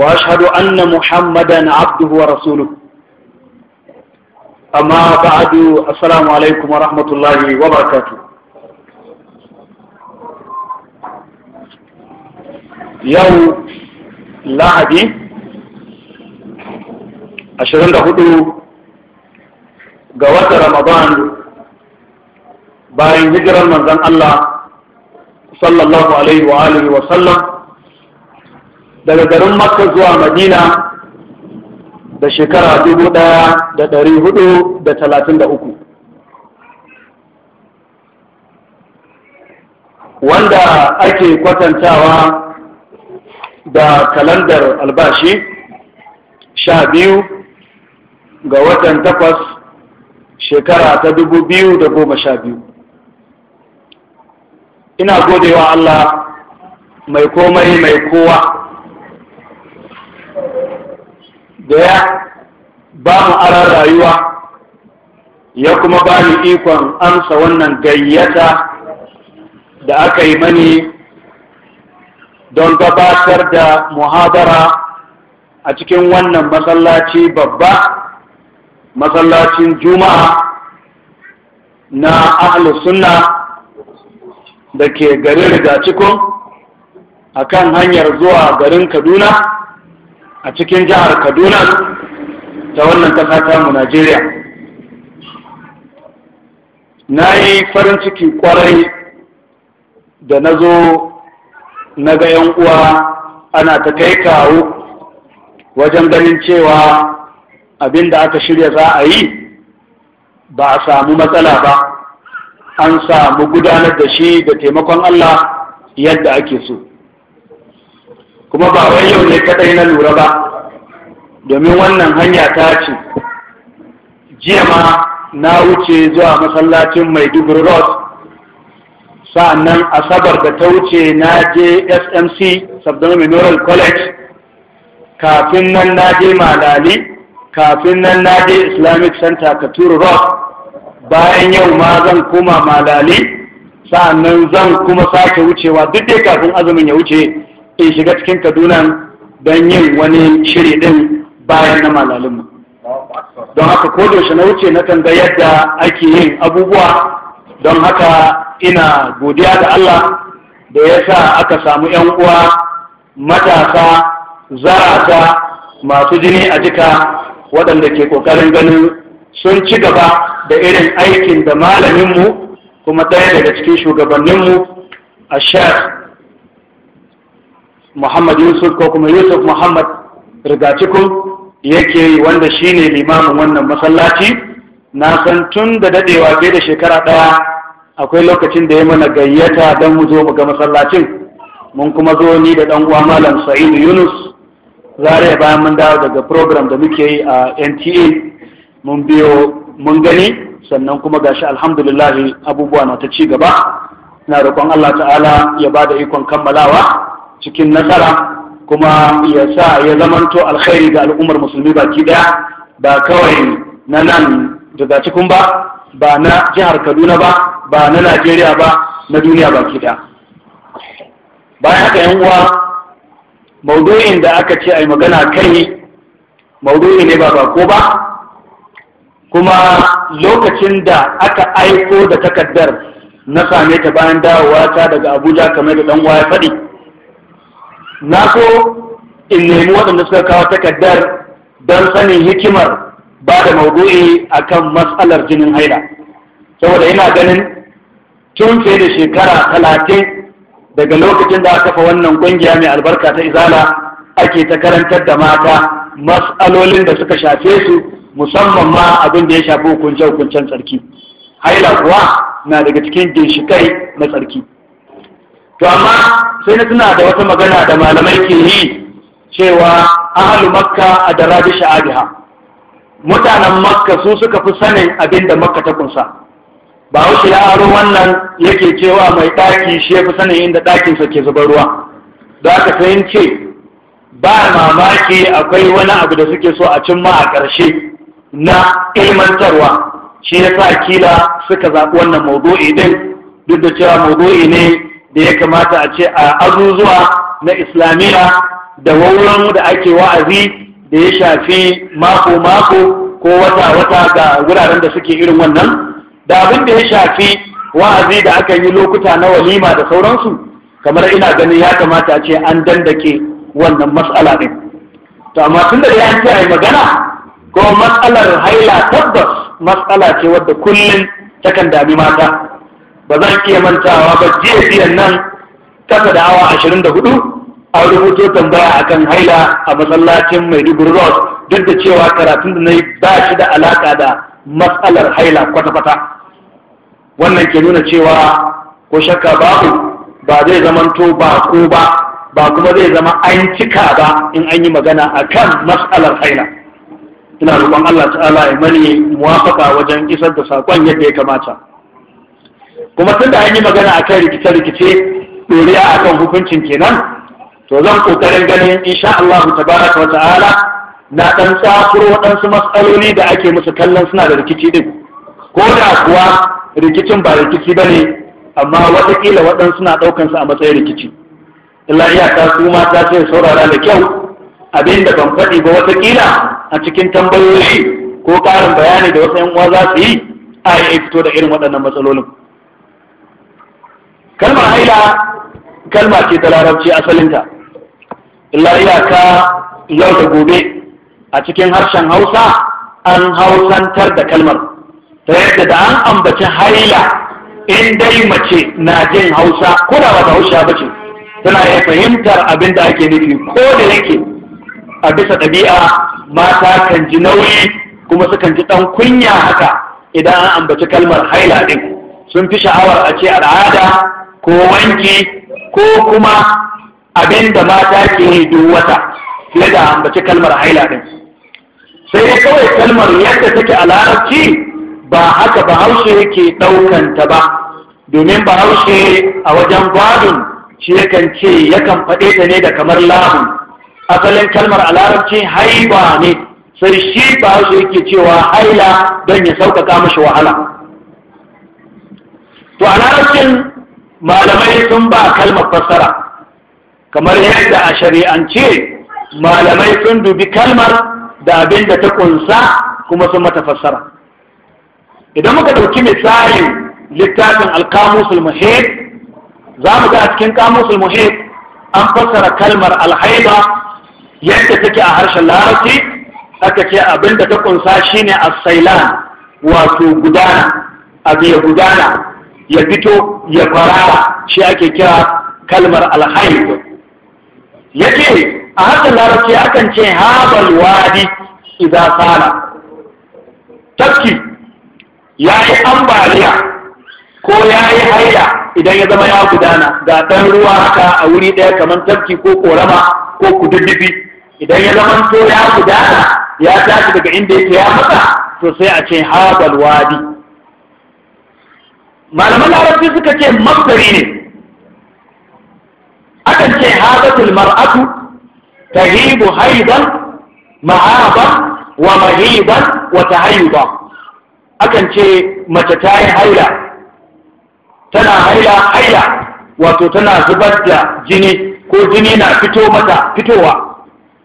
وأشهد أن محمدا عبده ورسوله أما بعد السلام عليكم ورحمة الله وبركاته يوم لعدي أشهد أن Ramadan bayan hijirar manzon Allah sallallahu alaihi wa sallam daga garin makka zuwa madina da shekara dubu ɗaya da ɗari hudu da talatin da uku wanda ake kwatantawa da kalandar albashi sha biyu ga watan takwas shekara ta dubu biyu da goma sha biyu ina godewa Allah mai komai mai kowa da ya ba mu ara rayuwa ya kuma ba ni ikon amsa wannan gayyata da aka yi mani don gabatar da muhabara a cikin wannan masallaci babba masallacin juma'a na ahlu sunna da ke garin rigacikun a kan hanyar zuwa garin kaduna a cikin jihar kaduna ta wannan ƙasa ta mu najeriya na yi farin ciki kwarai da na zo na ga 'yan uwa ana ta kai kawo wajen ganin cewa abin da aka shirya za a yi ba a samu matsala ba an samu gudanar da shi da taimakon Allah yadda ake so kuma ba wai yau ne kadai na lura ba domin wannan hanya ta ce jiya ma na wuce zuwa masallacin maiduguri road sa'annan asabar da ta wuce na je smc sabdon memorial college kafin nan na je malali kafin nan na je islamic center katuru road bayan yau ma zan koma malali sa'annan zan kuma sake wucewa duk dai kafin azumin ya wuce in shiga cikin kaduna don yin wani shiri din bayan na malalinmu don haka ko da na wuce na tanga yadda ake yin abubuwa don haka ina godiya da Allah da ya sa aka samu 'yan uwa matasa zarasa masu jini a jika waɗanda ke ƙoƙarin ganin sun ci gaba da irin aikin da malaminmu kuma ɗaya daga cikin shugabanninmu a shek muhammad yusuf ko kuma yusuf muhammad rigacikun yake yi wanda shine limamin wannan masallaci na san tun da dadewa ke da shekara ɗaya akwai lokacin da ya mana gayyata don mu zo mu ga masallacin mun kuma zo ni da dan uwa malam Sa'idu Yunus zare bayan mun dawo daga program da muke yi a NTA mun biyo mun gani sannan kuma gashi alhamdulillahi abubuwa na ta ci gaba na roƙon Allah ta'ala ya ba da ikon kammalawa cikin nasara kuma ya sa ya zamanto alkhairi ga al'ummar musulmi baki daya ba kawai na nan daga cikin ba ba na jihar kaduna ba ba na najeriya ba na duniya baki daya bayan haka yan uwa maudu'in da aka ce a magana kai maudu'i ne ba bako ba kuma lokacin da aka aiko da takardar na same ta bayan dawowa ta daga abuja kamar da dan uwa ya faɗi na so in nemi waɗanda suka kawo takardar don sanin hikimar ba da maudu'i a kan matsalar jinin haila saboda yana ganin tun fiye da shekara talatin daga lokacin da aka kafa wannan ƙungiya mai albarka ta izala ake ta karantar da mata matsalolin da suka shafe su musamman ma abin da ya shafi hukunce-hukuncen tsarki haila kuwa na daga cikin ginshikai na tsarki to amma sai na tuna da wata magana da malamai ke yi cewa ahalu makka a darabi sha'abiha mutanen makka su suka fi sanin abin da makka ta kunsa ba wuce ya aro wannan yake cewa mai ɗaki shi ya fi sanin inda ɗakinsa ke zubar ruwa da aka sayin ce ba mamaki akwai wani abu da suke so a cimma a ƙarshe na ilmantarwa shi ya sa kila suka zaɓi wannan maudu'i din duk da cewa maudu'i ne da ya kamata a ce a azuzuwa na islamiyya da wauran da ake wa'azi da ya shafi mako-mako ko wata-wata ga wuraren da suke irin wannan da abin da ya shafi wa'azi da aka yi lokuta na walima da sauransu kamar ina ganin ya kamata a ce an dandake wannan matsala ɗin to amma tun da ya ce a yi magana ko matsalar haila tabbas matsala ce wadda kullum takan dami mata ba zan iya mantawa ba jiya biyan nan kasa da awa ashirin da hudu a rubuto tambaya akan haila a masallacin maiduguri road duk da cewa karatun da na yi ba shi da alaka da matsalar haila kwata-kwata wannan ke nuna cewa ko shakka babu ba zai zamanto ba ko ba ba kuma zai zama an cika ba in an yi magana a kan matsalar haila ina roƙon allah ta'ala ya mani muwafaka wajen isar da saƙon yadda ya kamata kuma tun da an yi magana a kan rikice-rikice ɗoriya a kan hukuncin kenan to zan ƙoƙarin ganin insha Allah tabaraka wa ta'ala na ɗan tsakuro waɗansu matsaloli da ake musu kallon suna da rikici ɗin ko da kuwa rikicin ba rikici ba ne amma wataƙila waɗansu na su a matsayin rikici illa iyaka su ta ce saurara da kyau abin da ban faɗi ba wataƙila a cikin tambayoyi ko ƙarin bayani da wasu 'yan uwa za su yi a yi fito da irin waɗannan matsalolin kalmar haila kalma ce ta larabci asalinta illa ka yau da gobe a cikin harshen hausa an hausantar da kalmar ta yadda da an ambaci haila in dai mace na jin hausa ko da wata hausa ba ce tana iya fahimtar abin da ake nufi ko da yake a bisa ɗabi'a mata kan ji nauyi kuma sukan ji ɗan kunya haka idan an ambaci kalmar haila ɗin sun fi sha'awar a ce al'ada ko wanki ko kuma abin da mata ke yi duk wata fiye da ambaci kalmar haila ɗin sai kawai kalmar yadda take a larabci ba haka bahaushe yake ɗaukanta ba domin bahaushe a wajen gwadon shi yakan ce yakan faɗe ta ne da kamar labu asalin kalmar a larabci haiba ne sai shi ba bahaushe yake cewa haila don ya sauƙaƙa mashi wahala to a larabcin malamai sun ba kalmar fassara kamar yadda a shari'ance malamai sun dubi kalmar da abin da ta kunsa kuma sun mata fassara idan muka ɗauki misali littafin alkamusul muhid za mu ga cikin kamusul muhid an fassara kalmar alhaiba yadda take a harshen larabci aka ce abin da ta kunsa shine as-sailan wato gudana abu ya gudana ya fito ya farara shi ake kira kalmar ya ce a harshen larabci akan ce habal wadi idan sana tafki ya yi ambaliya ko ya yi haida idan ya zama ya gudana ga ɗan ruwa haka a wuri ɗaya kamar tafki ko korama ko kududdufi idan ya zama to ya gudana ya tashi daga inda ya matsa to sai a ce habal wadi malaman larabci suka ce masdari ne akan ce hadatul mar'atu tahibu haidan ma'aba wa mahiban wa tahayyuba akan ce mace ta yi haila tana haila haila wato tana zubar da jini ko jini na fito mata fitowa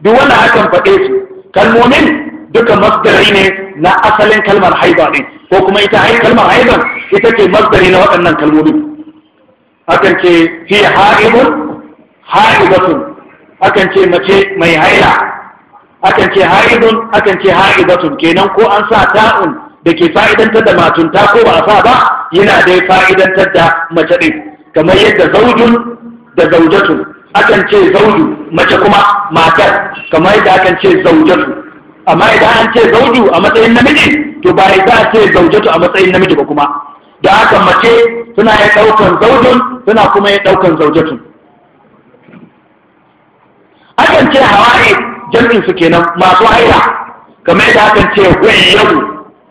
duk wannan akan faɗe su kalmomin duka masdari ne na asalin kalmar haiba ne ko kuma ita ai kalmar haiba ita ce masdari na waɗannan kalmomi akan ce fi haibun haibatun akan ce mace mai haila akan ce haibun akan ce haibatun kenan ko an sa ta'un da ke fa'idantar da matunta ko ba a sa ba yana dai fa'idantar da mace ɗin kamar yadda zaujun da zaujatun akan ce zauju mace kuma matar kamar yadda akan ce zaujatu amma idan an ce zauju a matsayin namiji to ba za a ce zaujatu a matsayin namiji ba kuma da haka mace suna ya ɗaukan zaujun suna kuma ya ɗaukan zaujatun akan ce hawaye jam'in su kenan masu haila kamar yadda akan ce yau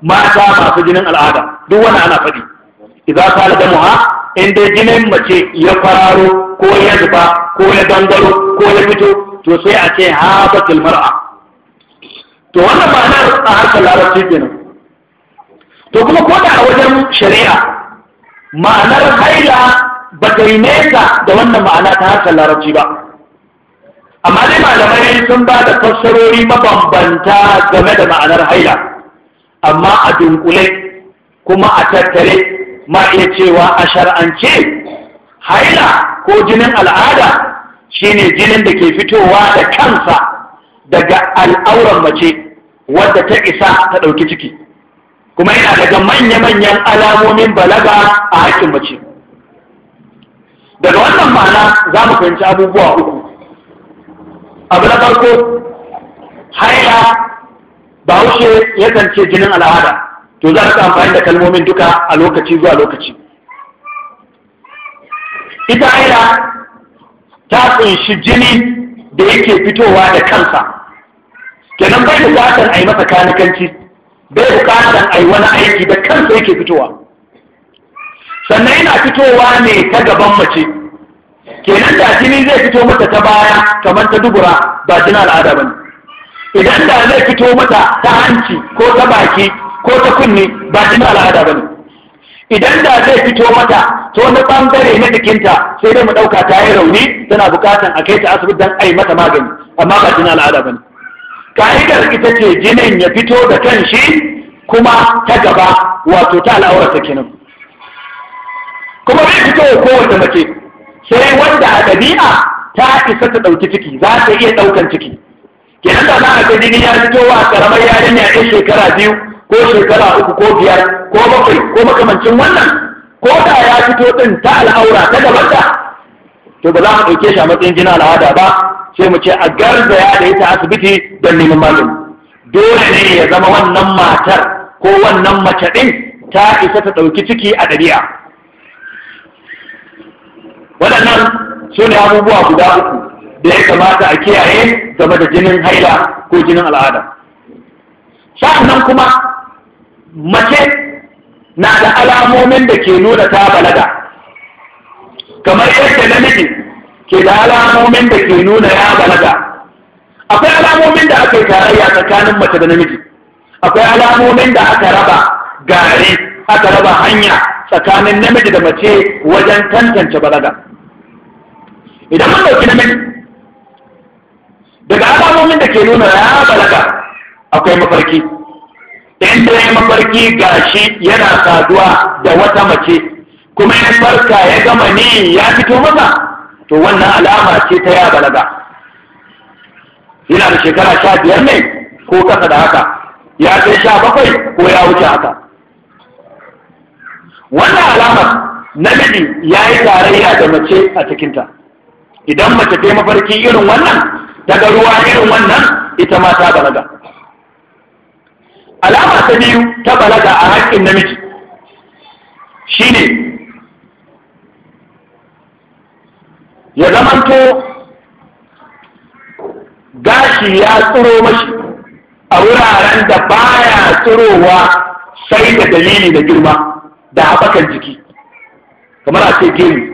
mata masu jinin al'ada duk wani ana faɗi idan ka da muha in dai jinin mace ya fararo ko ya zuba ko ya dangaro ko ya fito to sai a ce habatul mar'a to wannan ba na a harkar larabci nan, to kuma ko da a wajen shari'a ma'anar haila ba ta yi nesa da wannan ma'ana ta harkar larabci ba amma dai malamai sun ba da fassarori mabambanta game da ma'anar haila amma a dunkule kuma a tattare ma iya cewa a shar'ance haila ko jinin al'ada shine jinin da ke fitowa da kansa daga al'auran mace wadda ta isa ta ɗauki ciki kuma yana daga manya-manyan alamomin balaga a haƙƙin mace daga wannan ma'ana za mu fahimci abubuwa uku abu na farko haila bahaushe ya ce jinin al'ada to za ka amfani da kalmomin duka a lokaci zuwa lokaci ita haila ta kunshi jini da yake fitowa da kansa kenan bai bukatar a yi masa kanikanci bai bukatar a yi wani aiki da kansa yake fitowa sannan yana fitowa ne ta gaban mace kenan da jini zai fito mata ta baya kamar ta dubura ba jina al'ada ba ne idan da zai fito mata ta hanci ko ta baki ko ta kunne ba jina al'ada ba ne idan da zai fito mata to na bangare na jikinta sai dai mu ɗauka ta yi rauni tana bukatan a kai ta asibiti don a yi mata magani amma ba jina al'ada ba ne ka'idar ita ce jinin ya fito da kan shi kuma ta gaba wato ta ta kenan kuma zai fito wa kowace mace sai wanda a ɗabi'a ta isa ta ɗauki ciki za ta iya ɗaukan ciki kenan da za a ga jini ya fito wa karamar ya ɗin shekara biyu ko shekara uku ko biyar ko bakwai ko makamancin wannan ko da ya fito ɗin ta al'aura ta ta to ba za mu ɗauke shi a matsayin jinin al'ada ba sai mu ce a garzaya da ita asibiti don neman magani dole ne ya zama wannan matar ko wannan mace ɗin ta isa ta ɗauki ciki a ɗabi'a waɗannan su ne abubuwa guda uku da ya kamata a kiyaye game da jinin haila ko jinin al'ada sa'annan kuma mace na da alamomin da ke nuna ta balaga kamar yadda namiji ke da alamomin da ke nuna ya balaga akwai alamomin da aka yi tarayya tsakanin mace da namiji akwai alamomin da aka raba gari aka raba hanya tsakanin namiji da mace wajen tantance balaga idan mun ɗauki namiji daga alamomin da ke nuna ya balaga akwai mafarki Inda ya mafarki gashi yana saduwa da wata mace kuma ya farka ya gama ne ya fito masa to wannan alama ce ta ya balaga yana da shekara sha biyar ne ko kasa da haka ya kai sha bakwai ko ya wuce haka wannan alamar namiji ya yi tarayya da mace a cikinta idan mace ta mafarki irin wannan daga ruwa irin wannan ita ma ta balaga alama ta biyu ta balaga a haƙƙin namiji shine ya zamanto gashi ya tsiro mashi a wuraren da baya tsirowa sai da dalili da girma da haɓakan jiki kamar a ce gini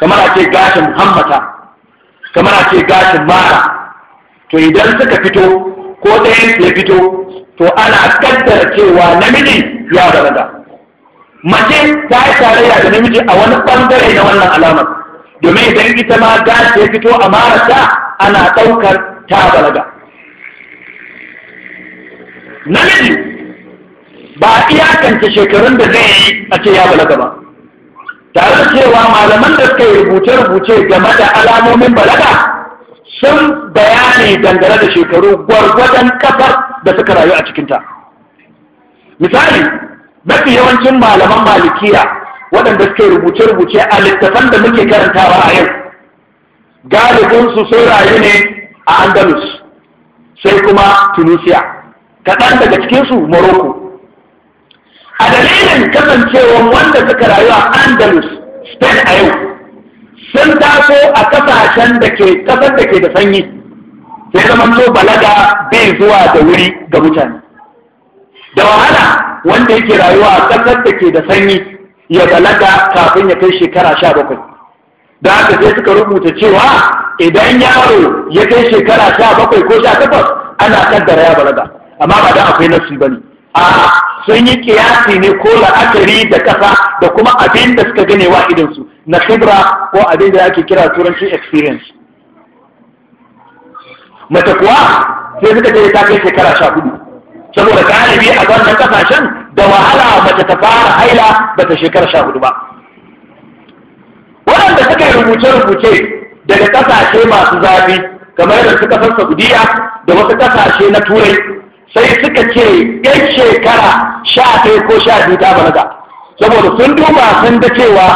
kamar a ce gashin hammata kamar a ce gashin mara to idan suka fito ko ɗayan ya fito to ana kaddara cewa namiji ya balaga mace ta yi tarayya da namiji a wani ɓangare na wannan alamar domin idan ita ma gashi ya fito a marasa ana ɗaukar ta balaga namiji ba a iyakance shekarun da zai yi a ce ya balaga ba tare cewa malaman da suka yi rubuce-rubuce game da alamomin balaga sun bayani dangane da shekaru gwargwadon kafar da suka rayu a cikinta misali mafi yawancin malaman malikiya waɗanda suke rubuce-rubuce a littafan da muke karantawa a yau galibin su sun rayu ne a andalus sai kuma tunisia kaɗan daga cikinsu morocco a dalilin kasancewan wanda suka rayu a andalus spain a yau sun taso a kasashen da ke kasar da ke da sanyi sai zaman to balaga bai zuwa da wuri ga mutane da wahala wanda yake rayuwa a kasar da ke da sanyi ya balaga kafin ya kai shekara sha bakwai da haka sai suka rubuta cewa idan yaro ya kai shekara sha bakwai ko sha takwas ana kaddara ya balaga amma ba da akwai nasu ba ne. a sun yi kiyasi ne ko la'akari da kasa da kuma abin da suka gane wa idansu na shibra ko abin da ake kira turanci experience mace kuwa sai suka ce ta kai shekara sha hudu saboda galibi a wannan kasashen da wahala mace ta fara haila ta shekara sha hudu ba waɗanda suka yi rubuce-rubuce daga ƙasashe masu zafi kamar da suka san saudiya da wasu ƙasashe na turai sai suka ce yan shekara sha ɗaya ko sha biyu ta balaga saboda sun duba sun da cewa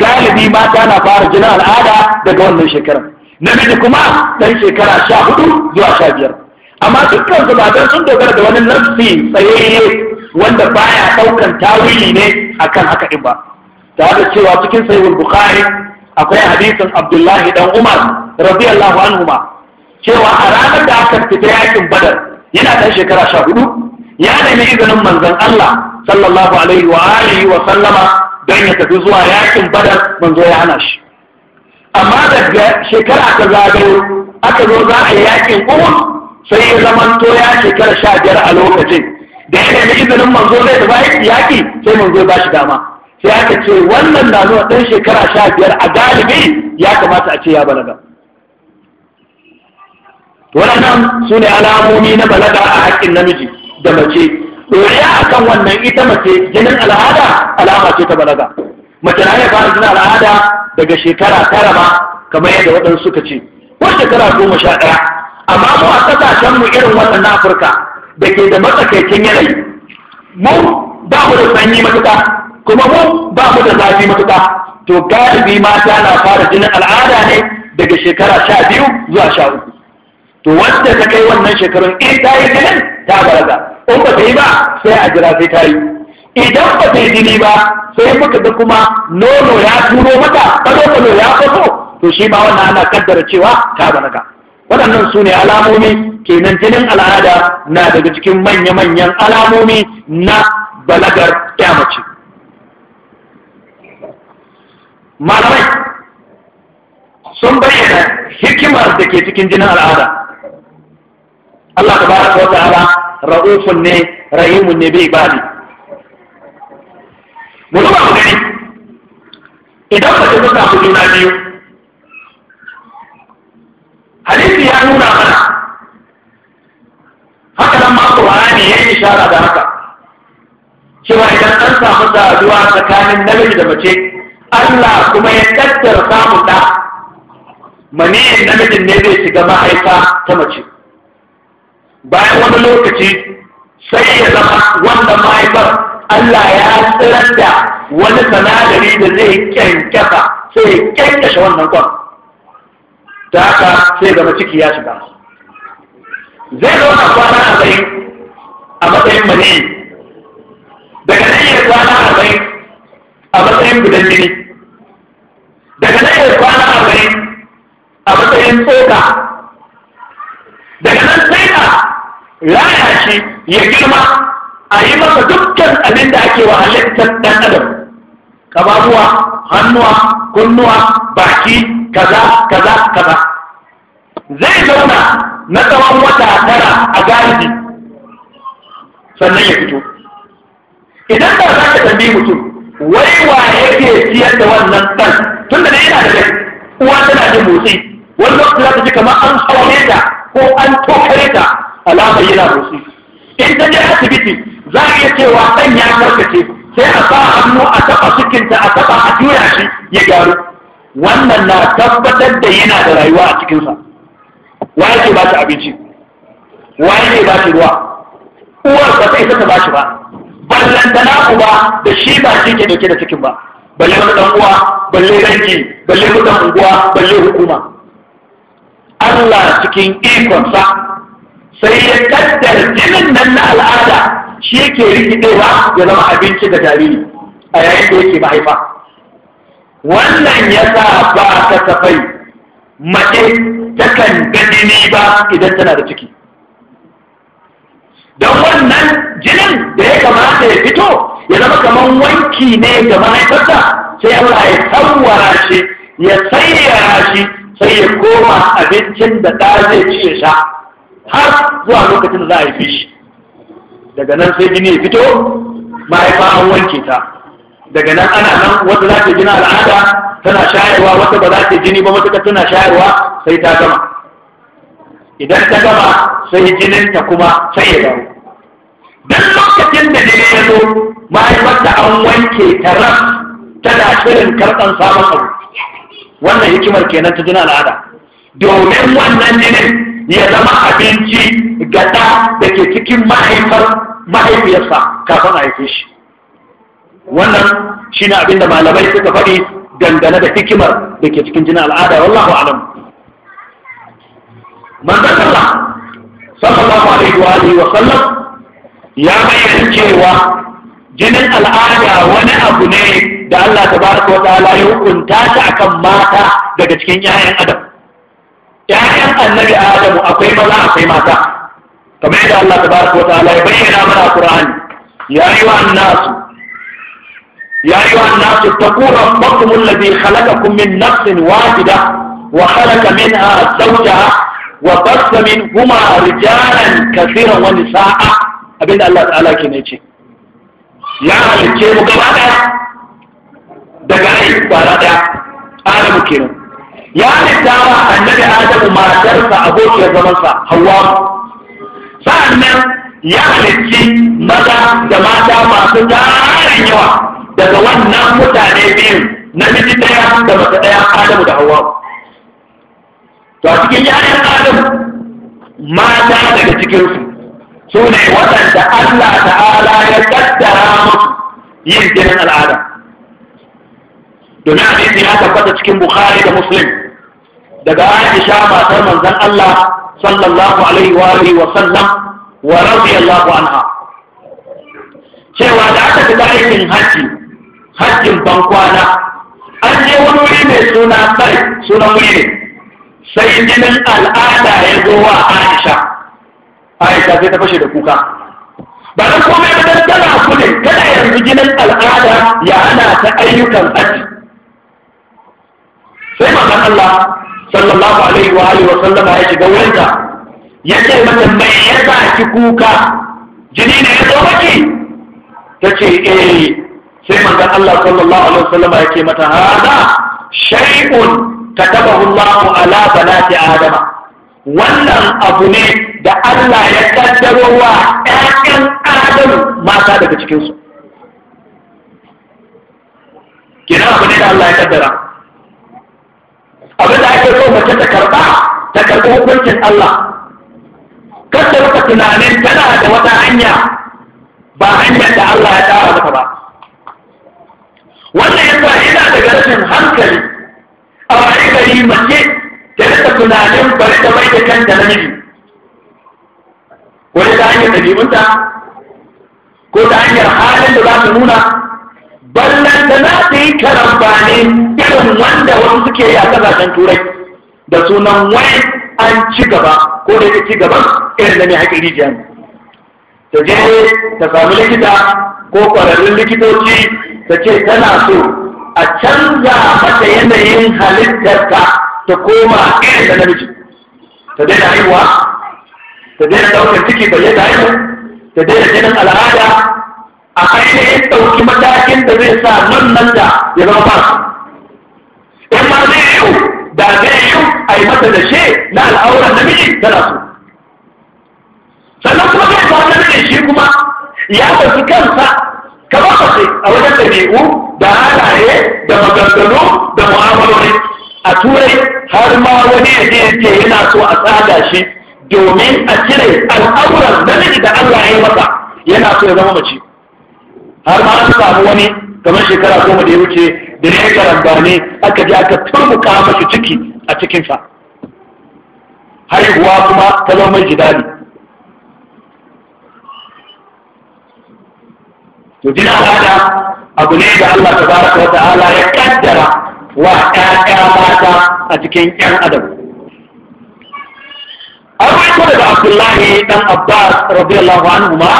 galibi mata na fara jinin al'ada daga wannan shekarar namiji kuma ɗan shekara sha hudu zuwa sha biyar amma dukkan su ba sun dogara da wani nafsi tsayayye wanda baya daukan tawili ne akan haka din ba tare da cewa cikin sahihul bukhari akwai hadisin abdullahi dan umar radiyallahu anhuma cewa a ranar da aka fita yakin badar yana ɗan shekara sha hudu ya nemi izinin manzon Allah sallallahu alaihi wa alihi wa sallama don ya tafi zuwa yakin badar manzo ya hana shi amma daga shekara ta zagayo aka zo za a yi yakin Uhud sai ya zamanto ya shekara sha biyar a lokacin da ya nemi izinin manzo zai tafi yaki sai manzo ba shi dama sai aka ce wannan na zuwa ɗan shekara sha biyar a galibi ya kamata a ce ya balaga waɗannan su ne alamomi na balaga a haƙƙin namiji da mace ɗoriya a kan wannan ita mace jinin al'ada alama ce ta balaga mace na iya fara jinin al'ada daga shekara tara ba kamar yadda waɗansu suka ce ko shekara goma sha ɗaya amma mu a ƙasashenmu irin waɗannan afirka da ke da matsakaicin yanayi mu ba mu da sanyi matuƙa kuma mu ba mu da zafi matuƙa to galibi mata na fara jinin al'ada ne daga shekara sha biyu zuwa sha uku to wanda ta kai wannan shekarun in ta yi jinin ta baraza in ba ta yi ba sai a jira sai ta yi idan ba ta yi jini ba sai muka ga kuma nono ya turo mata kalo kalo ya faso to shi ma wannan ana kaddara cewa ta baraza waɗannan su ne alamomi kenan jinin al'ada na daga cikin manya-manyan alamomi na balagar kyamaci malamai sun bayyana hikimar da ke cikin jinin al'ada Allah ta baraka wa ta'ala ra'ufun ne rahimun ne bai bali mu duba mu gani idan ba ta su juna biyu hadisi ya nuna mana haka nan ma ne ya yi shara da haka cewa idan an samu saduwa tsakanin namiji da mace Allah kuma ya tattara samun da maniyin namijin ne zai shiga ma'aika ta mace bayan wani lokaci sai ya zama wanda ma'aikar Allah ya tsirar da wani sanadari da zai kyankyafa sai ya kyankyashe wannan kwan ta haka sai zama ciki ya shiga zai zauna kwana arba'in a matsayin maniyi daga nan ya kwana arba'in a matsayin gudan jini daga nan ya kwana arba'in a matsayin tsoka daga nan sai ka raya shi ya girma a yi masa dukkan abin da ake wa halittar ɗan adam ƙababuwa hannuwa kunnuwa baki kaza kaza kaza zai zauna na tsawon wata tara a galibi sannan ya fito idan ba za ka tambayi mutum wai wa yake siyar da wannan ɗan tun da yana da kai uwa tana jin motsi wani lokacin za ta ji kamar an saurare ta ko an tokare ta alamar yana motsi in ta je asibiti za a iya cewa ɗan ya karkace sai a sa hannu a taɓa cikinta a taɓa a juya shi ya gyaru wannan na tabbatar da yana da rayuwa a cikinsa wa yake ba shi abinci wa yake ba shi ruwa uwar ba sai ta ba shi ba ballantana ba da shi ba shi ke dauke da cikin ba balle mutan uwa balle dangi balle mutan unguwa balle hukuma Allah cikin ikonsa sai ya kaddar jinin nan na al'ada shi yake rikidewa ya zama abinci ga jariri a yayin da yake mahaifa wannan ya sa ba ta tafai mace takan ga jini ba idan tana da ciki don wannan jinin da ya kamata ya fito ya zama kamar wanki ne ga mahaifarta sai Allah ya tsawara shi ya sayyara shi sai ya koma abincin da ɗa zai ci ya sha har zuwa lokacin da za a yi shi daga nan sai jini ya fito mahaifa an wanke ta daga nan ana nan wata za ta gina al'ada tana shayarwa wata ba za ta jini ba matuƙa tana shayarwa sai ta gama idan ta gama sai jininta kuma sai ya dawo dan lokacin da jini ya zo mahaifarta an wanke ta ran tana shirin karɓan sabon abu wannan hikimar kenan ta jina al'ada domin wannan jinin ya zama abinci gada da ke cikin mahaifar mahaifiyarsa kafin a haife shi wannan shine abinda malamai suka faɗi dangane da hikimar da ke cikin jinin al'ada wallahu alam manzon Allah sallallahu alaihi wa alihi wa sallam ya bayyana cewa jinin al'ada wani abu ne da Allah tabaraka wa ta'ala ya hukunta ta akan mata daga cikin 'ya'yan adam 'ya'yan annabi Adamu akwai maza akwai mata kamar yadda Allah tabaraka wa ta'ala ya bayyana mana Qur'ani ya ayyuhan nasu يا أيها الناس اتقوا ربكم الذي خلقكم من نفس واحدة وخلق منها زوجها وبث منهما رجالا كثيرا ونساء أبين الله تعالى كنيتي يا هلكي مقبادة دقائق بارادة أنا مكينو يا نتاوى النبي آدم ما ترسى أبوك يا زمنسى حوام سألنا يا هلكي مدى دماتا ما تتعالى يوم daga wannan mutane biyu miji ɗaya da mace ɗaya Adamu da Hawwa to a cikin yayan Adamu mata daga cikinsu su ne waɗanda Allah ta'ala ya kaddara musu yin jinin al'ada domin hadisi ya tabbata cikin Bukhari da Muslim daga Aisha matar manzon Allah sallallahu alaihi wa alihi wa sallam wa radiyallahu anha cewa da aka fi aikin hajji. hajjin bankwana an je wani wuri mai suna bai sunan wuri ne. sai jinin al'ada ya zo wa aisha aisha zai tafashe da kuka ba na komai ba dan tana ne. kada yanzu jinin al'ada ya hana ta ayyukan aji. sai manzon Allah sallallahu alaihi wa alihi wa sallama ya shiga wurinta ya ce mata mai yasa ki kuka jini ne ya zo maki ta ce eh sai manzo Allah sallallahu alaihi wasallam yake mata hada shay'un katabahu Allah ala banati adam wannan abu ne da Allah ya kaddaro wa ƴaƴan adam mata daga cikin su kenan abu ne da Allah ya kaddara abin da ake so mace ta karba ta karbi hukuncin Allah kasta ta tunanin tana da wata hanya ba hanyar da Allah ya tsara mata ba hankali ka ta rika tunanin bari ta mai da kanta miji. ko ta hanyar ɗabi'unta ko ta hanyar halin da za su nuna ballan da za ta yi ne irin wanda wasu suke yi a kasashen turai da sunan wani an ci gaba ko da ci gaban irin da mai haƙi rijiya ne ta je ta samu likita ko ƙwararrun likitoci ta ce tana so a canza mata yanayin halittarta ta koma irin da namiji ta daina haihuwa ta daina daukar ciki yadda haihu ta daina jinin al'ada a ainihin ɗauki matakin da zai sa nan nan da ya zama ba in ma zai yau, da zai yi a yi mata da she na al'auran namiji tana so sannan kuma zai sa namiji shi kuma ya ɗauki kansa kamar mace a wajen ɗabi'u da halaye da maganganu da mu'amalori a turai har ma wani ya je yana so a tsada shi domin a cire al'aurar namiji da Allah ya yi masa yana so ya zama mace har ma an samu wani kamar shekara goma da ya wuce da ya karamba ne aka je aka turmuka mashi ciki a cikinsa haihuwa kuma ta zama mai jidali to jina haka abu ne da Allah tabaraka wa ta'ala ya kaddara wa ƴaƴa mata a cikin ƴan adam an rito daga Abdullahi dan Abbas radiyallahu anhu ma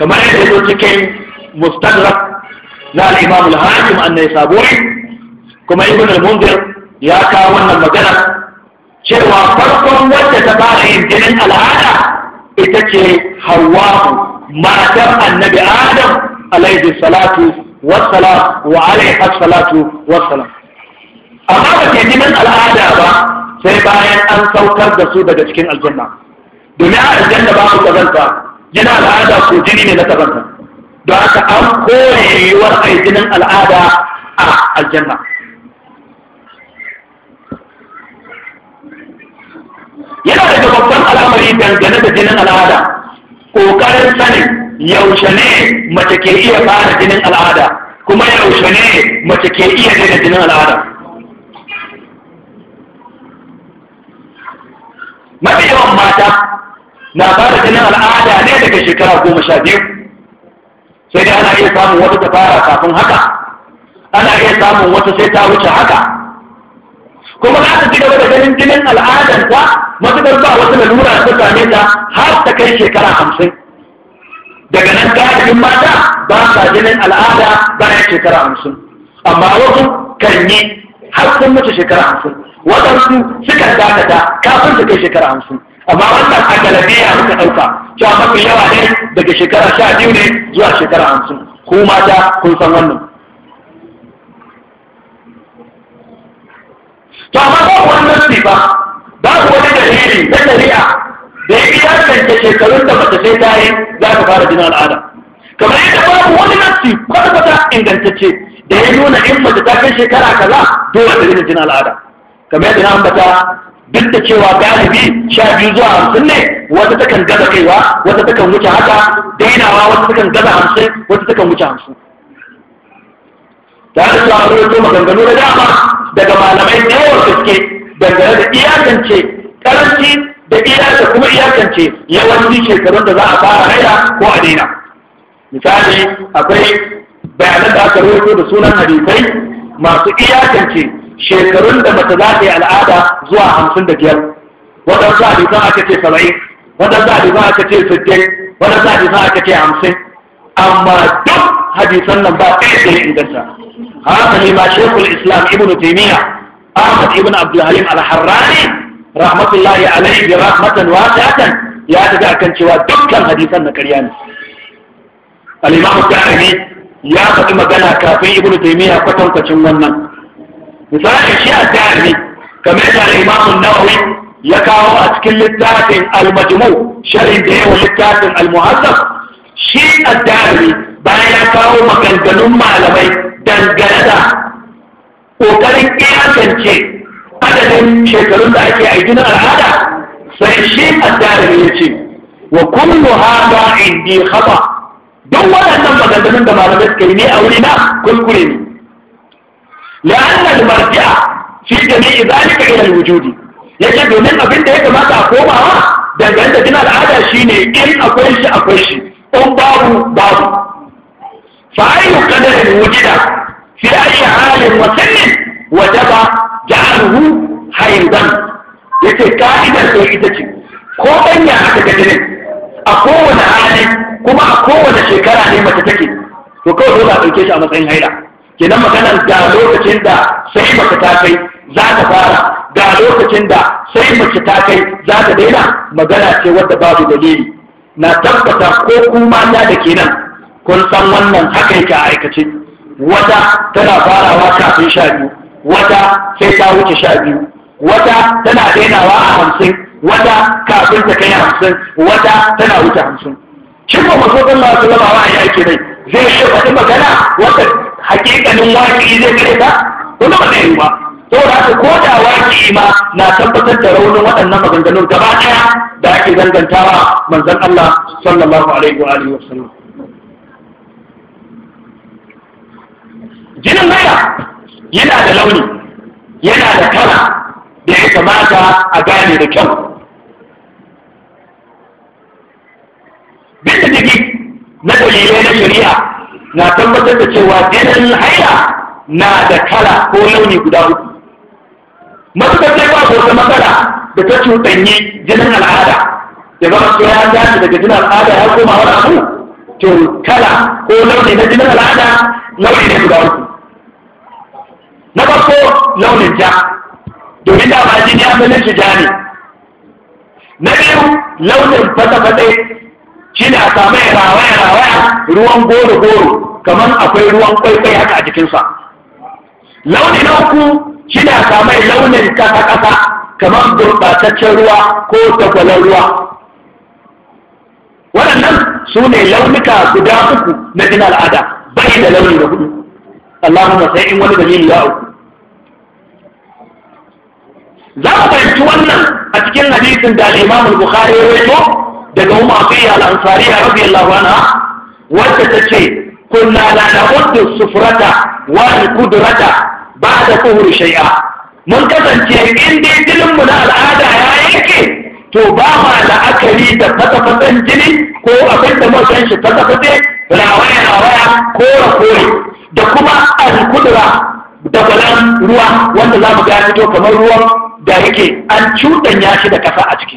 kamar yadda yake cikin mustadrak na al-Imam al-Hakim an-Naisaburi kuma Ibn al-Munzir ya kawo wannan magana cewa farkon wacce ta fara yin jinin al'ada ita ce Hawwa matar annabi adam alaihi salatu wassalam wa alaiha salatu wassalam amma ba ke jinin al'ada ba sai bayan an saukar da su daga cikin aljanna domin a aljanna ba su kazanta jinin al'ada su jini ne na kazanta don haka an kore yiwuwar ai jinin al'ada a aljanna yana daga babban al'amari dangane da jinin al'ada kokarin sanin yaushe ne mace ke iya fara jinin al'ada kuma yaushe ne mace ke iya daina jinin al'ada mafi yawan mata na fara jinin al'ada ne daga shekara goma sha biyu sai dai ana iya samun wata ta fara kafin haka ana iya samun wata sai ta wuce haka kuma za ta ci gaba da ganin jinin al'adarta matuƙar ba wata lalura ta same ta har ta kai shekara hamsin daga nan galibin mata ba sa jinin al'ada bayan shekara hamsin amma wasu kan yi har sun mutu shekara hamsin waɗansu sukan dakata kafin su kai shekara hamsin amma wannan a galabiya muka ɗauka cewa mafi yawa ne daga shekara sha biyu ne zuwa shekara hamsin ku mata kun san wannan to amma ba wannan su ba ba babu wani dalili ta shari'a da ya iya tantance shekarun da mace sai ta yi za ta fara jin al'ada kamar yadda babu wani nasi kwata-kwata ingantacce da ya nuna in mace ta kai shekara kaza dole ta jin al'ada kamar yadda na ambata duk da cewa galibi sha biyu zuwa hamsin ne wata takan gaza kaiwa wata takan wuce haka dainawa wata takan gaza hamsin wata takan wuce hamsin da su samu wato maganganu na dama daga malamai da yawan gaske dangane da iyakance karanci da iyakance kuma iyakance yawanci shekarun da za a fara raira ko a daina misali akwai bayanan da aka da sunan hadisai masu iyakance shekarun da mace za ta yi al'ada zuwa hamsin da biyar waɗansu hadisan aka ce saba'in waɗansu hadisan aka ce sittin waɗansu hadisan aka ce hamsin amma duk hadisan nan ba ɗaya da ya inganta haka ne ma shekul islam ibnu taimiyya ahmad ibnu abdulhalim al-harrani rahmatullahi alaihi bi rahmatan wasi'atan ya tafi akan cewa dukkan hadisan na ƙarya ne al-imam ta'ani ya faɗi magana kafin ibnu taimiyya kwatankwacin wannan misali shi a ta'ani kamar da al-imam nawawi ya kawo a cikin littafin almajmu sharin da yawa littafin almuhazzab shi addari bayan ya kawo maganganun malamai dangane da ƙoƙarin iyakance adadin shekarun da ake na al'ada sai shi a jarumi ya ce wa kullu hada indi khata duk waɗannan maganganun da malamai suka yi ne a wuri na kuskure ne la'anna al-marji'a fi jami'i zalika ila al-wujudi yake domin abin da ya kamata a komawa dangane da jin al'ada shine in akwai shi akwai shi in babu babu فأي قدر وجد في أي حال وسن وجب جعله حيضا yace ka'idar sai ita ce ko ɗanya aka ga jinin a kowane hali kuma a kowane shekara ne mace take to kawai dole a ɗauke shi a matsayin haila kenan maganar ga lokacin da sai mace ta kai za ta fara ga lokacin da sai mace ta kai za ta daina magana ce wadda babu dalili na tabbata ko kuma ta da kenan kun san wannan haka yake a aikace wata tana farawa kafin sha biyu wata sai ta wuce sha biyu wata tana dainawa a hamsin wata kafin ta kai hamsin wata tana wuce hamsin shin ba maso kan masu lama wa ya ake rai zai yi wata magana wata hakikanin waƙi zai kai ta Kuma ba zai yi ba saboda haka ko da waƙi ma na tabbatar da raunin waɗannan maganganun gaba ɗaya da ake zangantawa manzon Allah sallallahu alaihi wa alihi wa jinin baya yana da launi yana da kala da ya kamata a gane da kyau bisa jiki na dalilai na shari'a na tabbatar da cewa jinin haila na da kala ko launi guda uku matukar sai ba wata matsala da ta cuɗanyi jinin al'ada ya zama su ya gane daga jinin al'ada ya koma wani abu to kala ko launi na jinin al'ada launi ne guda uku na farko launin ja domin da ba jini asalin shi ja ne na biyu launin fata-fata shi ne a rawaya-rawaya ruwan goro-goro kamar akwai ruwan kwaikwai haka a jikinsa launi na uku shi ne a launin kasa-kasa kamar gurɓataccen ruwa ko takwalar ruwa waɗannan su ne launuka guda uku na jin al'ada bai da launi na hudu na sai in wani dalili ya auku za mu fahimci wannan a cikin hadisin da al-Imam bukhari ya rawaito daga Ummu Atiyya al-Ansariya radiyallahu anha wacce tace kunna la na'uddu sufrata wal qudrata ba'da tuhur shay'a mun kasance in dai jinin mu na al'ada ya yake to ba ma la'akari da fatafasan jini ko abin da mun san shi fatafate rawaya rawaya ko kore da kuma alkudura da balan ruwa wanda za mu ga fito kamar ruwan da yake an cuɗanya shi da kasa a ciki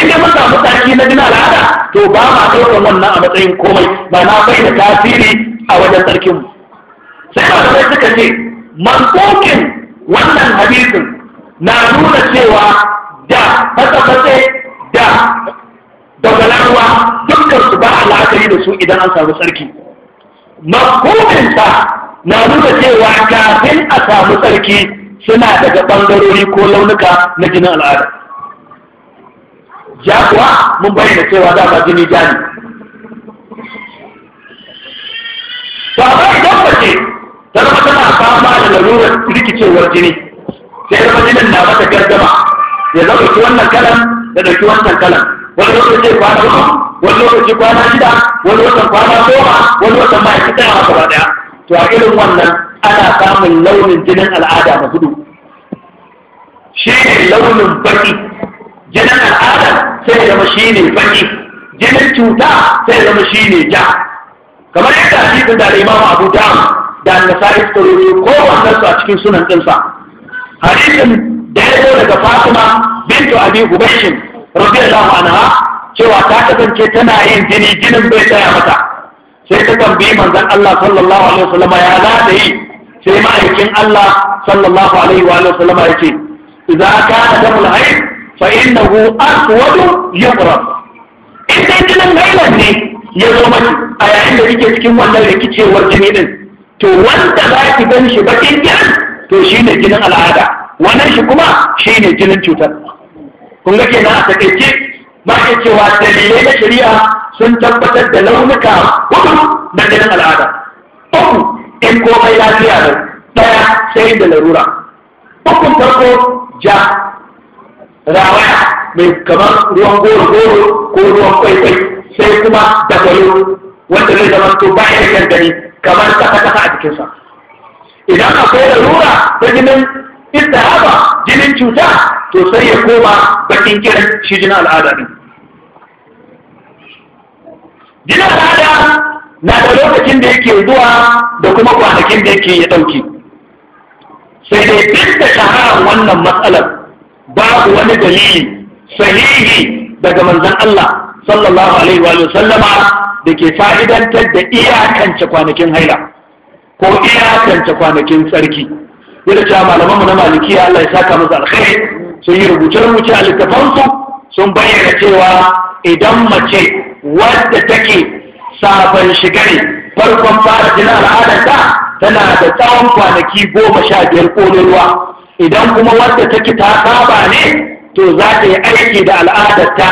in da muka mutaki na gina al'ada to ba ma ɗaukar wannan a matsayin komai ba na bai da tasiri a wajen sarkinmu sai ba da suka ce mankokin wannan hadisin na nuna cewa da fatsa da dagalarwa dukkan su ba a la'akari da su idan an samu sarki mafuminsa na nuna cewa kafin a samu tsarki suna daga ɓangarori ko launuka na jinin al'ada ja kuwa mun bayyana cewa za ba jini ja ne to amma idan mace ta zama tana fama da lalurar rikicewar jini sai zama jinin na mata gardama ya zama ki wannan kalan da ɗauki wannan kalan wani lokaci ya kwana wani lokaci kwana shida wani watan kwana goma wani watan ma ya tsaya gaba daya to a irin wannan ana samun launin jinin al'ada na hudu shi ne launin baki jinin al'ada sai zama shi ne baki jinin cuta sai zama shi ne ja kamar yadda hadisin da imam abu dam da annasa'i suka rubuto kowannen su a cikin sunan ɗinsa hadisin da ya zo daga fatima bintu abi hubaishin radiyallahu anha cewa ta kasance tana yin jini jinin bai tsaya mata sai ta tambayi manzon Allah sallallahu alaihi wasallam ya za yi sai ma'aikin Allah sallallahu alaihi wa sallam ya ce idza kana damul hayd fa innahu aswad yuqrab idan jinin hailan ne ya zo maki a yayin da kike cikin wannan rikicewar jini din to wanda za ki gan shi bakin jinin to shine jinin al'ada wannan shi kuma shine jinin cutar kun ga kenan a takaice ba cewa dalilai na shari'a sun tabbatar da launuka hudu na al'ada uku in komai lafiya ne ɗaya, sai da larura uku farko ja rawaya mai kamar ruwan goro goro ko ruwan kwaikwai sai kuma da kwayo wanda zai zama to bayan kamar tafa tafa a jikinsa idan akwai larura ta ginin istihaba jinin cuta to sai ya koma bakin kiran shi jinin al'ada ne jinin al'ada na da lokacin da yake zuwa da kuma kwanakin da yake ya ɗauki sai dai duk da shaharar wannan matsalar babu wani dalili sahihi daga manzon Allah sallallahu alaihi wa sallama da ke fa'idantar da iyakance kwanakin haila ko iyakance kwanakin tsarki. duk cewa malaman mu na maliki, Allah ya saka masa alkhairi sun yi rubuce rubuce a su sun bayyana cewa idan mace wadda take sabon shigari, farkon fara jin al'adarta tana da tsawon kwanaki goma sha biyar kolin ruwa idan kuma wadda take ta saba ne to za ta yi aiki da al'adarta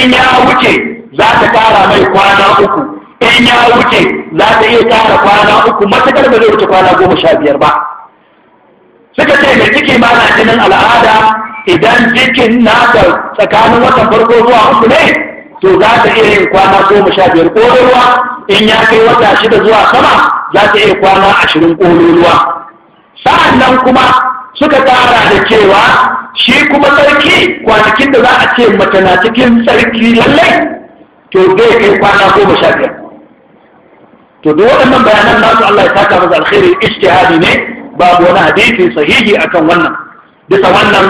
in ya wuce za ta kara mai kwana uku in ya wuce za ta iya kara kwana uku matakar ba zai wuce kwana goma sha biyar ba suka ce da ciki ma na jinin al'ada idan cikin nata tsakanin watan farko zuwa uku ne to za ta iya yin kwana goma sha biyar ƙololuwa in ya kai wata shida zuwa sama za ta iya kwana ashirin ƙololuwa sa'an nan kuma suka tsara da cewa shi kuma sarki kwanakin da za a ce mace na cikin sarki lallai to zai kai kwana goma sha biyar to duk waɗannan bayanan nasu Allah ya saka masa alkhairi ijtihadi ne babu wani hadisi sahihi akan wannan bisa wannan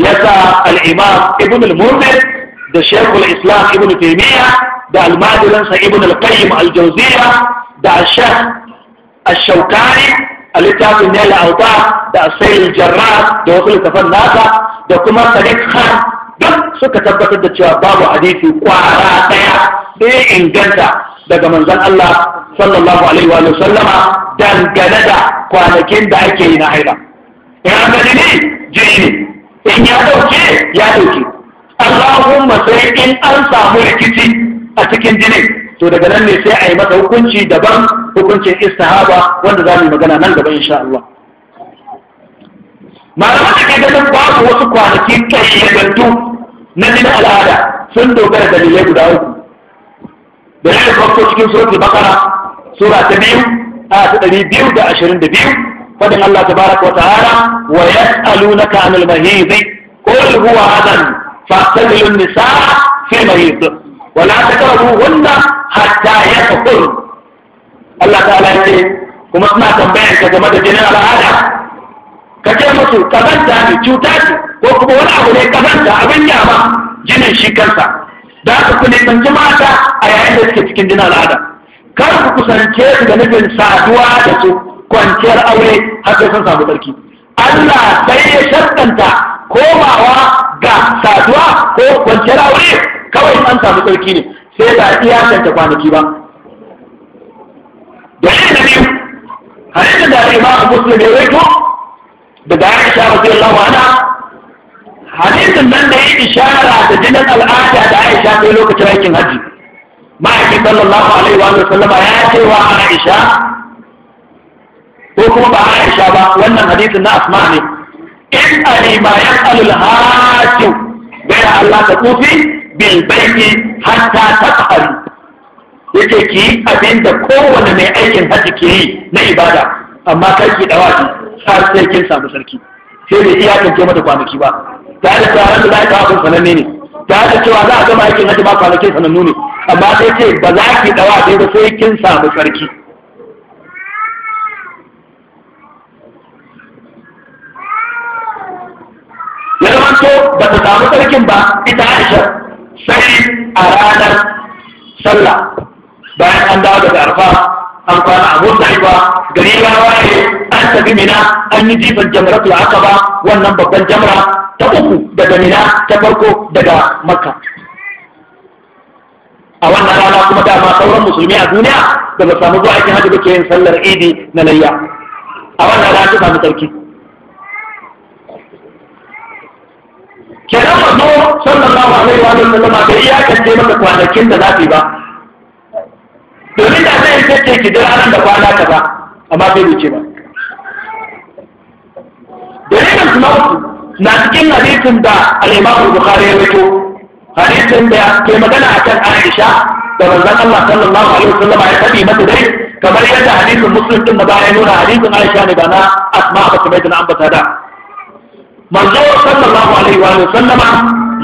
yasa al-imam ibn al-munzir da shaykhul islam ibn taymiya da al-madilansa ibn al-qayyim al-jawziya da shaykh ash-shawkani a littafin ne la'auta da asailin jarra da wasu littafan nasa da kuma sadiq khan duk suka tabbatar da cewa babu hadisi kwara daya da ya inganta daga manzon Allah sallallahu alaihi wa sallama dangane da kwanakin da ake yi na haila Ya gani ne jini in ya dauke ya dauke Allahumma sai in an samu rikici a cikin jini. to daga nan ne sai a yi masa hukunci daban hukuncin istihaba wanda za mu yi magana nan gaba insha Allah malaman da ke ganin babu wasu kwanaki kai kayyadantu na jin al'ada sun dogara da dalilai guda uku da ya farko cikin suratul Bakara, sura ta biyu 222 fadin Allah tabaraka wa ta'ala wa yas'alunaka 'anil mahidhi qul huwa adan fa'tazilu an-nisaa fi mahidhi wa la taqrabuhunna hatta yatahur Allah ta'ala yace kuma suna tambayar ka game da jinin al'ada ka ce musu kazanta ne cuta ko kuma wani abu ne kazanta abin yaba ginin shi kansa da su kune tsanci mata a yayin da suke cikin jinin al'ada kar ku kusance su da nufin saduwa da su kwanciyar aure har sai sun samu tsarki Allah sai ya shaddanta komawa ga saduwa ko kwanciyar aure kawai an samu tsarki ne sai ba canta kwanaki ba shi da biyu hadisin da imam muslim ya sha daga aisha radiyallahu anha hadisin nan da ya ishara da jinin al'ada da aisha kai lokacin aikin hajji ma'aiki sallallahu alaihi wa sallama ya ce wa Aisha ko kuma ba Aisha ba wannan hadisin na Asma ne in ali ma yaqalu al-hajj bayna Allah ta tufi bil bayti hatta taqhari yake ki abinda kowanne mai aikin haji ke yi na ibada amma kar ki dawaji har sai kin samu sarki sai bai iya kanke mata kwanaki ba ta da tsaron da za ta hakan sananne ne da haka cewa za a gama aikin hajji ba kwanakin sanannu ne amma sai ce ba za ki dawa sai ba sai kin samu sarki ya so ba ta samu sarkin ba ita aisha sai a ranar sallah bayan an dawo daga arfa an kwana a muzdalifa gari ya waye an tafi mina an yi jifan aka ba wannan babban jamra ta uku daga mina ta farko daga makka a wannan rana kuma dama sauran musulmi a duniya da ba samu zuwa aikin hajji da ke yin sallar idi na layya a wannan rana ta samu sarki kenan manzo sallallahu alaihi wa sallam bai iyakance maka kwanakin da zafi ba domin da zai kace ki da nan da kwana ta ba amma bai wuce ba dalilin mawtu na cikin hadisin da al-Imam Bukhari ya rawaito hadisin da ke magana akan Aisha da manzon Allah sallallahu alaihi wasallam ya tabi mata dai kamar yadda hadisin Muslim din da ya nuna hadisin Aisha ne ba na Asma ba kamar yadda an bata da manzo sallallahu alaihi wa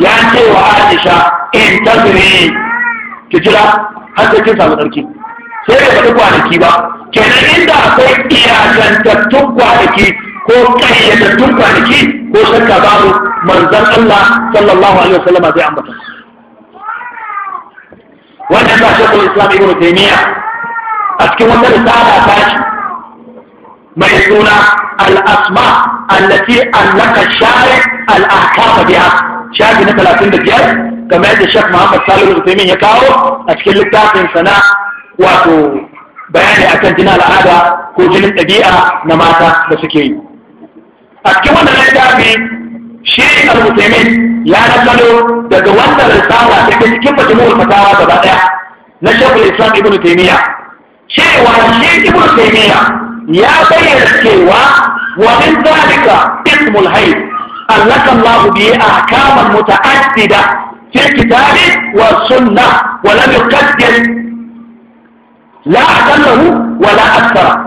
ya ce wa Aisha in tazri ki jira har sai kin samu tsarki sai da faɗi kwanaki ba kenan inda akwai iyakantattun kwanaki ko kayyatattun kwanaki ko shakka babu manzan Allah sallallahu alaihi wasallam zai ambata wannan ba shakku islam ibnu taymiya a cikin wata risala ta shi mai suna al-asma allati allaka shari al-ahkam biha shafi na 35 kamar yadda Sheikh Muhammad Salihu Uthaymeen ya kawo a cikin littafin sana wato bayani akan jinin al'ada ko jinin ɗabi'a na mata da suke yi a cikin wannan littafi shi al-musaimin ya nasalo daga wannan risala ta ke cikin majmu'ul fatawa gaba ɗaya, na shekul islam ibn taymiya cewa shi ibn taymiya ya bayyana cewa wa min zalika ismul hayd allaka allah bi ahkaman muta'addida في الكتاب والسنة ولم يقدر la aqallahu wa la akthara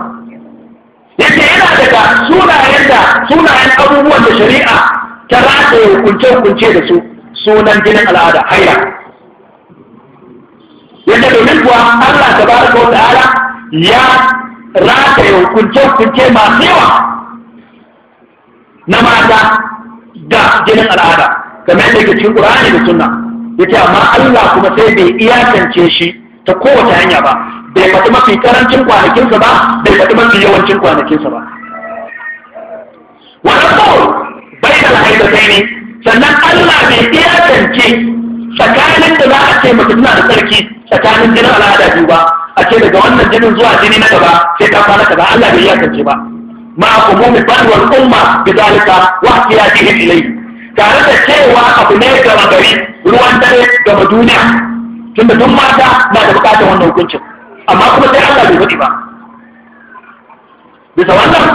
yace yana daga sunayen da sunayen abubuwan da shari'a ta rataye hukunce-hukunce da su sunan jinin al'ada haila yadda domin kuwa Allah ta tabaraka wa ta'ala ya rataye hukunce-hukunce masu yawa na mata da jinin al'ada kamar yadda yake cikin Qur'ani da Sunna yace amma Allah kuma sai bai iyakance shi ta kowace hanya ba bai faɗi mafi karancin kwanakinsa ba bai faɗi mafi yawancin kwanakinsa ba wannan ko bai da da sai ne sannan Allah bai iya tanke tsakanin da za a ce mutum tana da sarki tsakanin jinin al'ada biyu ba a ce daga wannan jinin zuwa jini na gaba sai ta fara ka ba Allah bai iya tanke ba ma umumi balwal umma bi zalika wa ihtiyajihim ilayhi tare da cewa abu ne gaba gari ruwan dare gaba duniya tunda tun mata na da bukatar wannan hukuncin amma kuma sai Allah bai faɗi ba bisa wannan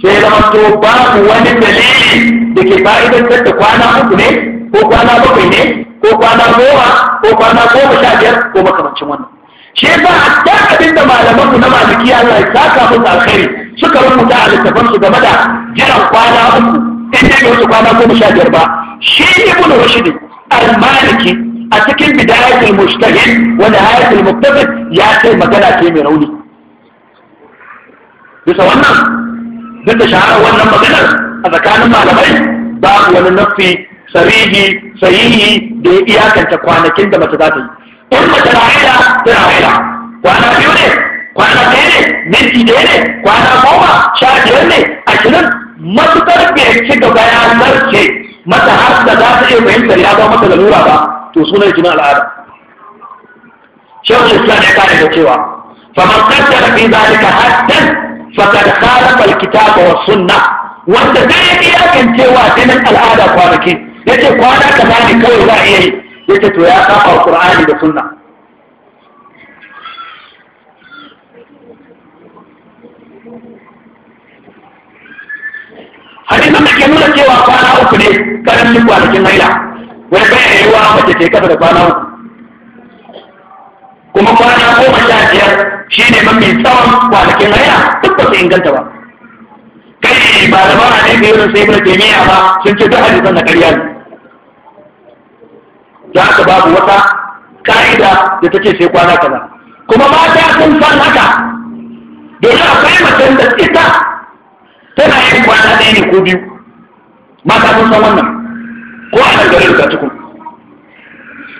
sai ya zama to babu wani dalili da ke fa'idantar da kwana uku ne ko kwana bakwai ne ko kwana goma ko kwana goma sha biyar ko makamancin wannan shi yasa ta abin da malaman mu na maliki Allah ya saka musu alkhairi suka rubuta a littafan su game da jiran kwana uku in dai wasu kwana goma sha biyar ba shi ibnu rashid al-maliki a cikin bidayatul mujtahid wa nihayatul muttafiq ya kai magana ce mai rauni bisa wannan duk da shahara wannan maganar a tsakanin malamai babu wani nafi sarihi sahihi da ya iyakanta kwanakin da mace za ta yi in mace na haila tana haila kwana biyu ne kwana ɗaya ne minti ɗaya ne kwana goma sha biyar ne ashirin matuƙar bai ci gaba ya zarce mata har da za ta iya fahimtar ya ba mata lalura ba to sunan jima al'ada shawar islam ya kare da cewa faman kaddara fi zalika haddan faqad khalafa al-kitaba wa sunnah wanda zai ya kan cewa dinin al'ada kwanaki yace kwana ka bani kawai za a yi yace to ya kafa qur'ani da sunna hadisan da ke nuna cewa kwana uku ne karamin kwanakin haila wani bayan yiwuwa mace ke kasa da kwana uku kuma kwana goma sha biyar shi ne mafi tsawon kwanakin haya duk ba su inganta ba kai ba da mara ne ga irin sai ibn taymiya ba sun ce duk hadisan na karya ne za ka babu wata ka'ida da ta ce sai kwana kaza kuma mata sun san haka domin akwai macen da ita tana yin kwana ɗaya ne ko biyu mata sun san wannan ko a nan garin sai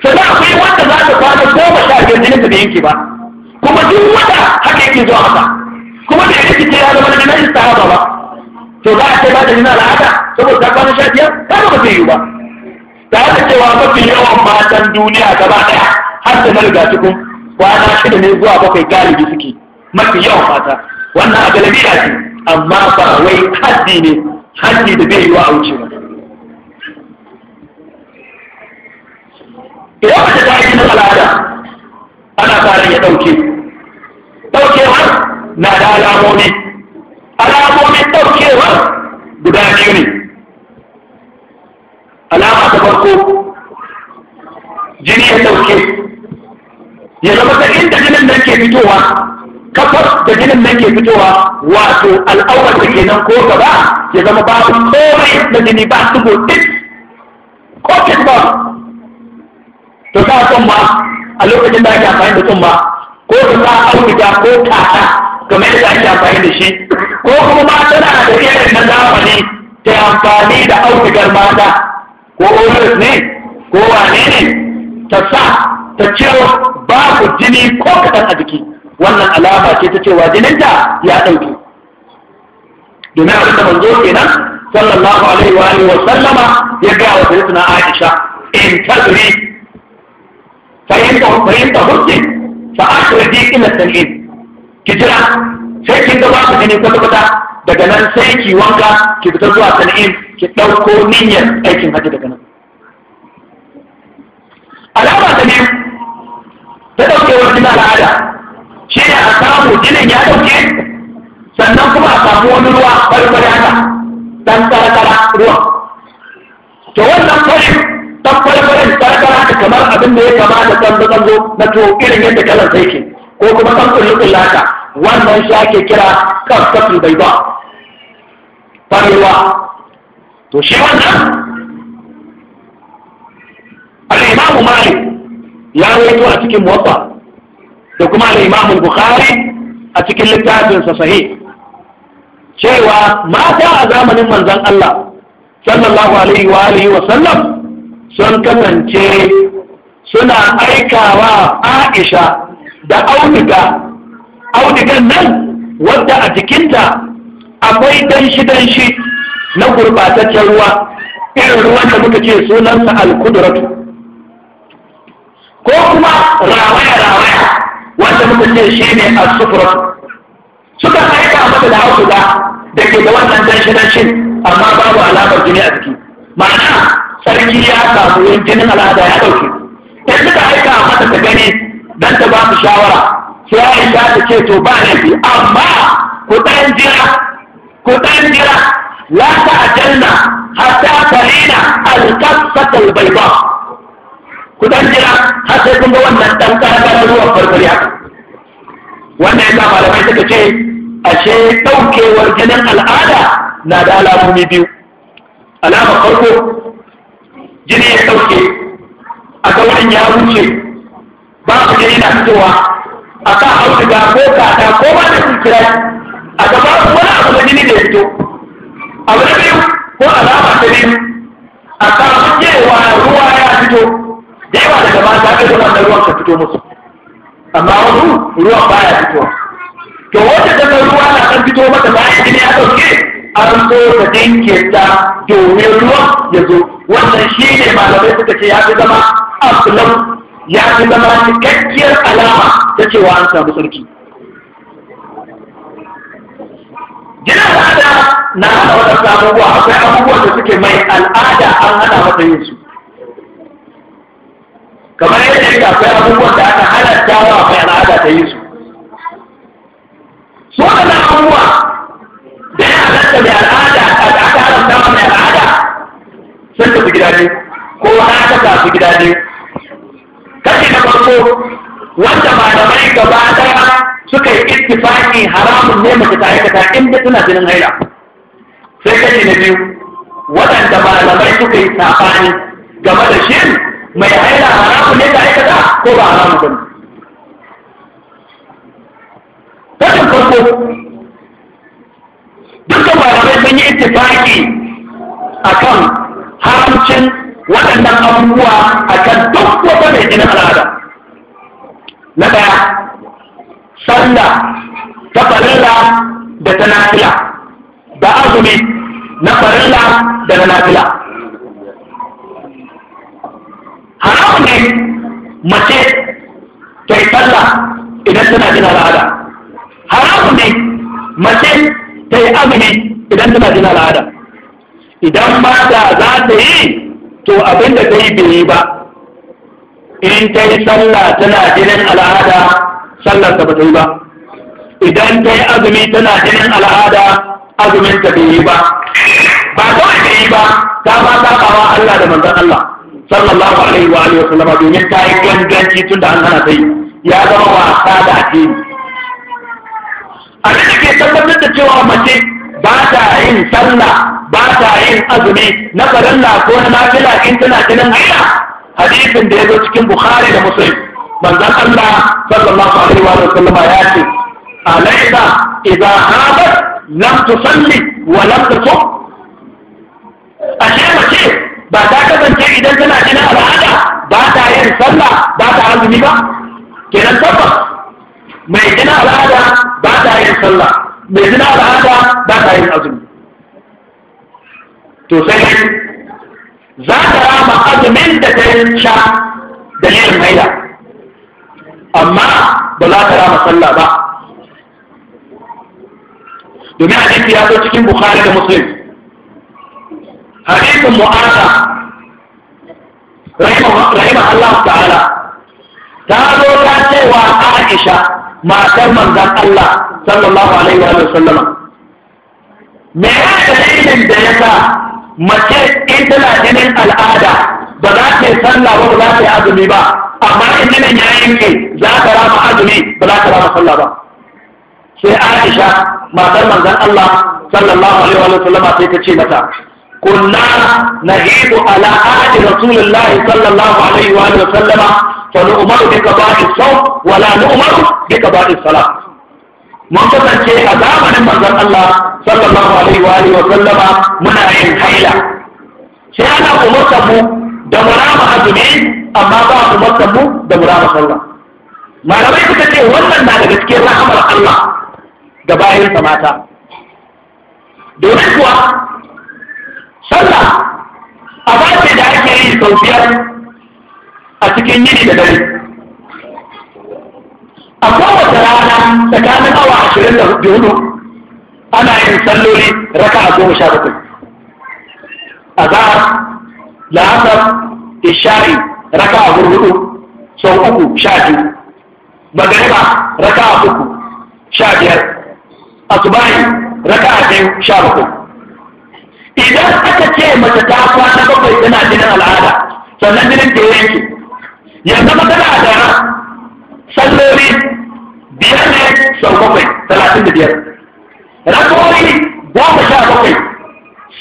sannan akwai wanda za ta kwana goma sha biyar jinin ta bai yanke ba kuma duk wata haka yake zuwa haka kuma da yake ce ya zama na jinin haka ba to za a ce ba ta jinin al'ada saboda ta kwana sha biyar ta ba zai yi ba ta haka cewa mafi yawan matan duniya gaba ɗaya, har da na rigatukun kwana shida ne zuwa bakwai galibi suke mafi yawan mata wannan a galabiya ce amma ba wai haddi ne haddi da bai yi wa a wuce ba idan mace ta yi cikin al'ada ana fara ya ɗauke ɗaukewa na da alamomi alamomi ɗaukewa guda biyu ne alama ta farko jini ya ɗauke ya zama ta inda jinin nan ke fitowa kafar da jinin nan ke fitowa wato al'aurar da ke nan ko gaba ya zama babu komai na jini ba su ko ko ba ka sa ba a lokacin da ake amfani da ba ko ka sa auduga ko kaka kamar yadda ake amfani da shi ko kuma ma tana da irin na zamani ta amfani da audugar mata ko Olus ne ko wane ne ta sa ta ciro babu jini ko kaɗan a jiki wannan alama ce ta cewa jininta ya ɗauke domin abin da manzo kenan sallallahu alaihi wa sallama ya ga wa sayyidina Aisha in tadri fahimta hukki fa akhraji ila sal'in ki jira sai ki ga babu gani kwata kwata daga nan sai ki wanka ki fita zuwa sanin ki ɗauko niyyar aikin haji daga nan alama ta ne ta daukewar jini al'ada shi ne a samu jinin ya dauke sannan kuma a samu wani ruwa barbara ɗan dan ruwa to wannan farin dan farin farfara ta kamar abin da ya kamata da tsanzo na to irin yadda kalar sai ke ko kuma kan kullu kullaka wannan shi ake kira bai ba. farewa to shi wannan al-imam malik ya rawaito a cikin muwatta da kuma al-imam bukhari a cikin littafinsa sahih cewa mata a zamanin manzon Allah sallallahu alaihi wa alihi wa sallam sun kasance suna aikawa aisha da auduga audugan nan wadda a jikinta akwai danshi-danshi na gurbataccen ruwa irin ruwan da muka ce sunansa alkudratu ko kuma rawaya-rawaya wanda muka ce shi ne a sufura suka aika masa da auduga da ke da wannan danshi-danshin amma babu alamar jini a jiki ma'ana sarki ya samu yin jinin al'ada ya ɗauke ta suka aika mata ta gani don ta ba su shawara sai aisha ta ce to ba laifi amma ku ɗan jira ku ɗan jira la ta ajanna hatta tarina alqasatal bayda ku ɗan jira har sai kun ga wannan ɗan karkar ruwan farfariya wannan yasa malamai suka ce ashe ɗaukewar jinin al'ada na da alamomi biyu alama farko jini ya ɗauke a gaurin ya wuce ba su jini na fitowa a kan auduga ko kata ko ba da kira a gaba wani abu da jini da ya fito abu na biyu ko alama ta biyu a kan cewa ruwa ya fito da yawa daga ba ta ɗaya da ruwan ka fito musu amma wasu ruwan baya fitowa to wata daga ruwa na kan fito mata bayan jini ya ɗauke an so da jinkirta domin ruwa ya zo wannan shi ne malamai suka ce ya fi zama aflam ya fi zama cikakkiyar alama ta cewa an samu sarki gina al'ada na hana waɗansu abubuwa akwai abubuwan da suke mai al'ada an hana masa yin su kamar yadda yake akwai abubuwan da aka halatta wa mai al'ada ta yin su su waɗannan abubuwa sun tafi gida biyu kowa ya ta su gida biyu kashi na farko wanda malamai gaba ɗaya suka yi ittifaki haramun ne mace ta aikata in da tana jinin haila sai kashi na biyu waɗanda malamai suka yi sabani game da shin mai haila haramun ne ta aikata ko ba haramun ba kashin farko dukkan malamai sun yi ittifaki akan haramcin waɗannan abubuwa a kan duk wata mai jinin al'ada na ɗaya sanda, ta farilla da ta nafila da azumi na farilla da na nafila haram ne mace ta yi sallah idan tana jin al'ada haram ne mace ta yi azumi idan tana jin al'ada idan mata za ta yi to abin da ta yi bai yi ba in ta yi sallah tana jinin al'ada sallar ta ba yi ba idan ta yi azumi tana jinin al'ada azumin ta bai yi ba ba kawai bai yi ba ta ba ta kawa Allah da manzan Allah sallallahu alaihi wa alihi wasallama domin ta yi ganganci tun da an hana ta yi ya zama wasa da addini a da ke tabbatar da cewa mace ba ta yin sallah ba ta yin azumi na farilla ko na nafila in tana jinin haila hadisin da ya zo cikin bukhari da muslim manzon Allah sallallahu alaihi wa sallama ya ce alaika idza habat lam tusalli wa lam tusum ashe mace ba ta kasance idan tana jinin al'ada ba ta yin sallah ba ta azumi ba kenan tabbas mai jinin al'ada ba ta yin sallah mai jina da haka ba ta yin azumi to sai za ta rama azumin da ta yi sha da yin haila amma ba za ta rama sallah ba domin a hadisi ya zo cikin bukhari da muslim hadisin mu'ada rahimahullah ta'ala ta zo ta cewa aisha matar manzan Allah sallallahu alaihi wa sallama me ya dalilin da ya sa mace in tana ganin al'ada ba za ta yi sallah ba ba za ta yi azumi ba amma in jinin ya yanke za ta rama azumi ba za ta rama sallah ba sai Aisha matar manzan Allah sallallahu alaihi wa sallama sai ta ce mata ala كنا نعيد على عهد رسول الله صلى الله عليه وآله وسلم فنؤمر بقضاء الصوم ولا نؤمر بقضاء الصلاة mun kasance a zamanin manzon Allah sallallahu alaihi wa alihi wa sallama muna yin haila sai ana umarta mu da murama a azumi amma ba umarta mu da murama sallah malamai suka ce wannan na daga cikin rahamar Allah da bayan samata. domin kuwa sallah a bace da ake yi sau biyar a cikin yini da dare a kowace rana tsakanin awa ashirin da hudu ana yin salloli raka a goma sha bakwai a zahar la'asar ishari raka a hudu sau uku sha biyu magariba raka a uku sha biyar asubahi raka a biyu sha bakwai idan aka ce mace ta kwana bakwai tana jinin al'ada sannan jinin ke yanki yanzu mata da da sallori biyar ne sau bakwai talatin da biyar rakori goma sha bakwai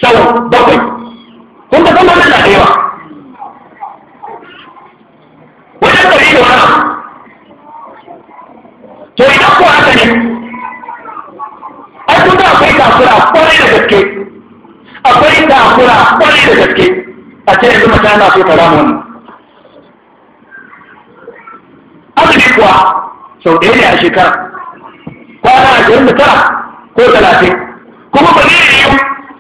sau bakwai kun ka zama na da yawa wajen ɗari da wani to idan ko haka ne ai kun ga akwai kasuwa kwarai da gaske akwai takura kwarai da gaske a ce yanzu mace ana so ta kuwa sau ɗaya ne a shekara kwana a ashirin da tara ko talatin kuma ba zai yi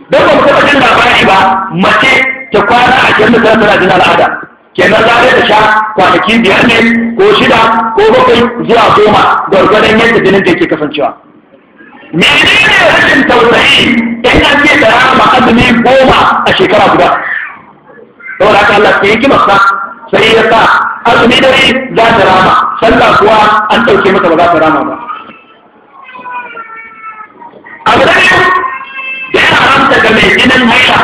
don ba mu jin labari ba mace ta kwana a ashirin da tara tana jin al'ada kenan za da sha kwanaki biyar ne ko shida ko bakwai zuwa goma gwargwadon yadda jinin da ke kasancewa menene rashin tausayi in an ce ka rama azumi goma a shekara guda saboda haka Allah ke hikimar sa sai ya sa azumi dare za ta rama sallah kuwa an ɗauke mata ba za ta rama ba abu da ne da ya haramta ga mai jinin haila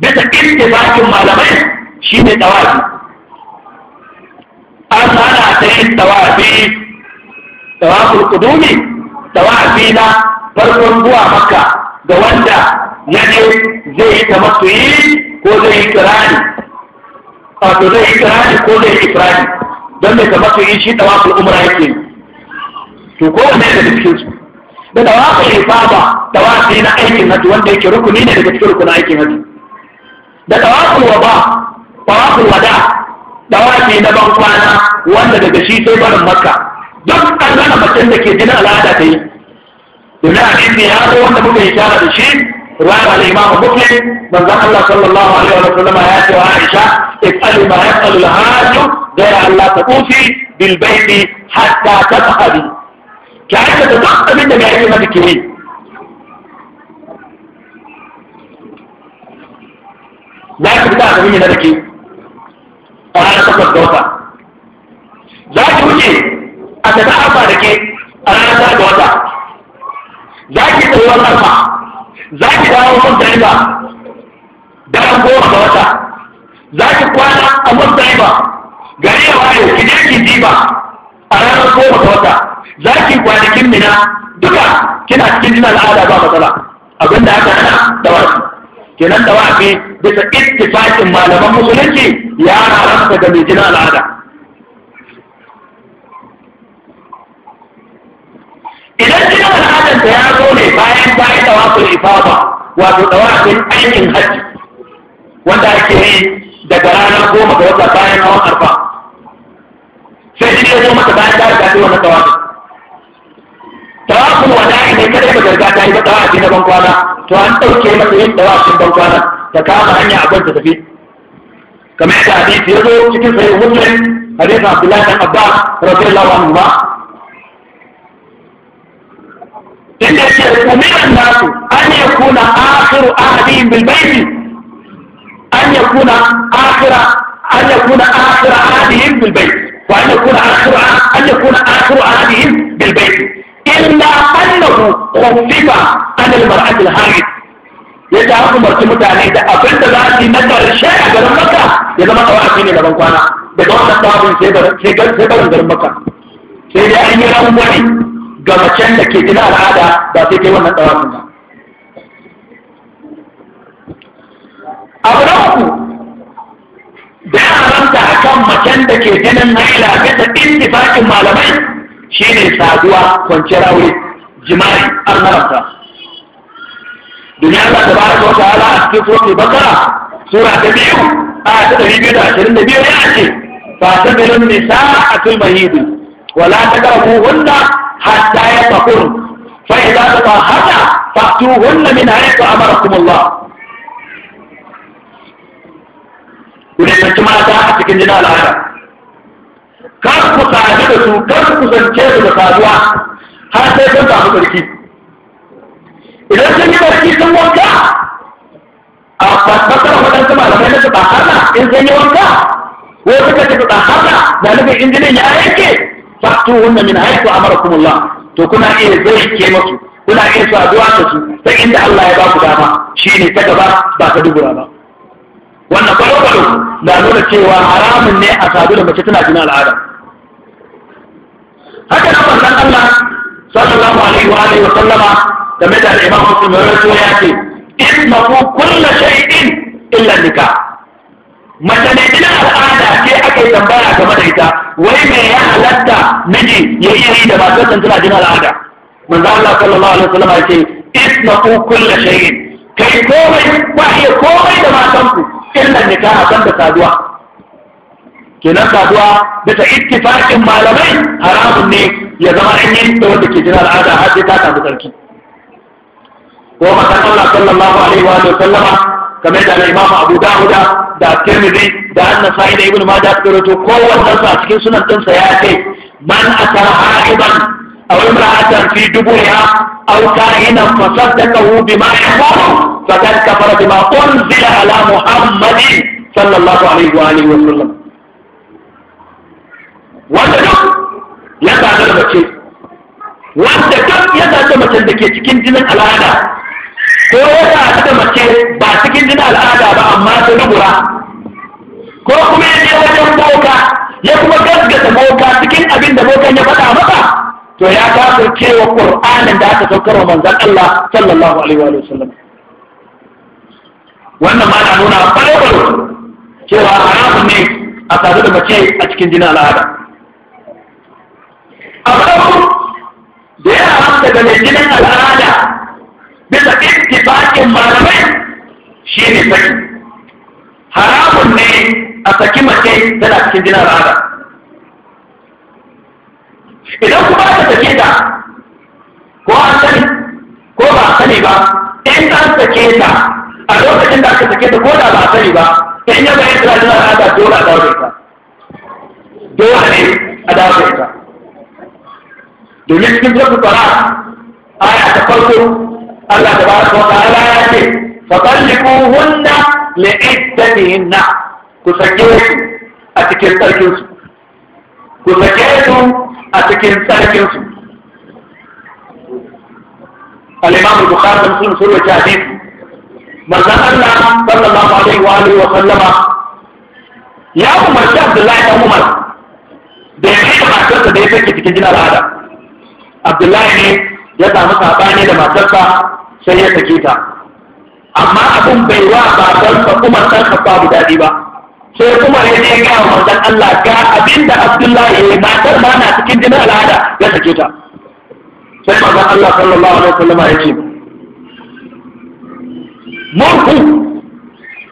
bisa ittifaqin malamai shine tawafi an hana ta yin tawafi tawaful kudumi, tawafi na farkon zuwa maka ga wanda ya je zai yi ta tamattuyi ko zai yi kirani wato zai yi kirani ko zai yi tsirari don mai ta tamattuyi shi tawaful umara yake to wanda yake cikin su da tawaful ifada tawafi na aikin haji wanda yake rukuni ne daga cikin rukunin aikin haji da tawaful waba da wada tawafi na ban kwana wanda daga shi sai barin makka duk an gana macen da ke jin al'ada ta yi domin hadisi ya zo wanda muka yi kyara da shi ruwan al'imam muslim manzon Allah sallallahu alaihi wa sallama ya ce wa Aisha ifali ma yasalu al-hajju ghayra Allah taqufi bil bayti hatta tafhadi ki aikata duk abin da mai mata ki yi za ki fita a gumi na dake a ranar takwas ga wata za ki wuce a tafi arfa da ke a ranar ta ga wata za ki yi wannan ba za ki dawo muzdalifa daren goma ga wata za ki kwana a mun ta'iba gari ya waye ki je ki jiba a ranar goma ga wata za ki kwanakin mina duka kina cikin jinin al'ada ba matsala abin da aka hana da wasu kenan da wafi bisa ittifaqin malaman musulunci ya haramta ga mai jinin al'ada idan kina ta ya zo ne bayan bayan da tawafin ifafa, wato tawafin aikin hajji wanda ake yi daga ranar goma ga wata bayan hawan arfa sai shi ya zo mata bayan ta riga ta wannan tawafin tawafin ake ne kada ka zarga ta yi ba tawafin na bankwana to an ɗauke mata yin tawafin bankwana ta kama hanya a ta tafi kamar yadda hadisi ya zo cikin sahih muslim hadisin abdullahi bin abbas radiyallahu anhu ba inda yake kuminan nasu an ya kuna akhiru ahadihim bil baiti an ya kuna akhira an ya kuna akhira ahadihim bil baiti wa an ya kuna akhira an ya kuna akhiru ahadihim bil baiti illa annahu khuffifa an al mar'at al haid yadda aka umarci mutane da abin da za su yi na karshe a garin maka ya zama tsawafi ne daban kwana daga wannan tsawafin sai barin garin maka sai dai an yi ran wani ga macen da ke gina al'ada ba sai kai wannan tsawafin ba abu na uku da haramta a kan macen da ke jinin naila a bisa intifakin malamai shi ne saduwa kwanciyar aure jima'i an haramta duniya za ta baraka wa ala a cikin suratul bakara sura ta biyu a ta ɗari biyu da ashirin da biyu ya ce fa ta bilin nisa a tulmahidu wala ta ƙarfi wanda. hatta ya fakun fa idza tatahharna fatuhunna min haythu amarakum Allah ku ne ta a cikin jinin al'ada kar ku sadu da su kar ku zance da saduwa har sai sun samu sarki idan sun yi sarki sun wanka a fasfasar waɗansu da na su ba in sun yi wanka ko suka ce su ba da nufin injinin ya yanke fatuhunna min haythu amarakumullah to kuna iya zarike masu kuna iya saduwa da su ta inda Allah ya ba ku dama shine ta gaba ba ta dubura ba wannan kwalwalo na nuna cewa haramun ne a sadu da mace tana jina al'ada haka na manzon Allah sallallahu alaihi wa alihi wa sallama game da Imam Muslim ya ce ismaku kullu shay'in illa nikah mace ne ina al'ada ce ake tambaya game da ita wai me ya halatta miji ya yi yi da masu san tana jin al'ada manzo Allah sallallahu alaihi wasallam ya ce isma'u kullu shay'in kai komai ba iya komai da matan ku illa ka san da saduwa kenan saduwa bisa ittifaqin malamai haramun ne ya zama an yi da wanda ke jin al'ada har sai ta samu sarki ko manzo Allah sallallahu alaihi wa sallama kamar da al-Imam Abu Dawud da Tirmidhi da An-Nasa'i da Ibn Majah suka rawaito kowannen su cikin sunan din sa ya ce man akara ha'iban aw imra'atan fi dubuha aw kahinan fasaddaqahu bima yaqulu faqad kafara bima unzila ala Muhammadin sallallahu alaihi wa alihi wa sallam wanda duk ya sadu da mace wanda duk ya sadu da mace da ke cikin jinin al'ada ko wata a da mace ba cikin jin al'ada ba amma ta dubura ko kuma ya je wajen boka ya kuma gaskata boka cikin abin da bokan ya faɗa masa to ya kafir cewa qur'anin da aka saukar manzon Allah sallallahu alaihi wa sallam wannan ma na nuna ɓarɓar cewa haramun ne a sadu da mace a cikin jin al'ada a farko da ya haramta ga mai jinin al'ada bisa ittifaqin malamai shi ne saki haramun ne a saki mace tana cikin jinin al'ada idan kuma ka sake ta ko a sani ko ba a sani ba in an sake ta a lokacin da aka sake ta ko da ba a sani ba ta yi yaba yin jinin al'ada dole a dawo da ita dole ne a dawo ita domin cikin jirgin fara aya ta farko Allah da ba ta ta'ala ya ce fatalliquhunna li'iddatihinna ku sake su a cikin tsarkin su ku sake su a cikin su sun rawaita hadisi manzon Allah wa wa ya umarci Abdullahi da Umar da ya matarsa da ya sake cikin jin al'ada Abdullahi ne ya samu sabani da matarsa sai ya sake ta amma abin bai wa baban sa kuma san ka babu dadi ba sai kuma ya je ga manzon Allah ga abinda Abdullahi ya yi matar ba na cikin jinin al'ada ya sake ta sai manzon Allah sallallahu alaihi wasallam ya ce murku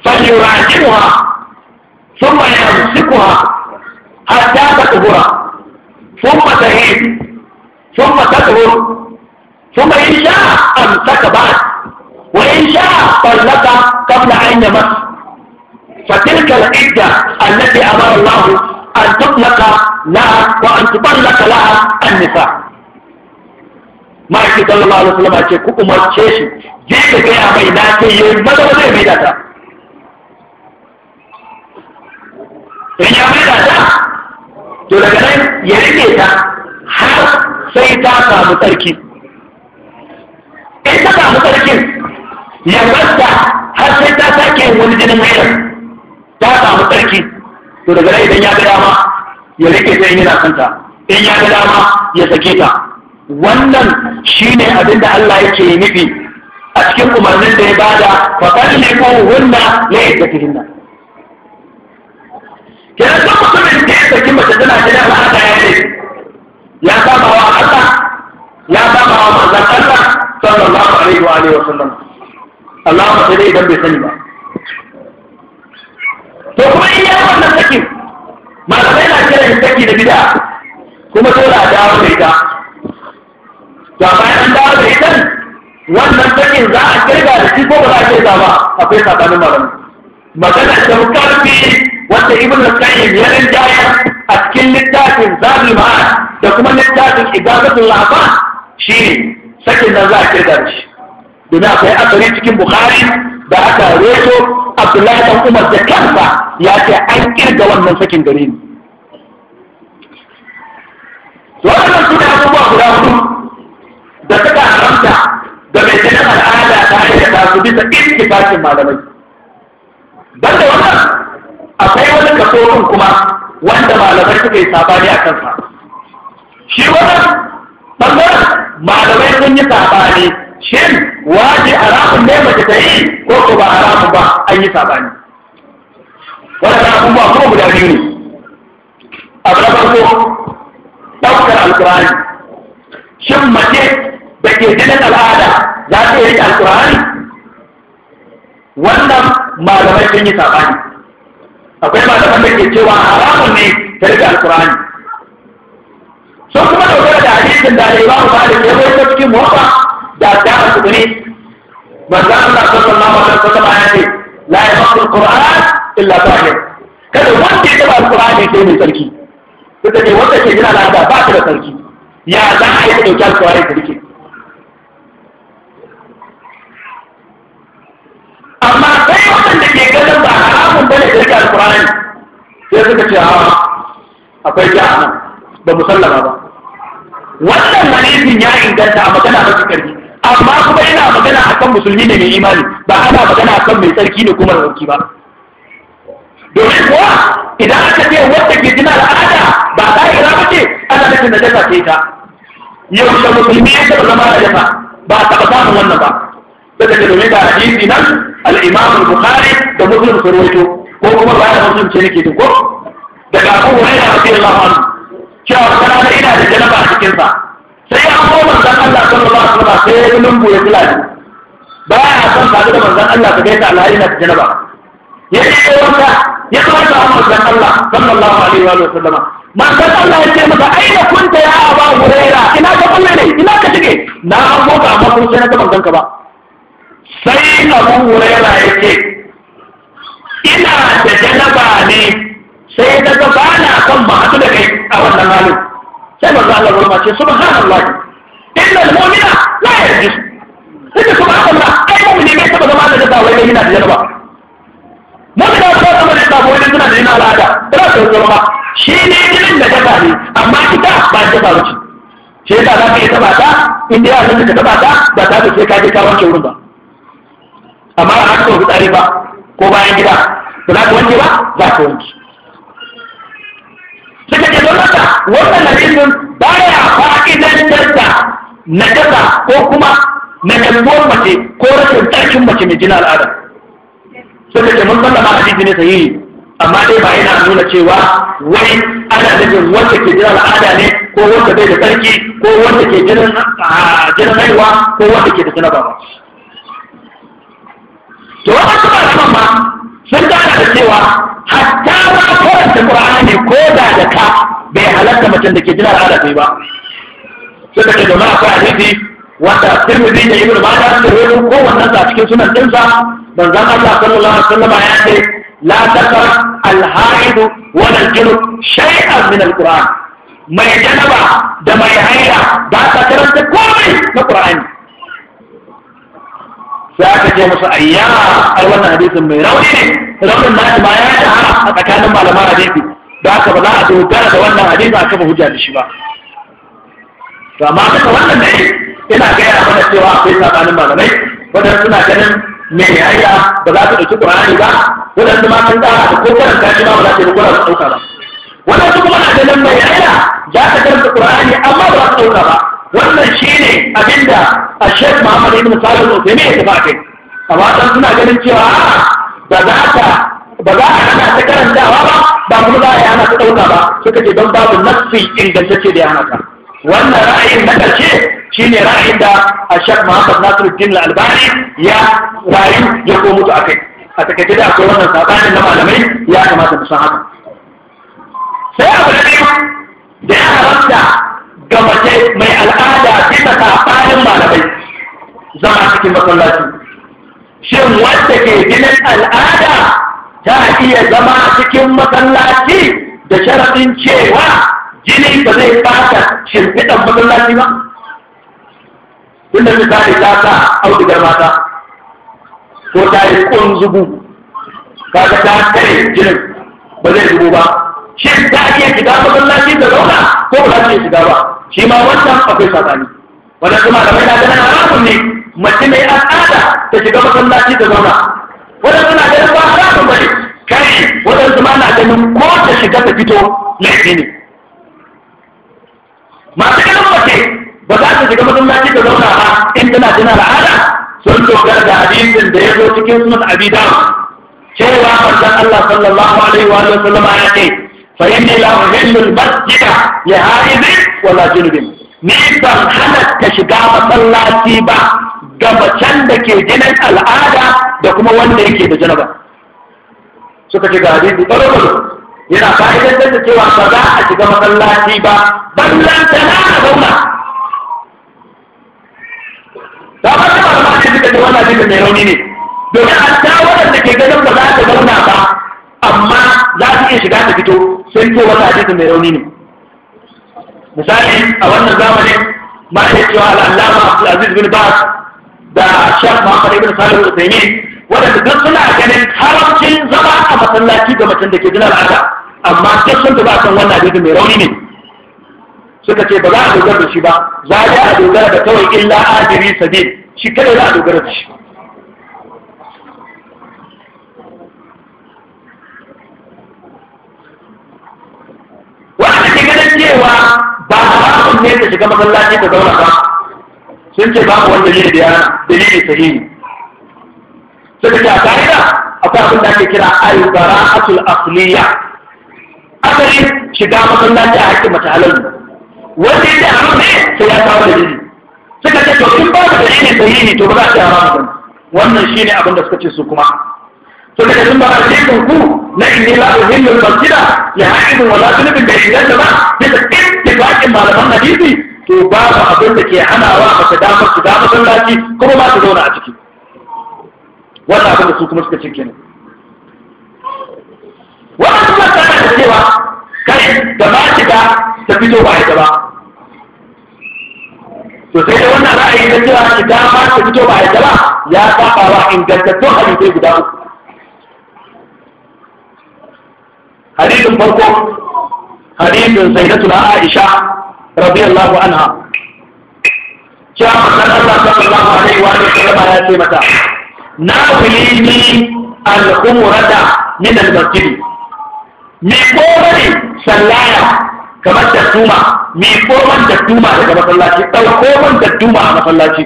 falyurajimuha thumma yamsikuha hatta tatahura thumma tahid thumma tatahur ثم إن شاء أمسك بعد وإن شاء طلق قبل أن يمس فتلك العدة التي أمر الله أن تطلق لها وأن تطلق لها النساء Maki sallallahu alaihi wasallam ce ku umarce shi je ka a mai na yi maza zai mai da ta in ya mai da to daga nan ya ta har sai ta samu tsarki in ta samu sarkin ya basta har sai ta sake wani jinin wayar ta samu sarki to daga rai idan ya ga dama ya rike ta yin yana kanta in ya ga dama ya sake ta wannan shine abin da Allah yake nufi a cikin umarnin da ya bada fa talliqu hunna la yajdatihinna kenan duk mutumin da ya saki mace tana jira ba ya yi ya saba wa Allah ya saba wa manzon Allah sallallahu idan bai sani ba to kuma in ya wannan sakin malamai na kiran saki da gida, kuma dole a dawo da ita to bayan an dawo da ita wannan sakin za a kirga da shi ko ba za a kirga ba akwai sakanin malamai magana ta karfi wanda ibn al ya a cikin littafin zadul da kuma littafin igazatul lahfa shi sakin nan za a kirga da shi domin akwai asali cikin bukhari da aka reto abdullahi dan umar da kansa ya ce an kirga wannan sakin gare ni wannan suna abubuwa guda hudu da suka haramta da mai jinin al'ada ta da su bisa ittifaqin malamai da wannan akwai wani kaso kuma wanda malamai suka yi sabani a kansa shi wannan ɓangaren malamai sun yi sabani shin waje haramun ne mace ta yi ko ko ba haramun ba an yi sabani wannan ba kuma guda biyu ne abu na farko ɗaukar alƙurani. shin mace da ke jinin al'ada za ta yi alƙurani? wannan malamai sun yi sabani akwai malaman da ke cewa haramun ne ta rika alƙurani. sun kuma dogara da hadisin da ba da Malik ya ta cikin Muwatta da Dara ne. manzo Allah sallallahu alaihi wasallam ya ce la yaqul Qur'an illa tahir kada wanda ya taba Qur'ani sai mai sarki kuka ce wanda ke jira da ba ta da sarki ya za a yi dauki ta sarki amma sai waɗanda ke ganin ba haramun bane da rika Qur'ani sai suka ce a akwai ja'a ba musallama ba wannan hadisin ya inganta a magana mafi karfi amma kuma yana magana akan musulmi ne mai imani ba ana magana kan mai tsarki ne kuma rauki ba domin kuwa idan aka ce wanda ke jina al'ada ba ta yi rama ce ana da da jasa ce ta Yau da musulmi ya taɓa zama da jasa ba a taɓa samun wannan ba daga da domin ga hadisi nan al-imam al da musulmi sun ko kuma ba da musulmi ce nake ko daga abu hurairah radiyallahu anhu cewa wata da ina da janaba a sa sai an ko manzan Allah sallallahu alaihi wasallam sai ya bi lungu ya fulani ba ya san sadu da manzan Allah ka gaita alhali na da janaba ya ce eh, wanda ya kwanta da manzan Allah sallallahu alaihi wasallam manzan Allah ya ce masa aina kunta ya aba huraira ina ka kulle ne ina ka shige na an goga amma kun sai na ga manzan ka ba sai abu huraira ya ce ina da janaba ne sai ya ga ba na kan ba haɗu da kai a wannan halu sai manzo Allah ya rubuta subhanallah inna na mumina la yarjus sai subhanallah ai mu'mini ne saboda ma da ba wai yana da jarba mu'mina ba ta mai da wai yana da al'ada ba ta ba shi ne irin da gaba ne amma ita ba ta ba ce shi yasa za ka yi taba ta in ya za ka taba ta ba ta ce ka je ka wanke wurin ba amma ba ka tsare ba ko bayan gida ba za ka wanke ba za ka wanke suka ce don haka wannan hadisin baya fa'idantar na najasa ko kuma na najasuwar mace ko rashin tsarkin mace mai jina al'ada suka ce mun sallama hadisi ne yi. amma dai ba yana nuna cewa wani ana nufin wanda ke jina al'ada ne ko wanda bai da tsarki ko wanda ke jinin haihuwa ko wanda ke da sinaba ba to wasu ba sun gana da cewa hatta kowace karanta qur'ani ko da da ka bai halatta mutum da ke jin al'adabi ba sai da jama'a akwai hadisi wanda tirmidhi da ibnu majah da rawu ko wannan da cikin sunan dinsa manzon Allah sallallahu alaihi wasallam ya ce la taqra al-haid wa al-junub shay'an min al-qur'an mai janaba da mai haila ba ta karanta komai na qur'ani sai aka ce musu ayya ai wannan hadisin mai rauni ne raunin nashi ba ya ta a tsakanin malaman hadisi da haka ba za a dogara da wannan hadisi a kafa hujja da shi ba to amma duka wannan ne ina gaya mana cewa akwai tsakanin malamai wadanda suna ganin me ya yi ba za ta ɗauki ƙur'ani ba wadanda ma sun ƙara da ko karanta shi ba ba za ta yi ƙura su ɗauka ba wadanda kuma na ganin me ya yi za ta karanta ƙur'ani amma ba za ta ɗauka ba wannan shi ne abinda a shek muhammad ibn salim usaimi ya ta kai amma dan suna ganin cewa ba za ta ba za a hana ta karantawa ba ba kuma za a yi hana ta ɗauka ba suka ce don babu nafi ingantacce da ya hana ta wannan ra'ayin na ƙarshe shine ra'ayin da a shek muhammad nasiruddin al-albani ya rayu ya ko mutu akai a takaice da akwai wannan sabanin na malamai ya kamata mu san haka sai abu biyu da ya haramta ga mace mai al'ada ta saɓanin malamai zama cikin masallaci shin wanda ke ginin al'ada ta iya zama cikin masallaci da sharaɗin cewa jini ba zai fata shimfiɗan masallaci ba tunda misali ta sa audugar mata ko ta yi zubu kaga ta tare jinin ba zai zubo ba shin ta iya shiga masallaci da zauna ko ba za ta iya shiga ba shi ma wancan akwai sabani wannan kuma da mai ganin haramun ne mace mai al'ada ta shiga masallaci da zauna wannan suna ganin ba rafin bane kai wannan kuma na ganin ko ta shiga ta fito laifi ne masu ganin mace ba za ta shiga masallaci da zauna ba in tana gina al'ada sun dogara da hadisin da ya zo cikin sunan abidawa cewa manzon Allah sallallahu alaihi wa sallam ya ce فإني لا أهل المسجد لهائب ولا جنب ni ban halatta shiga masallaci ba ga macen da ke jinin al'ada da kuma wanda yake da janaba suka ce ga hadisi tsaro yana fa'idantar da cewa ba za a shiga masallaci ba ballantana a zauna da ba ta malama ta suka mai rauni ne domin hatta waɗanda ke ganin ba za ta zauna ba amma za su iya shiga ta fito sai ko wata hadisi mai rauni ne misali a wannan zamani, ma da cewa al'allama Abdulaziz bin bas da Sheikh Muhammad ibn Salih al-Uthaymeen wadanda duk suna ganin haramcin zama a masallaci ga mutum da ke jina al'ada amma duk sun ba kan wannan hadisi mai rauni ne suka ce ba za a dogara da shi ba za a dogara da kawai illa ajiri sabil shi kada za a dogara da shi cewa ba a haramun ne ka shiga masallaci ta zauna ba sun ce babu wanda ne da dalili sahihi suka ce a ka'ida akwai abin da ake kira al-bara'atul asliya asali shiga masallaci a hakkin mace halal wanda ya ce a ne sai ya kawo dalili suka ce to in babu dalili sahihi to ba za a ce haram wannan shine abin da suka ce su kuma suka ce sun ba a cikin ku na inni la uhillu al-masjida ya haidun wala tunubin da inganta ba bisa ittifaqin malaman hadisi to babu abin da ke hanawa ba ta damar su damar sallaci kuma ba su zauna a ciki wannan abin da su kuma suka cike ne wannan kuma ta da cewa kai da ba shiga ta fito ba ita ba to sai da wannan ra'ayi da cewa shiga ba ta fito ba ita ba ya saba wa ingantattun hadisai guda uku hadisin farko hadisin sayyidatuna Aisha radiyallahu anha cewa manzon Allah sallallahu alaihi wa sallam ya ce mata na filimi al-umrata min al-masjid mi komai sallaya kamar tattuma mi koman tattuma daga masallaci ɗauko man tattuma a masallaci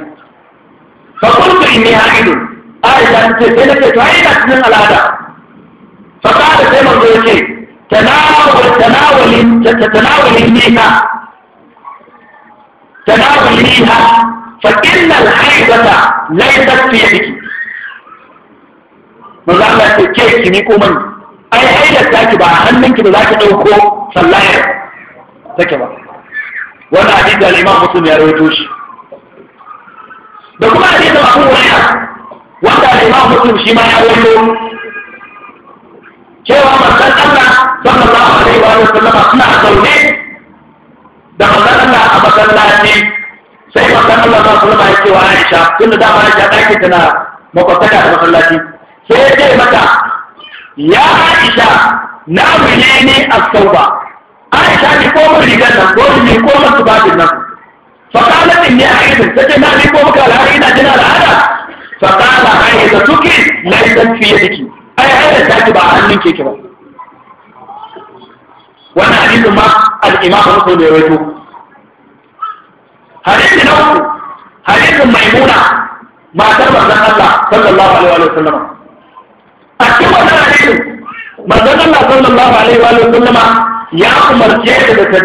fa kuntu inni ha'idu Aisha ce sai nake to ai ina cikin al'ada fa da sai manzo yake تناول تناول تتناول النيمة تناول منها فإن الحيضة ليست في يدك مزالة تكيك نيكو من أي حيضة تاكبا منك بذاك توقو صلاحي تكبا وانا عديد الإمام مسلم يا رويتوش بكما عديد أبو هريرة وانا الإمام مسلم شما يا رويتو cewa manzon Allah sallallahu alaihi wa sallama zaune da manzon Allah a masallaci sai manzon Allah sallallahu alaihi wa sallama ya ce wa Aisha na da ba Aisha daki da masallaci sai ya mata ya Aisha na a hannun Aisha ki فقالت إني أعيد جنا فقال في يدك أي كبير wannan hadisin ma al-imam muslim ya rawaito hadisi na uku hadisin maimuna matar manzon Allah sallallahu alaihi wa sallam a cikin wannan hadisin manzon Allah sallallahu alaihi wa sallam ya umarce ta da ta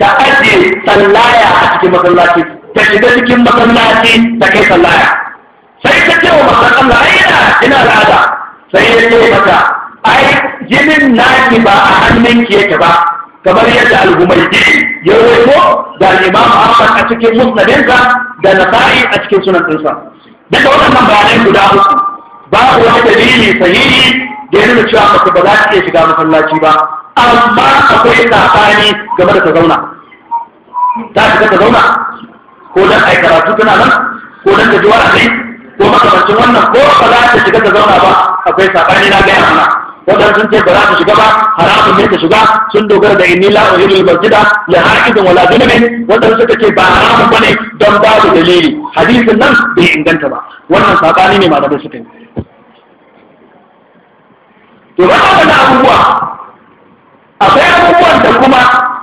ta ajiye sallaya a cikin masallaci ta shiga cikin masallaci ta kai sallaya sai ta ce wa manzon Allah ina ina al'ada sai ya ce mata ai jinin naki ba a hannun hannunki yake ba kamar yadda al'ummai humaydi ya rawaito da Imam Ahmad a cikin musnadinsa da sa'i a cikin sunan ɗinsa duka waɗannan bayanai guda uku babu wani dalili sahihi da ya nuna cewa ba za ta iya shiga masallaci ba amma akwai saɓani game da ta zauna ta shiga ta zauna ko dan ai karatu tana nan ko dan ta ji wa'azi ko makamancin wannan ko ba za ta shiga ta zauna ba akwai saɓani na gaya mana wadanda sun ce ba za su shiga ba haramun ne ka shiga sun dogara da inni la uhibul masjida la haqiqan wala zulmin wadanda suka ce ba haramun bane don da dalili hadisin nan bai inganta ba wannan sabani ne malamai suka yi to ba da abubuwa akwai abubuwan da kuma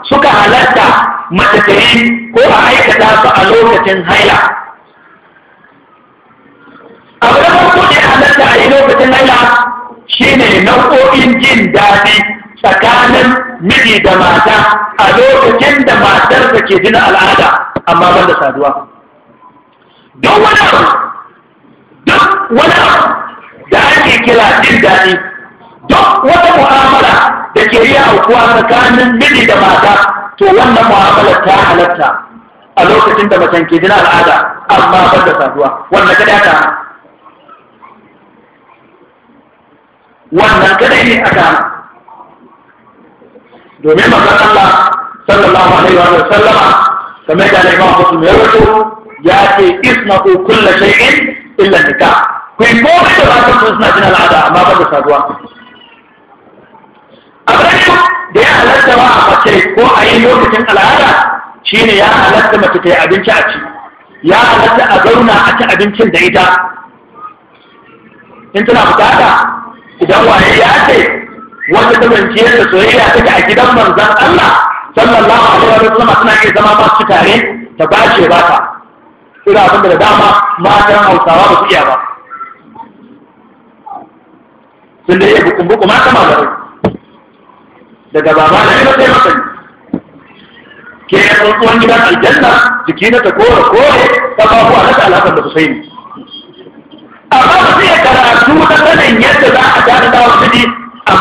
suka halatta matakai ko a aikata su a lokacin haila abu da farko ne halatta a yi lokacin haila shine nau'o'in jin daɗi tsakanin miji da mata a lokacin da matarsa ke jin al'ada amma ban da saduwa don wani abu don wani abu da ake kira jin daɗi don wata mu'amala da ke yi aukuwa tsakanin miji da mata to wannan mu'amalar ta halatta a lokacin da macen ke jin al'ada amma ban da saduwa wannan kada ta wannan kadai ne aka domin manzon Allah sallallahu alaihi wa sallama kamar da Imam Muslim ya rawaito ya ce isma'u kullu shay'in illa nikah ku yi komai da ba suna jin al'ada amma ba da saduwa abin da ya halatta ba a mace ko a yi lokacin al'ada shine ya halatta mace ta yi abinci a ci ya halatta a zauna a ci abincin da ita in tana bukata idan waye ya ce wanda ta zance da soyayya take a gidan manzon Allah sallallahu alaihi wa sallam suna iya zama ba su tare ta bace ba ta ina abin da dama matan Hausawa ba su iya ba sun da yi bukun buku mata magarin daga baba na ina sai masani ke ya tsohon gidan aljanna jiki na ta kore kore ta babuwa na ta alaƙar da su sai ne amma ba su iya karatu na sanin yadda za a ta da wasu ji a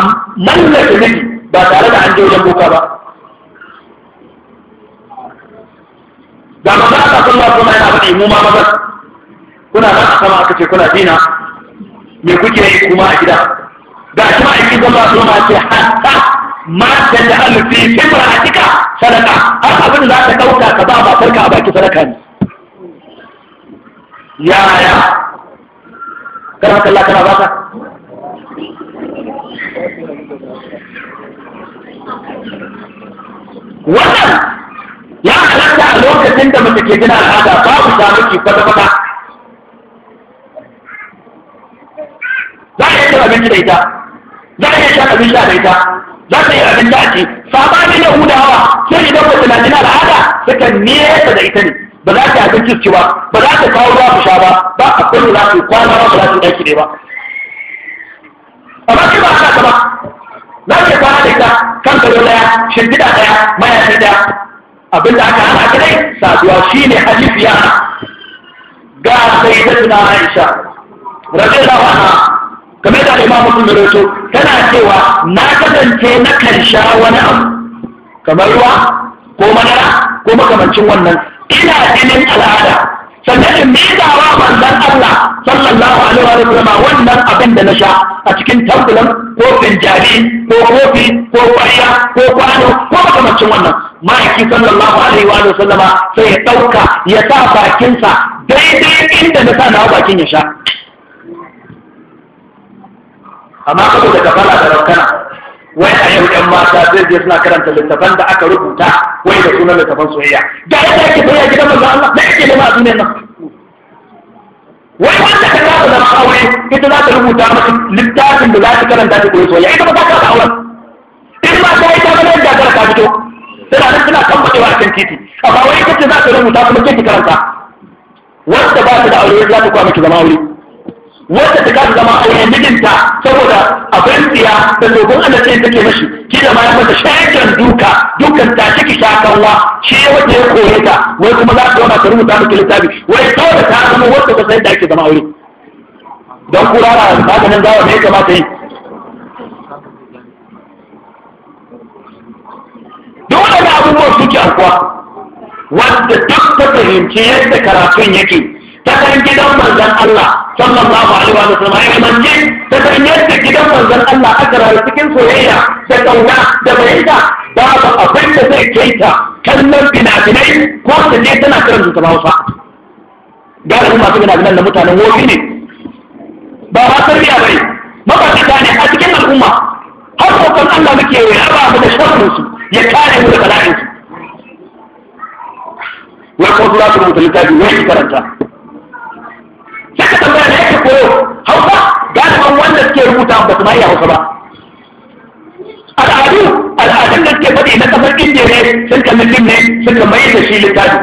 mallaka miji ba tare da an je wajen boka ba da maza aka ba kuma yana faɗi mu ma maza kuna ba a sama aka ce kuna dina me kuke yi kuma a gida ga shi ma'aikin sallah kuma ce hatta matan da alfi fimra a cika sadaka har abin da za ka ɗauka ka ba ka a baki sadaka ne yaya kana kalla kana baka wannan ya halatta a lokacin da mace ke gina al'ada babu samuki kwata-kwata za a iya cin abinci da ita za a iya shan abin da ita za ta yi abin da ake sabanin yahudawa sai idan mace na jina al'ada sukan nesa da ita ne ba za ka yi cikin ba ba za ka kawo ba ku sha ba ba a kwanu za ku kwana ba ba za su ɗaki ne ba amma shi ba a ka ba Na ke kwana da ita kan gado ɗaya shimfiɗa ɗaya mayafi ɗaya abin da aka hana ta dai saduwa shi ne alifiya ga sai ta tuna aisha rabin da wana kame da imamu roto tana cewa na kasance na kan sha wani abu kamar ruwa ko madara ko makamancin wannan ina jinin al'ada sannan in miƙa wa manzon Allah sallallahu alaihi wa sallam wannan abin da na sha a cikin tambulan ko finjali ko kofi ko kwaya ko kwano ko makamancin wannan ma'aiki sallallahu alaihi wa sallama sai ya ɗauka ya sa bakinsa daidai inda na sa nawa bakin ya sha amma da kafara da rakkana wai a yau ɗan mata zai je suna karanta littafan da aka rubuta wai da sunan littafan soyayya ga yadda ake soyayya gidan manzo Allah da ake da a duniyar nan wai wanda ka kafa zama aure ita za ta rubuta maka littafin da za ta karanta ta koyi soyayya ita ba za ka auren in ma ta yi ta bane da gara ta fito tana nan tana kan badewa a kan titi amma wai ita ce za ta rubuta kuma ke ki karanta wanda ba ta da aure za ta kwa miki zama aure wacce ta kasa zama auren mijinta saboda a tsiya da dogon alaƙa take mashi ki da ma ya mata shaƙen duka dukan ta ciki shakanwa shi ya wata ya koye ta wai kuma za ta zama ta rubuta miki littafi wai kawai ta zama wacce ta sayar da ake zama aure don kura na maganin gawa ne kamata yi duk waɗannan abubuwan suke aukuwa wanda duk ta fahimci yadda karatun yake ta kan gidan manzan Allah sallallahu alaihi wa sallam ai manje ta kan yadda gidan manzan Allah aka rayu cikin soyayya da kauna da bayyana babu abin da zai kai ta kallon fina-finai ko ta je tana karanta ta Hausa galibin masu fina-finan da mutanen wofi ne ba ba sarriya bane mabakata ne a cikin al'umma har kokon Allah muke yi ba mu da sharrin su ya kare mu da bala'in su wai ko su za su rubuta littafi wai karanta tambaya ne yake koyo hausa galiban wanda suke rubuta ba su ma iya hausa ba al'adu al'adun da suke faɗi na kasar indiya ne sun kalli lim ne sun ka mai da shi littafi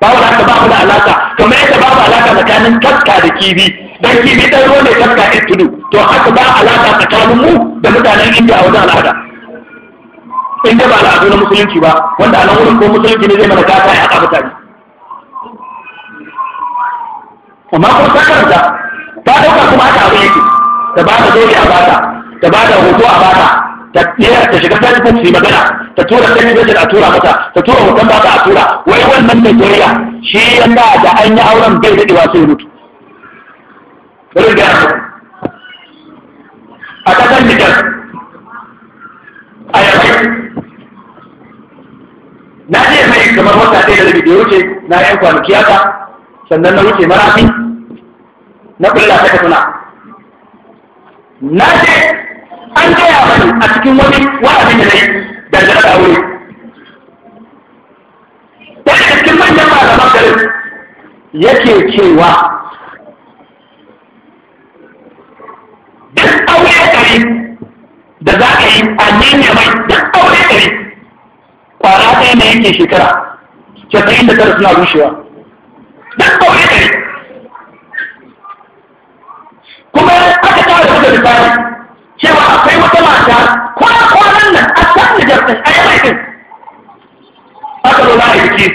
ba da ka babu da alaka kamar yadda babu alaka tsakanin kaska da kibi dan kibi ɗan ruwa ne kaska ɗin tudu to haka ba alaka tsakanin mu da mutanen indiya a wajen al'ada in da ba al'adu na musulunci ba wanda a nan wurin ko musulunci ne zai mana gata ya haɗa mutane amma kuma ta karanta ta ɗauka kuma ta abin yake ta ba da zobe a bata ta ba da hoto a bata ta ta shiga facebook su yi magana ta tura television a tura mata ta tura hoton bata a tura wai wannan mai koriya shi yanda da an yi auren bai daɗewa sai mutu a ƙasar nijar a na je mai kamar wata ɗaya da rubi da wuce na yan kwanaki haka sannan na wuce marafi na kula ta kasuna. na ce an gaya mani a cikin wani wa'azin da nai dangane da aure daga cikin manyan malaman garin yake cewa duk aure ɗari da za ka yi a nemi mai duk aure ɗari kwara ɗaya na yanke shekara casa'in da tara suna rushewa duk bauɗe ne kuma aka tara da misali cewa akwai wata mata ko kwana kwanan nan a kan nijar ɗin a yi ɗin aka zo za a yi biki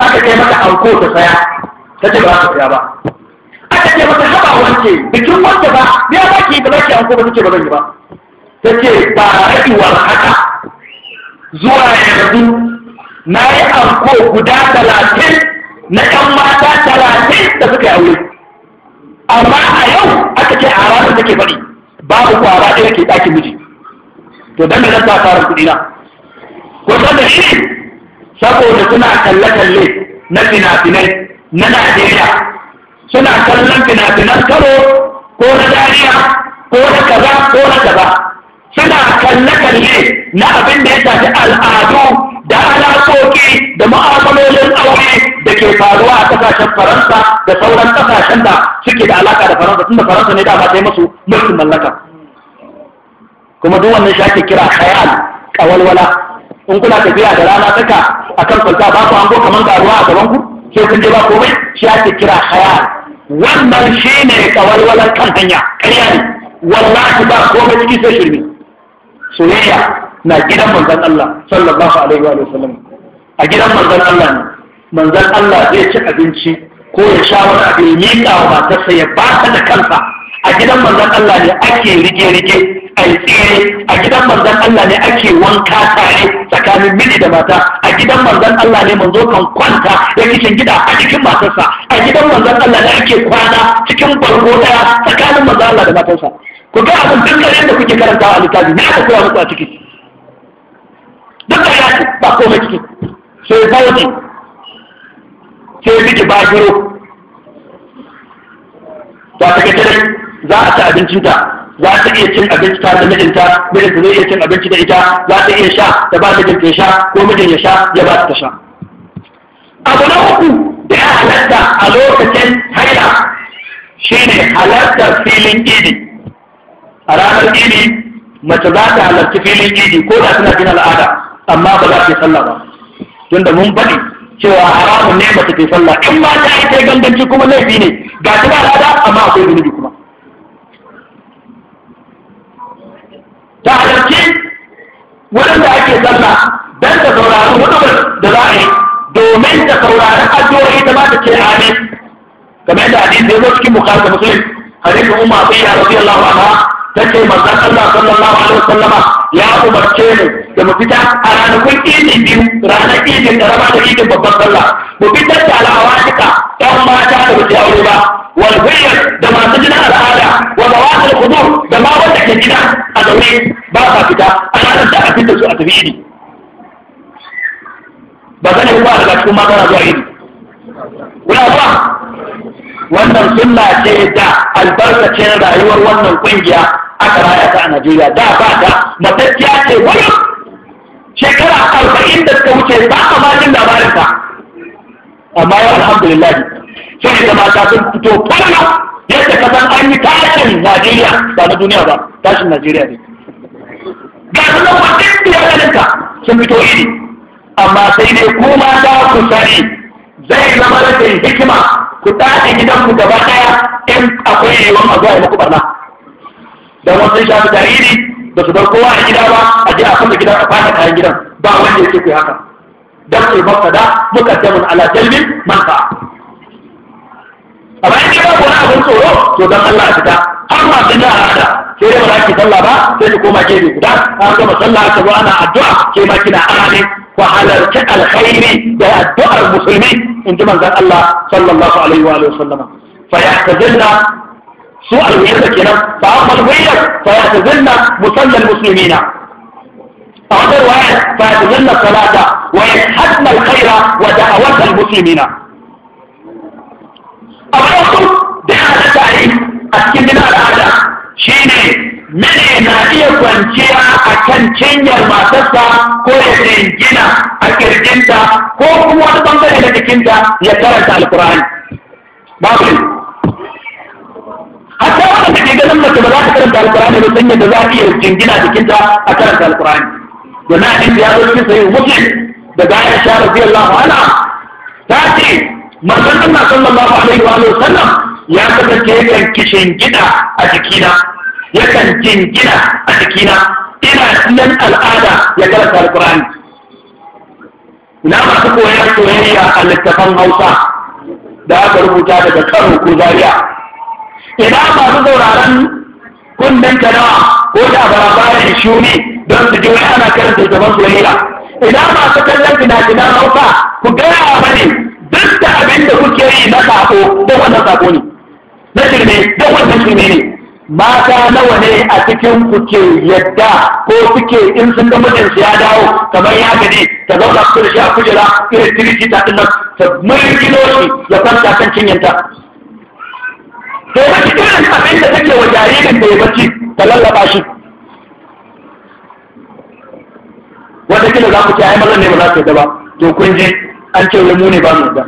aka kai mata anko ta saya ta ce ba za ta saya ba aka ce mata haba wance bikin wanda ba ya ba ki ba za ki anko ba ta ce ba zan yi ba ta ce ba raɗiwar haka zuwa yanzu na yi anko guda talatin na kan mata talatin da suka yi aure amma a yau aka ce a ranar take faɗi babu a ɗaya ke ɗakin miji to dan da fara kuɗi na ko da shi saboda suna kalle-kalle na fina-finai na Najeriya suna kallon fina-finan karo ko na dariya ko na kaza ko na kaza suna kalle-kalle na abin da ya shafi al'adu da alaƙoƙi da ma'amalolin aure da ke faruwa a kasashen faransa da sauran kasashen da suke da alaka da faransa tunda faransa ne dama ta yi masu mulkin mallaka kuma duk wannan shi ake kira khayal kawalwala in kuna tafiya da rana saka kan kwalta ba ku hango kamar ga ruwa a gaban ku sai kun je ba komai shi ake kira khayal wannan shi ne kawalwalar kan hanya karya ne wallahi ba komai ciki sai shirme soyayya na gidan manzon Allah sallallahu alaihi wa sallam a gidan manzon Allah ne manzan Allah zai ci abinci ko ya sha wani abu ya miƙa wa matarsa ya ba ta da kansa a gidan manzan Allah ne ake rige-rige a yi tsere a gidan manzan Allah ne ake wanka tare tsakanin miji da mata a gidan manzan Allah ne manzo kan kwanta ya gida a cikin matarsa a gidan manzan Allah ne ake kwana cikin bargo daya tsakanin manzan Allah da matarsa ku ga abin dukkanin da kuke karanta a littafi na aka koya muku a ciki duk da ya ba komai ciki sai bauti ke biki ba kiro to a take tare za a ci abincinta za ta iya cin abinci ta da mijinta mijinta zai iya cin abinci da ita za ta iya sha ta ba mijin ta sha ko mijin ya sha ya ba ta sha abu na uku da ya halatta a lokacin haila shine halartar filin idi a ranar idi mace za ta halarci filin idi ko da tana jin al'ada amma ba za ta yi sallah ba tunda mun bari cewa haramun ne mace ke sallah in ma ta yi ta ganganci kuma laifi ne ga ta da lada amma akwai zunubi kuma ta halarci da ake sallah don ta saurari hudubar da za a yi domin ta saurari addu'o'i ta ta ce amin kamar yadda hadisi ya zo cikin bukhari da muslim hadisin umma sayyida radiyallahu anha nake manzon Allah sallallahu alaihi wasallama ya umarce mu da mu fita a ranakun idi biyu ranar idin rama da idin babban sallah mu fitar da al'awatika ɗan mata da bace aure ba wal da masu jinin al'ada wa zawatul qudur da ma wanda ke gida a zaune ba sa fita a ranar da a fita su a tafi ba zan yi ba daga cikin mata zuwa idi wannan sunna ce da albarkacin rayuwar wannan kungiya aka raya ta a Najeriya da ba da matakiya ce wani shekara arba'in da suka wuce ba a majin labarin ta amma yau sun yi da mata sun fito kwallo yadda ka san an yi tashin Najeriya ba na duniya ba tashin Najeriya ne ga su nan ba duk da sun fito iri amma sai dai kuma za ku sani zai zama rashin hikima ku gidan gidanku gaba daya in akwai yiwuwar a zuwa yi muku barna da wasu shafi jariri ba su bar kowa a gida ba a je a kafa gidan a fata kayan gidan ba wanda yake ku haka dan ku mafsada mukaddamun ala jalbin manfa a bayan gida ko na abin tsoro to dan Allah a fita har ma sun yi hada sai dai ba za ki sallah ba sai ki koma ke gefe guda har gama sallah ka zo ana addu'a sai ma kina arane وعلى الخير يا المسلمين انت من قال الله صلى الله عليه وآله وسلم فيعتزلنا سوء الويلة كنا فأما الويلة فيعتزلنا مسلم المسلمين أعطى الوعي فيعتزلنا الصلاة ويشهدن الخير ودعوة المسلمين أبعثوا دعا لتعريف أسكننا الأعداء شيني mene na iya kwanciya a kan cinyar matarsa ko ya gina a kirjinta ko kuma wani bangare na jikinta ya karanta alkur'ani babu hatta da take ganin mace ba za ta karanta alkur'ani ba sanya da za ta iya jingina jikinta a karanta alkur'ani domin abin da ya zo cikin sayin muslim da za ya sha radiyallahu anha ta ce manzon Allah sallallahu alaihi wa sallam ya kasance kan kishin gida a jikina yakan jingina a cikina ina nan al'ada ya karanta alkur'ani ina masu koyar soyayya a littafan hausa da aka rubuta daga karo ko zaria ina masu sauraron kundin jama'a ko da barabarin shuni don su ji ana karanta littafan soyayya ina masu kallon fina-finan hausa ku gaya mani duk da abin da kuke yi na sako da wannan sako ne na shirme da wannan shirme ne mata nawa ne a cikin ku ke yadda ko suke in sun ga mijinsu ya dawo kamar ya gani ta zauna su da sha kujera irin tiriki ta dinnan ta mulkino shi ya kwanta kan cinyanta to ba ki irin abin da take wa jaririn da ya bacci ta lallaba shi Wanda kila za ku ce ai mazan ne ba za ku yadda ba to kun ji an ce wai mu ne ba mu da.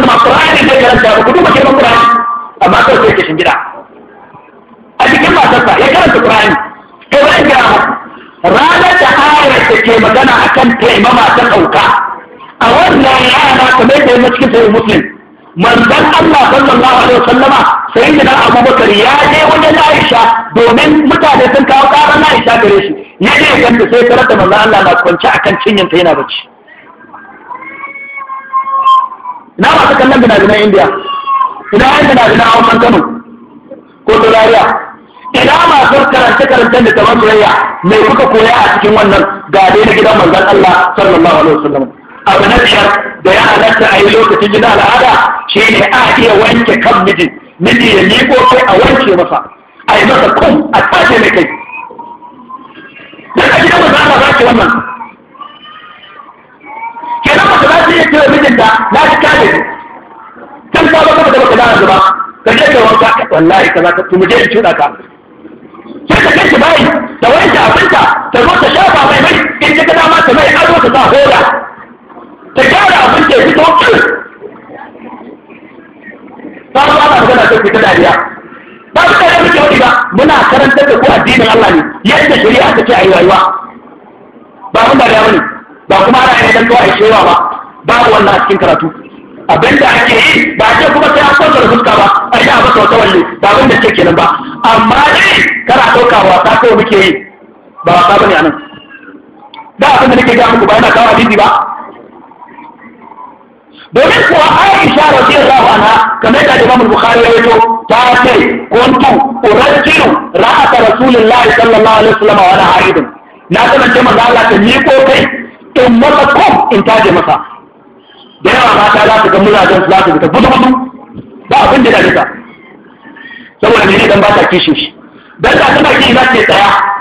da zama ƙurani zai karanta ba ku duba girman ƙurani amma kawai sai ke shingida a cikin matarsa ya karanta ƙurani to zai ga ranar da ayar da ke magana a kan taimama ta ɗauka a wannan rana kamar da yana cikin sayin muslim manzon Allah sallallahu alaihi wasallama sai da Abubakar ya je wajen Aisha domin mutane sun kawo ƙarar Aisha gare shi ya je ganta sai karanta manzon Allah na kwance akan cinyanta yana bacci na masu kallon gina-ginan indiya ina yan gina-ginan hausan kano ko turariya ina masu karanta-karanta da taban soyayya mai kuka koya a cikin wannan gade na gidan manzan allah sallallahu alaihi wasallam abu na biyar da ya halatta a yi lokacin gina al'ada shi ne a iya wanke kan miji miji ya miko kai a wanke masa a yi masa kun a tace mai kai daga gidan manzan allah za ki wannan kenan mace ba zai iya mijinta na shi kare kan ka baka da baka dana zuba ka je ka wanka wallahi kaza ka tumu je in cuda ka sai ka kai bayi da wani ta abinta ta zo ta shafa mai mai in ta kada ma ta mai ado ta sa hoda ta gyara abin ta fito kin ta zo ana magana ta fita dariya ba su kare muke wani ba muna karantar da ku addinin Allah ne yadda shari'a ta ce a yi rayuwa ba mun dariya wani ba kuma ana yin dan kawai shewa ba babu wannan a cikin karatu abinda ake yi ba ce kuma sai an kwanta da fuska ba a yi abin sauta walle ba abin da ke kenan ba amma dai kana ɗauka ta kawai muke yi ba wasa ba ne a nan da abin da nake ga muku ba yana kawo hadisi ba domin kuwa Aisha radiyallahu anha kamar da mamun bukari ya wato ta ce kuntu urajjiru ra'ata Rasulullahi sallallahu alaihi wasallam wa wani haidun na sanar ce manzo Allah ta miko kai in masa kom in taje masa da yawa mata za su ga mazajen su za su fita budu budu ba abin da dalika saboda mene dan ba ta kishin shi dan ta tana kishi za ta tsaya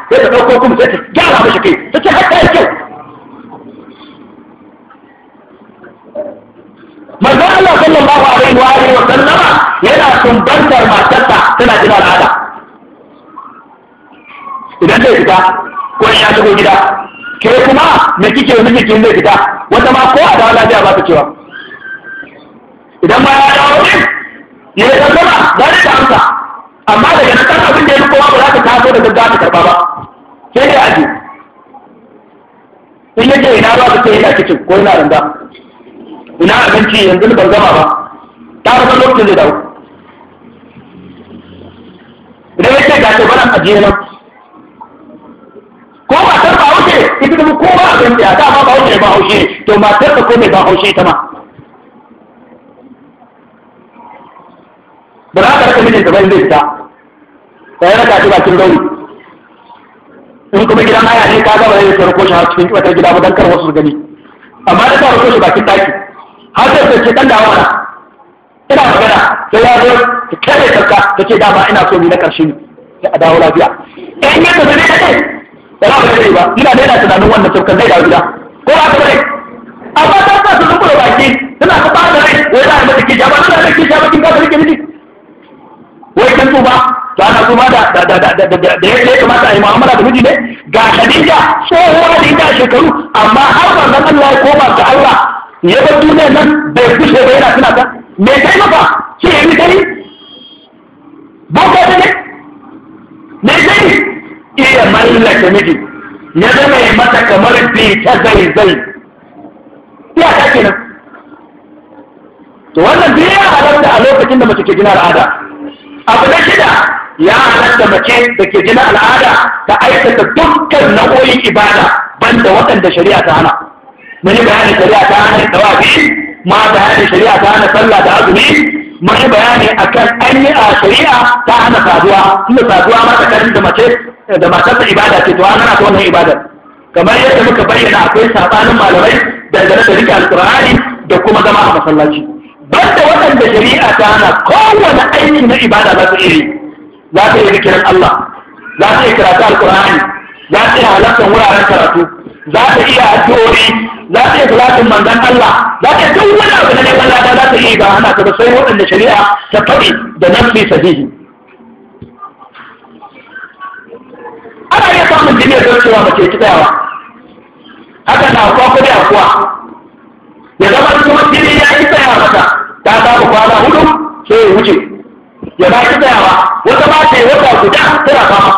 sai ta dauko kuma sai ta gyara mishi kai ta ce har ta yi kyau manzo Allah sallallahu alaihi wa alihi wa sallama yana sumbantar matarsa tana jin al'ada idan zai fita ko ya shigo gida ke kuma me kike miji kin inda fita wata ma ko a dawo lafiya ba ta cewa idan ma ya dawo ne ya yi zama ba ta amsa amma daga nan kan abin da ya fi kowa ba za ta taso da gaggawa ta karba ba sai dai aji in yake ina ba ta ce ina kicin ko ina randa ina abinci yanzu ban gama ba ta rasa lokacin da dawo idan ya ce ga ce bana ajiye nan ita kuma kowa a gaskiya da ma ba wuce ba haushe to matar ta ko mai ba haushe ta ma ba za ka raka mijinta ba zai ta sai raka shi bakin gauri in kuma gidan haya ne ka gaba zai sarko shi har cikin wata gida ba dan kar wasu gani amma da ta rako shi bakin daki har sai ta ce dan dawo mana ina magana sai ya zo ta kare ta ta ce dama ina so ni na karshe ne sai a dawo lafiya Ɗan yadda zai ne kaɗai da ba zai ba ina da yana tunanin wannan saukan zai dawo gida ko ba ka bane amma ta sa su zuba baki suna ta da rai wai za a mata kija ba za a mata kija ba kin ka rike miji wai kan tuba to ana tuba da da da da da da ya kamata a yi mu'amala da miji ne ga Khadija tsohuwa da ita shekaru amma har zan Allah ko ba ga Allah ya bar duniyar nan bai kushe ba yana tuna ta me kai maka shi ya yi kai ba ka da ne iya mallaka miji ya zama ya mata kamar bi ta zai zai iya ta kenan to wannan biya ya halatta a lokacin da mace ke gina al'ada abu na shida ya halatta mace da ke gina al'ada ta aikata dukkan nau'o'in ibada banda waɗanda shari'a ta hana mun yi bayanin shari'a ta hana tawafi ma bayanin shari'a ta hana sallah da azumi mun yi bayani akan an yi a shari'a ta hana saduwa tunda saduwa ma ta da mace da matarsa ibada ce to ana ta wannan ibadar kamar yadda muka bayyana akwai sabanin malamai dangane da rika alkur'ani da kuma zama a masallaci banda waɗanda shari'a ta hana kowane aiki na ibada za su iya yi za su yi zikirin Allah za su yi karatu alkurani za su yi halartar wuraren karatu za su iya addu'o'i za su iya salatin manzon Allah za ta duk wani abu na neman lada za su iya ba hana ta da sai waɗanda shari'a ta faɗi da nafsi sahihi namiji ne zai cewa mace ki tsayawa haka na kuwa ko da kuwa ya zama kuma jini ya ki tsayawa mata ta samu kwana hudu sai ya wuce ya ba ki tsayawa wata ba ta yi wata guda tana fama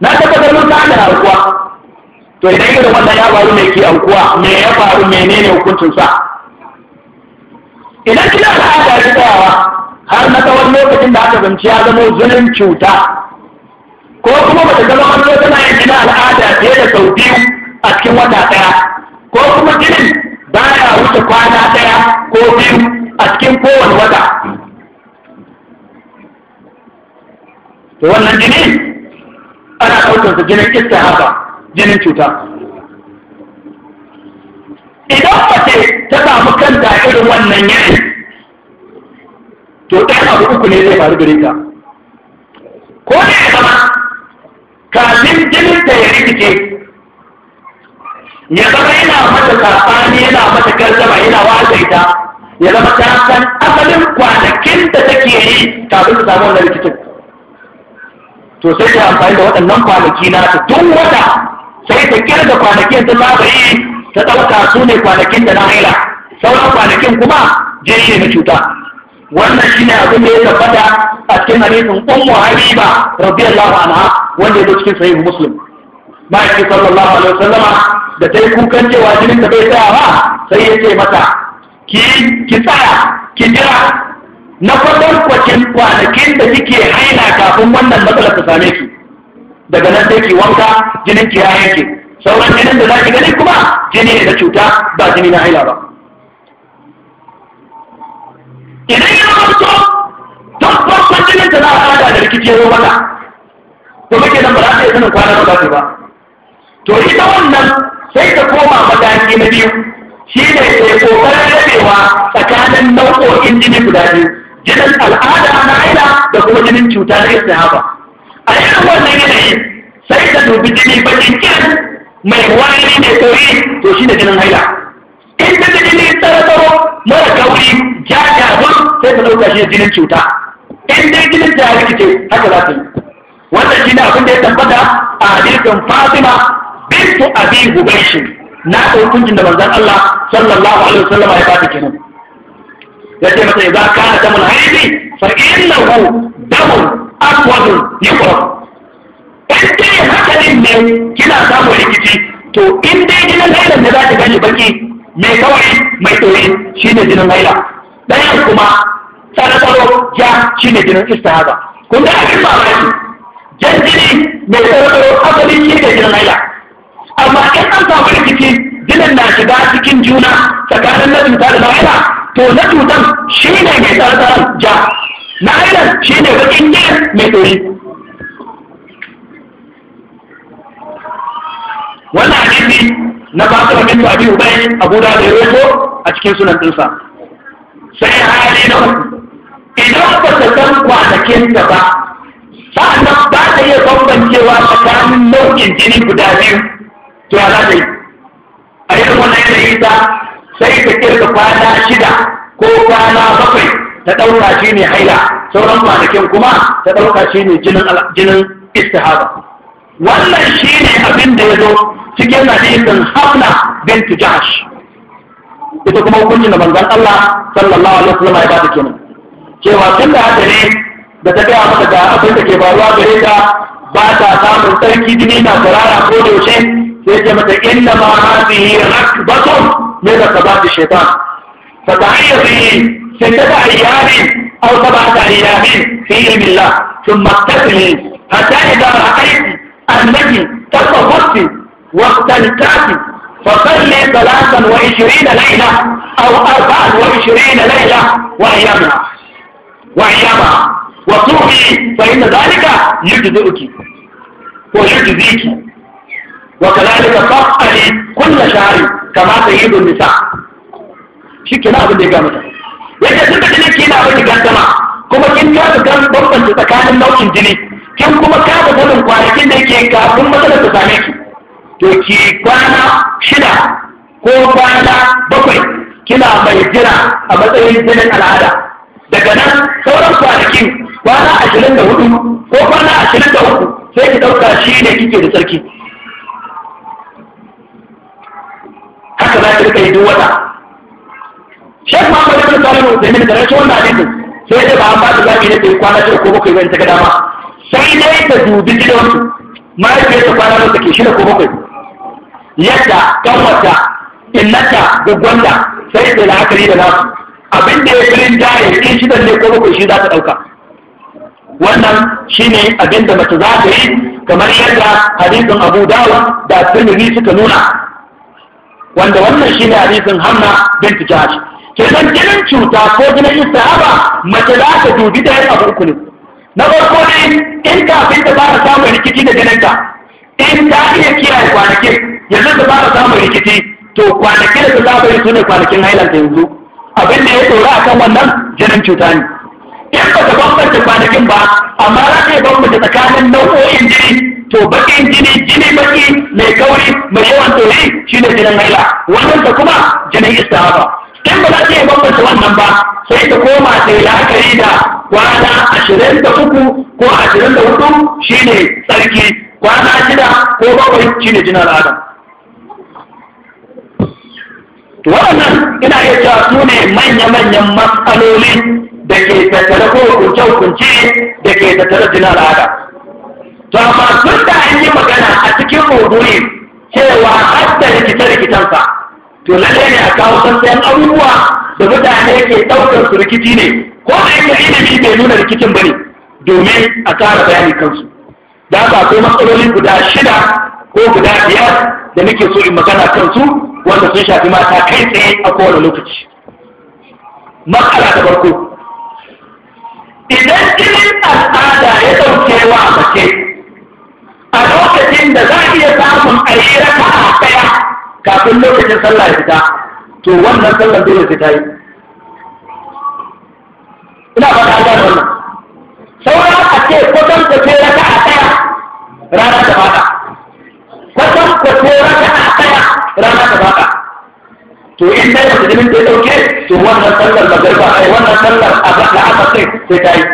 na ta zama ta da kuwa to idan irin wannan ya faru mai ke aukuwa me ya faru menene hukuncin sa idan kina da aka yi tsayawa har na tsawon lokacin da aka zanci ya zama zulun cuta ko kuma bata zama zo tana yin gina al'ada fiye da sau biyu a cikin wata ɗaya ko kuma ginin baya wuce kwana ɗaya ko biyu a cikin kowane wata to wannan jini ana ɗaukarsa ginin iska haka ginin cuta idan mace ta samu kanta irin wannan yanayi to ɗaya abu uku ne zai faru gare ta jinin ta ya rikice ya zama yana mata saɓani yana mata garzama yana ita ya zama ta san asalin kwanakin da take yi kafin ta samu wannan rikicin to sai ta amfani da waɗannan kwanaki na ta tun wata sai ta kira da kwanakin ta ta ɗauka su ne kwanakin da na haila sauran kwanakin kuma jini ne na cuta wannan shine abin da ya tabbata a cikin hadisin ummu habiba radiyallahu anha wanda ya zo cikin sahih muslim ma'aikin sallallahu alaihi wasallama da ta yi kukan cewa jinin ta bai ba sai ya ce mata ki ki tsaya ki jira na kwatar kwakin kwanakin da kike haina kafin wannan matsalar ta same ki daga nan sai ki wanka jinin ki ya yanke sauran jinin da za ki gani kuma jini ne da cuta ba jini na haila ba idan ya mutu tabbas jinin da za a da rikici ya mata kuma ke nan ba za ta iya sanin kwana ba za ba to ita wannan sai ta koma mataki na biyu shi ne ke kokarin rabewa tsakanin nau'o'in jini guda biyu jinin al'ada na aida da kuma jinin cuta na istihaba a irin wannan yanayi sai ta dubi jini bakin kiran mai wani ne sauri to shi ne jinin haila in ta jini tsararo mara kauri jajagun sai ta ɗauka shi jinin cuta in dai jinin ta rikice haka za ta yi wannan shi ne abin da ya tabbata a hadisin fatima bintu abi hubaishin na ɗauki da manzan Allah sallallahu alaihi wasallam ya ta kenan ya ce mata idza kana damul haidi fa innahu damul aswad yuqrab in dai haka din ne kina samun rikici to in dai jinin haila ne za ki gani baki mai kawai mai shi shine jinin haila ɗaya kuma tsare-tsaro ja shine jinin istihaba kun ga abin mamaki dan jini mai tsoro asalin yi da jirgin haila amma in an samu rikici jinin na shiga cikin juna tsakanin na cuta da na to na cutan shi ne mai tsarkar ja na shi ne bakin jinin mai tsori wannan hadisi na ba su ramin abi ubai guda da ya roto a cikin sunan dinsa sai hali na uku idan ba ta san kwanakin da ba sa'annan ba ta iya bambancewa tsakanin nau'in jini guda biyu to ya a yi a na yi yanayi ta sai ta kirka kwana shida ko kwana bakwai ta ɗauka shi ne haila sauran kwanakin kuma ta ɗauka shi ne jinin istihaba wannan shi ne abin da ya zo cikin hadisin hafna bin jahash ita kuma hukuncin da manzon Allah sallallahu alaihi wasallam ya ba ta kenan cewa tun da haka ne da ta gaya maka ga abin da ke faruwa gare ta ba ta samun sarki jini na sarara ko yaushe sai ce mata inna ma hadhihi rakbatun min rakabati shaytan fa ta'ayyadi sai ta ga ayyari aw sab'ata ayyamin fi ilmillah thumma tasli hatta idza ra'ayti annaki tasawwati wa tanqati فصلي ثلاثا وعشرين ليلة أو أربعا وعشرين ليلة وأيامها وأيامها wa tu'i fa inna zalika yujzi'uki ko yujziki wa kadhalika fa'ali kullu sha'ri kama ta sayyidu nisa shi kenan abin da ya ga mata yadda suka ji nake yana miki gardama kuma kin ka ga gan bambance tsakanin nau'in jini kin kuma ka ga sanin kwanakin da yake kafin matsalar ta same ki to ki kwana shida ko kwana bakwai kina mai jira a matsayin jinin al'ada daga nan sauran kwanakin kwana ashirin da hudu ko kwana ashirin da hudu sai ki ɗauka shi ne kike da sarki haka za ki rika yi duk wata shek muhammad ibn salim da zaimin da rashin wannan abin sai dai ba an ba ta zaɓi ne sai kwana shida ko bakwai bane ta ga dama sai dai ta dubi gidansu ta kwana masa ke shida ko bakwai yadda kanwata innata gwanda, sai ta la'akari da nasu abin da ya fi rinjaye in shidan ne ko bakwai shi za ta ɗauka wannan shine abin da mace za ta yi kamar yadda hadisin abu dawa da tirmidhi suka nuna wanda wannan shine hadisin hamna binti jahsh kenan jinin cuta ko jinin sahaba mace za ta dubi da yin abu uku ne na farko ne in kafin ta fara samun rikici da ganinta in ta iya kiyaye kwanaki yanzu ta fara samun rikici to kwanaki da ta saba yi su ne kwanakin hailanta yanzu abin da ya tsora a kan wannan jinin cuta ne in ba ta bambanta kwanakin ba amma za ta yi bambanta tsakanin nau'o'in jini to bakin jini jini baki mai kauri mai yawan tori shine jinin haila wannan ta kuma jinin istihaba in ba za ta yi bambanta wannan ba sai ta koma ta yi la'akari da kwana ashirin da uku ko ashirin da hudu shine tsarki kwana shida ko bakwai shine jinin al'ada waɗannan ina iya cewa su ne manya-manyan matsaloli da ke tattare ko hukunce-hukunce da ke tattare jina al'ada. To amma sun da an yi magana a cikin rubuni cewa da rikice-rikicensa, to lallai ne a kawo sassan abubuwa da mutane ke ɗaukar su rikici ne, ko da yake ilimi bai nuna rikicin ba ne, domin a kara bayani kansu. Da ba ko matsaloli guda shida ko guda biyar da nake so in magana kansu wanda sun shafi mata kai tsaye a kowane lokaci. Matsala ta farko, idan irin al'ada ya ɗauke wa mace a lokacin da za iya samun a yi raka a ɗaya kafin lokacin sallah ya fita to wannan sallar dole sai ta yi ina ba ta gane wannan saura a ce kwatan kwace raka a ɗaya rana ta bata kwatan kwace raka a ɗaya rana ta fata to in dai jinin ta dauke to wannan sallar garba ai wannan sallar a baka a bakai sai ta yi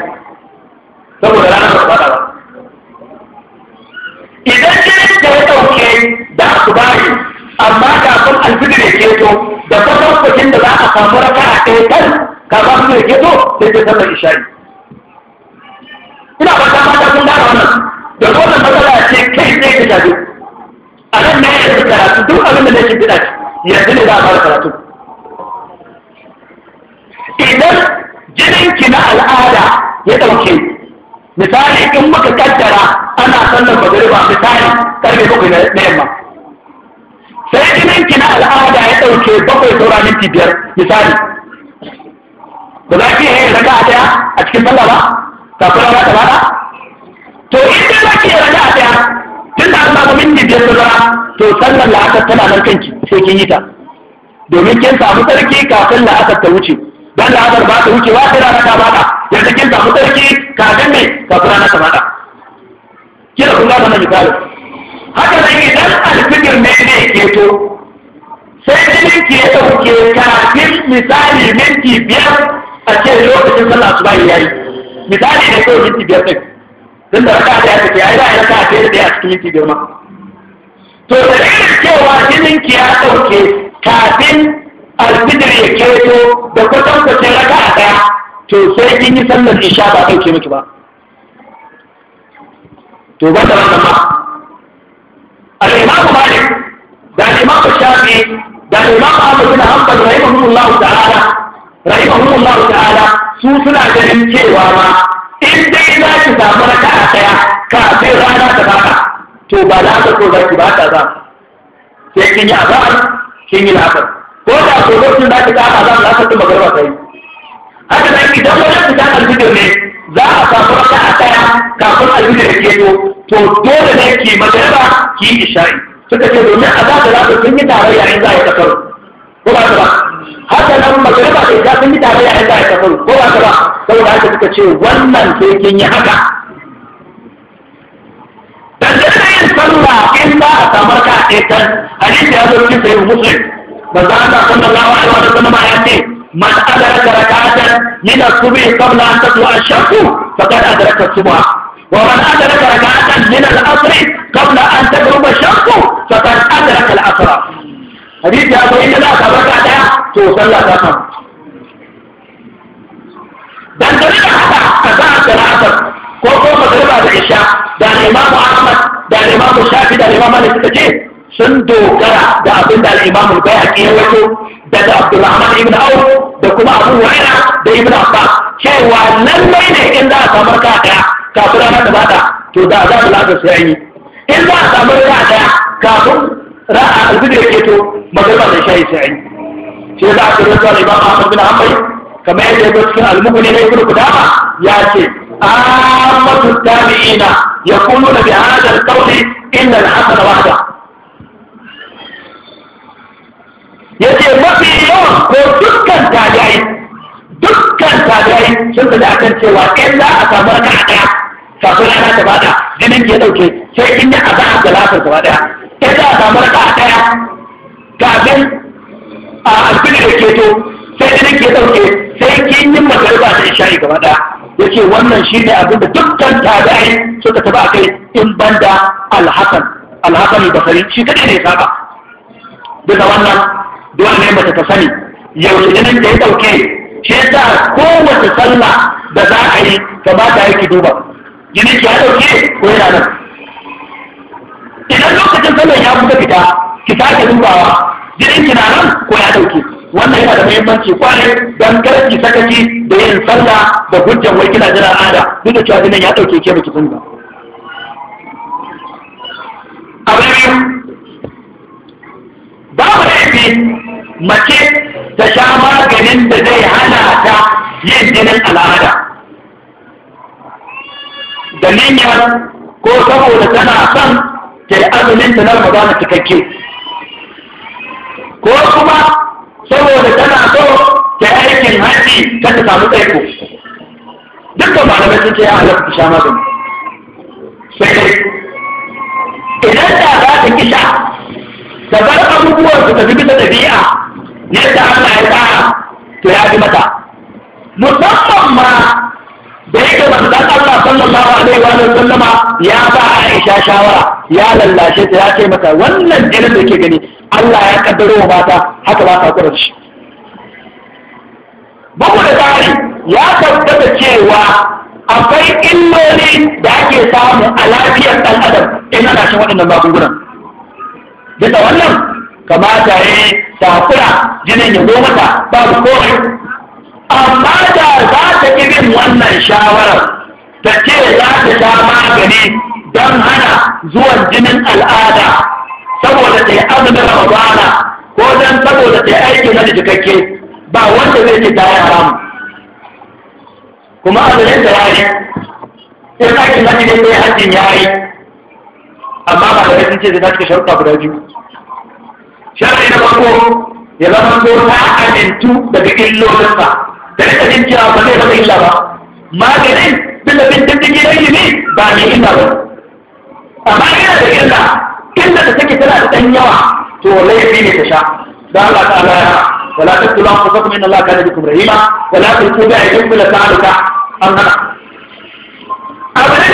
saboda ranar ba ba idan dai ta ya dauke da su bayi amma kafin alfijir ya to, da farkon kudin da za a samu raka a kai kan ba su ya to sai ta sallar isha'i ina ba ta mata sun da wannan da wannan matsala ce kai sai ka shafi a nan ne ya karatu duk abin da ne shi gida yanzu ne za a fara karatu idan jininki na al'ada ya ɗauke misali in muka kaddara ana sallar magariba misali karfe bakwai na yamma sai jininki na al'ada ya ɗauke bakwai saura minti biyar misali ba za ki yi raka a daya a cikin sallah ba kafin ba ta bada to in za ki yi raka a daya tun da an samu minti biyar tazara to sallar la'asar tana nan kanki sai kin yi ta domin kin samu sarki kafin la'asar ta wuce dan la'asar ba ta wuce ba sai rana ta bada yanzu kin samu sarki kafin ne kafin rana ta bada kira kun gaba na misali haka nan idan alfikir ne ne to, sai jinin ke ya ɗauke kafin misali minti biyar a ce lokacin sallah su bayi yayi misali ne ko minti biyar sai don da ka ta ce ai da ka ta da a cikin ki girma to da irin cewa jinin ki ya dauke kafin alfidir ya keto da kwatan kwatan raka a daya to sai kin yi sallar isha ba dauke miki ba to ba da wannan ma al-imam malik da al-imam shafi da al-imam ahmad bin hanbal rahimahullahu ta'ala rahimahullahu ta'ala su suna ganin cewa ma in dai za ki samu ka a ɗaya kafin rana ta baka to ba za ka so za ki ba ta za sai kin yi azhar kin yi la'asar ko da so kin za ki ta azhar za ka ci magarba kai haka nan idan ta fita jikin ne za a samu raka a ɗaya kafin alfijir ke to to dole ne ki magarba ki isha'i suka ce domin a za ta za ta sun yi tarayya in za a yi ta karo ko ba ta ba haka nan magariba da ta sun yi tarayya inda ya tafi ko ba ta ba saboda haka suka ce wannan sai kin yi haka dangane da yin sallah in ba a samar ka a ɗaya hadisi ya zo cikin sayin muslim manzo Allah sallallahu alaihi wa sallam ya ce man adraka rak'atan min as-subhi qabla an tatlu'a ash-shamsu faqad adraka as-subha ومن أدرك ركعة من العصر قبل أن تغرب الشمس فقد أدرك العصر hadisi ya zo inda za ka baka daya to sallah ta samu dan da haka ka za a tsirafar ko ko Garba da isha da imamu ahmad da imamu shafi da imamu malik suka ce sun dogara da abin da imamu bai haƙi ya wato daga abdulrahman ibn auf da kuma abu wa'ira da ibn abbas cewa lallai ne in za a samu ka daya kafin ranar da bata to da za su lafa su yanyi in za a samu ka daya kafin ra'a alfidar ke to magana da shayi sai shi za a kira zuwa imam ahmad bin ma kamar yadda ya cikin almuguni na ibnu kudama ya ce ammatu tabi'ina da bi hadha al-qawli inna al-hasana Ya yace mafi yawan ko dukkan tabi'ai dukkan tabi'ai sun tafi akan cewa in za a samu raka'a daya kafin rana ta bada jinin ke ɗauke, sai in ya azahar da lafiyar gaba daya ta za a samar a ɗaya kafin a alfini da keto sai da ke ɗauke sai kin yi magariba da isha'i gaba ɗaya ya ce wannan shi ne abin da dukkan tabi'ai suka taba kai in banda alhassan alhassan basari shi kaɗai ne saba bisa wannan dole ne mace ta sani yau da ya ɗauke shi ta kowace sallah da za a yi ta yi ki duba jini ki ya ɗauke ko yana nan idan lokacin sallar ya kusa fita ki sake dubawa jirin ki ko ya dauke wannan yana da muhimmanci kwarai don kada ki sakaci da yin sallah da hujjan wai kina jira ada duk da cewa ya dauke ke baki sani ba mu biyu babu laifi mace ta sha maganin da zai hana ta yin jinin al'ada da ko saboda tana son ta yi azumin ta na Ramadana cikakke ko kuma saboda tana so ta yi aikin haji ta ta samu tsaiko dukkan malamai sun ce ya halatta ta sha magani sai idan da za ta kisha da bar abubuwan su fi bisa ɗabi'a yadda Allah ya tsara to ya ji mata musamman ma da yake manzon Allah sallallahu alaihi wa sallama ya ba Aisha shawara ya lallashe ta ya ce mata wannan irin da ke gani Allah ya kaddaro wa mata haka ba ta kura shi bugu da tsari ya tabbata cewa akwai illoli da ake samu a lafiyar dan adam in ana shan waɗannan magungunan bisa wannan kamata ya yi safura jinin ya mata babu komai amma da za ta ƙi bin wannan shawarar ta ce za ta sha magani don hana zuwan jinin al'ada saboda ta yi da ramadana ko don saboda ta yi aiki na jikakke ba wanda zai ci tayar haramu kuma ne da yayi in aiki na jikin ne hajjin yi. amma ba da sun ce zai ta cika sharuɗa guda biyu shari'a na farko ya zama ko ta amintu daga illolinsa da rika cewa ba zai zama illa ba maganin da bin diddigi na ilimi ba mai illa ba amma yana da illa illa da take tana da ɗan yawa to laifi ne ta sha da Allah ta'ala ya wala taqtulu anfusakum inna Allah kana bikum rahima wala tulqu bi aydikum ila ta'aluka amma abu ne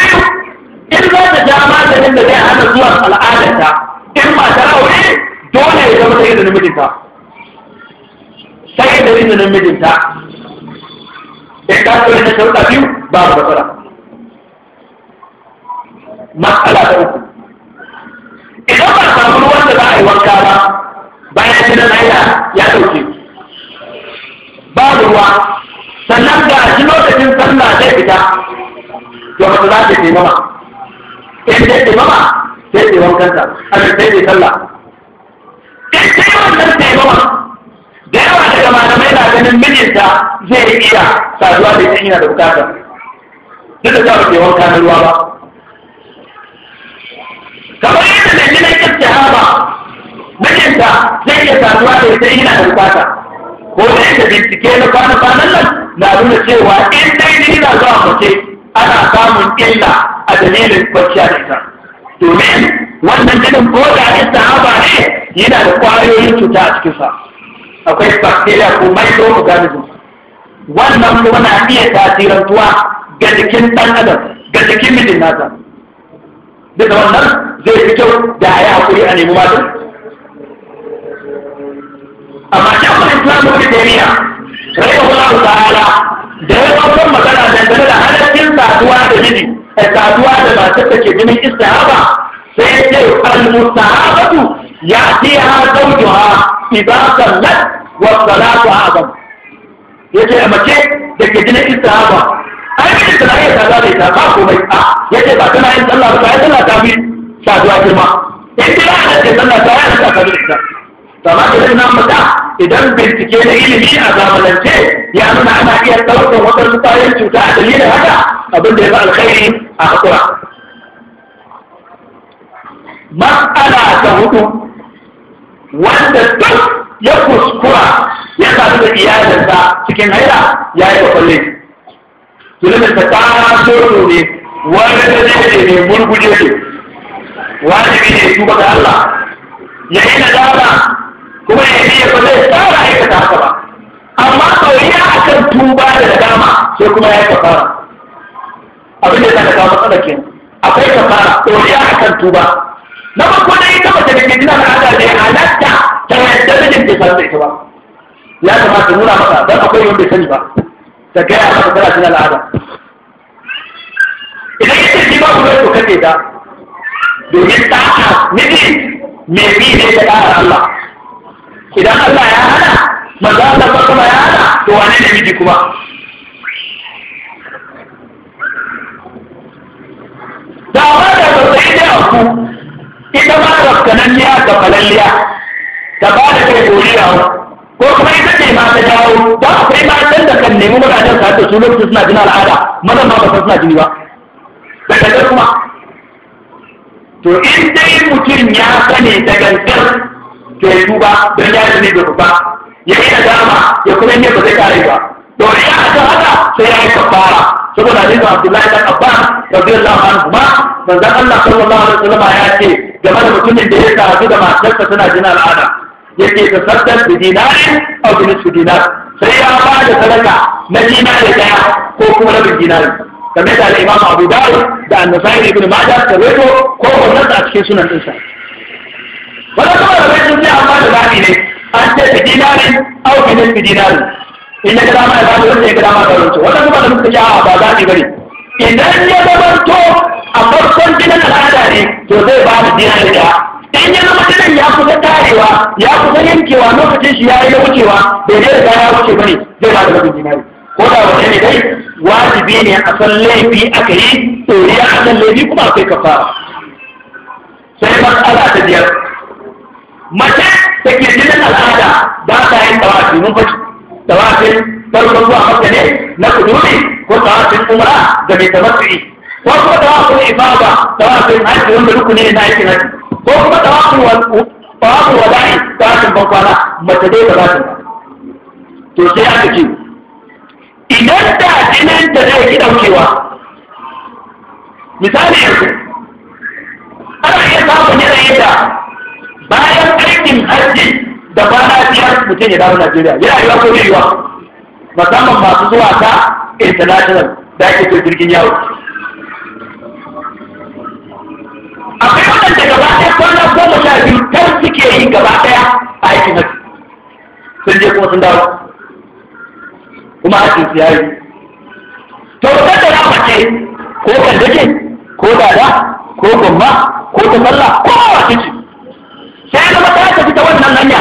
in za ta ja maganin da zai hana zuwa al'adarta in ba ta aure dole ya zama ta yi da namijinta sai da izinin mijinta in ka tsoro da sharuɗa biyu ba mu matsala matsala ta uku idan ba samu ruwan da za a yi wanka ba bayan na haila ya ɗauke babu ruwa sannan ga shi lokacin sallah zai fita to ba za ta taimama in ta taimama sai ta wankansa a sai ta sallah in ta taimama daga malamai na ganin mijinta zai iya saduwa da ita yana da bukata duk da cewa ke wanka na ruwa ba kamar yadda da jina kyakce ba mijinta zai iya saduwa da ita yana da bukata ko da yadda bincike na kwana-kwanan nan na nuna cewa in dai ni na zuwa mace ana samun illa a dalilin kwanciya da ita domin wannan jinin ko da ita haba ne yana da kwayoyin cuta a cikinsa akwai bacteria ko microorganism wannan kuma na iya tasirantuwa ga jikin ɗan adam ga jikin mijin nasa duk da wannan zai fi kyau da ya hakuri a nemi magani amma shafin islamu da jami'a rai da wani ta'ala da ya ɗaukar magana dangane da halaccin saduwa da miji a saduwa da ba da ke jinin istihaba sai ya ce al-mustahabatu يأتيها زوجها إذا لك والصلاة أعظم يجي أمكي يا جنة إستهابة أي من إسرائيل يا تغاقوا بيتا آه، يجي باتنا إن يا الله عليه وسلم تابين شادوا يا إنتلاحة صلى الله عليه وسلم يا kama da suna mata idan bincike na ilimi a zamanance ya nuna ana iya ɗaukar waɗansu kayan cuta a dalilin haka abin da ya fi alkhairi a hakura. Mas'ala ta hudu wanda duk ya kuskura ya sami da iyalinsa cikin haila ya yi kwalle zunubin ta taso ne wani da ne ne murguje ne wajibi ne tuba ga Allah ya yi na dama kuma ya yi ba zai tsara aikata haka ba amma sau a kan tuba da dama sai kuma ya yi kafara abin da ya sa da kawo matsalar kenan akwai kafara ɗauriya a kan tuba na farko da yi mace da ke jina da Allah da halatta ta yadda da jinta ba ita ba ya kamata nuna maka don akwai wanda sani ba ta gaya maka shi jina al'ada idan ya ce ba yi to kake da domin ta miji mai bi ne ta ƙara Allah idan Allah ya hana maza Allah ba kuma ya hana to wane ne miji kuma da ba da ya da ku ita ma rafkananniya ga falalliya ta ba da kai goriya ko kuma ita ce ma ta jawo ba akwai matan da kan nemi mutanen sa da su lokacin suna jin al'ada mazan ma ba san suna jini ba da kaga kuma to in dai mutum ya sani da gangan to ya duba don ya ne da ba ya yi ya kuma ne ba zai kare ba to ya a haka sai ya yi kafara saboda hadisin Abdullahi dan Abbas radiyallahu anhu ma manzon Allah sallallahu alaihi wasallam ya ce game da mutumin da ya karatu da matarsa tana jin al'ada ke ta sassan da dinari a gini su dinar sai ya ba da sadaka na dinari daya ko kuma rabin dinari game da al'imam abu dawo da annasai ibn mata ta reto ko wannan a cikin sunan dinsa wani kuma da bayan sai amma da zafi ne an ce da dinari a gini su dinari in ya ga dama ya ba da wanda ya ga dama da wancan wani kuma da muka ja a ba zabi bane idan ya to. a farkon jinin al'ada ne to zai ba da jina da in ya zama ya kusa tarewa ya kusa yankewa lokacin shi ya yi wucewa bai da riga ya wuce bane zai ba da jina ne ko da wani ne dai wajibi ne a san laifi aka yi ya a san laifi kuma akwai kafa sai matsala ta biyar mace da ke jinin al'ada ba ta yin tawafi mun fashi tawafin farkon zuwa makka ne na kuduri ko tawafin umra da mai tamattu'i Ko kuma tawaful ibada tawaful hajji wanda rukuni ne na aikin hajji ko kuma tawaful tawaful wada'i tawaful bankwana mace dai ba za ta to sai aka ce idan da jinin da zai ki daukewa misali yanzu ana iya samun yanayin da bayan aikin hajji da kwana biyar mutum ya dawo Najeriya yana yiwa ko yiwa musamman masu zuwa ta international da ake ce jirgin yawo akwai waɗanda gaba ɗaya kwana goma sha biyu kan suke yi gaba ɗaya a aikin hajji sun je kuma sun dawo kuma hajjin su yayi to wata da mace ko kan dake ko dada ko gomma ko ta sallah ko wace ce sai zama ta tafi ta wannan hanya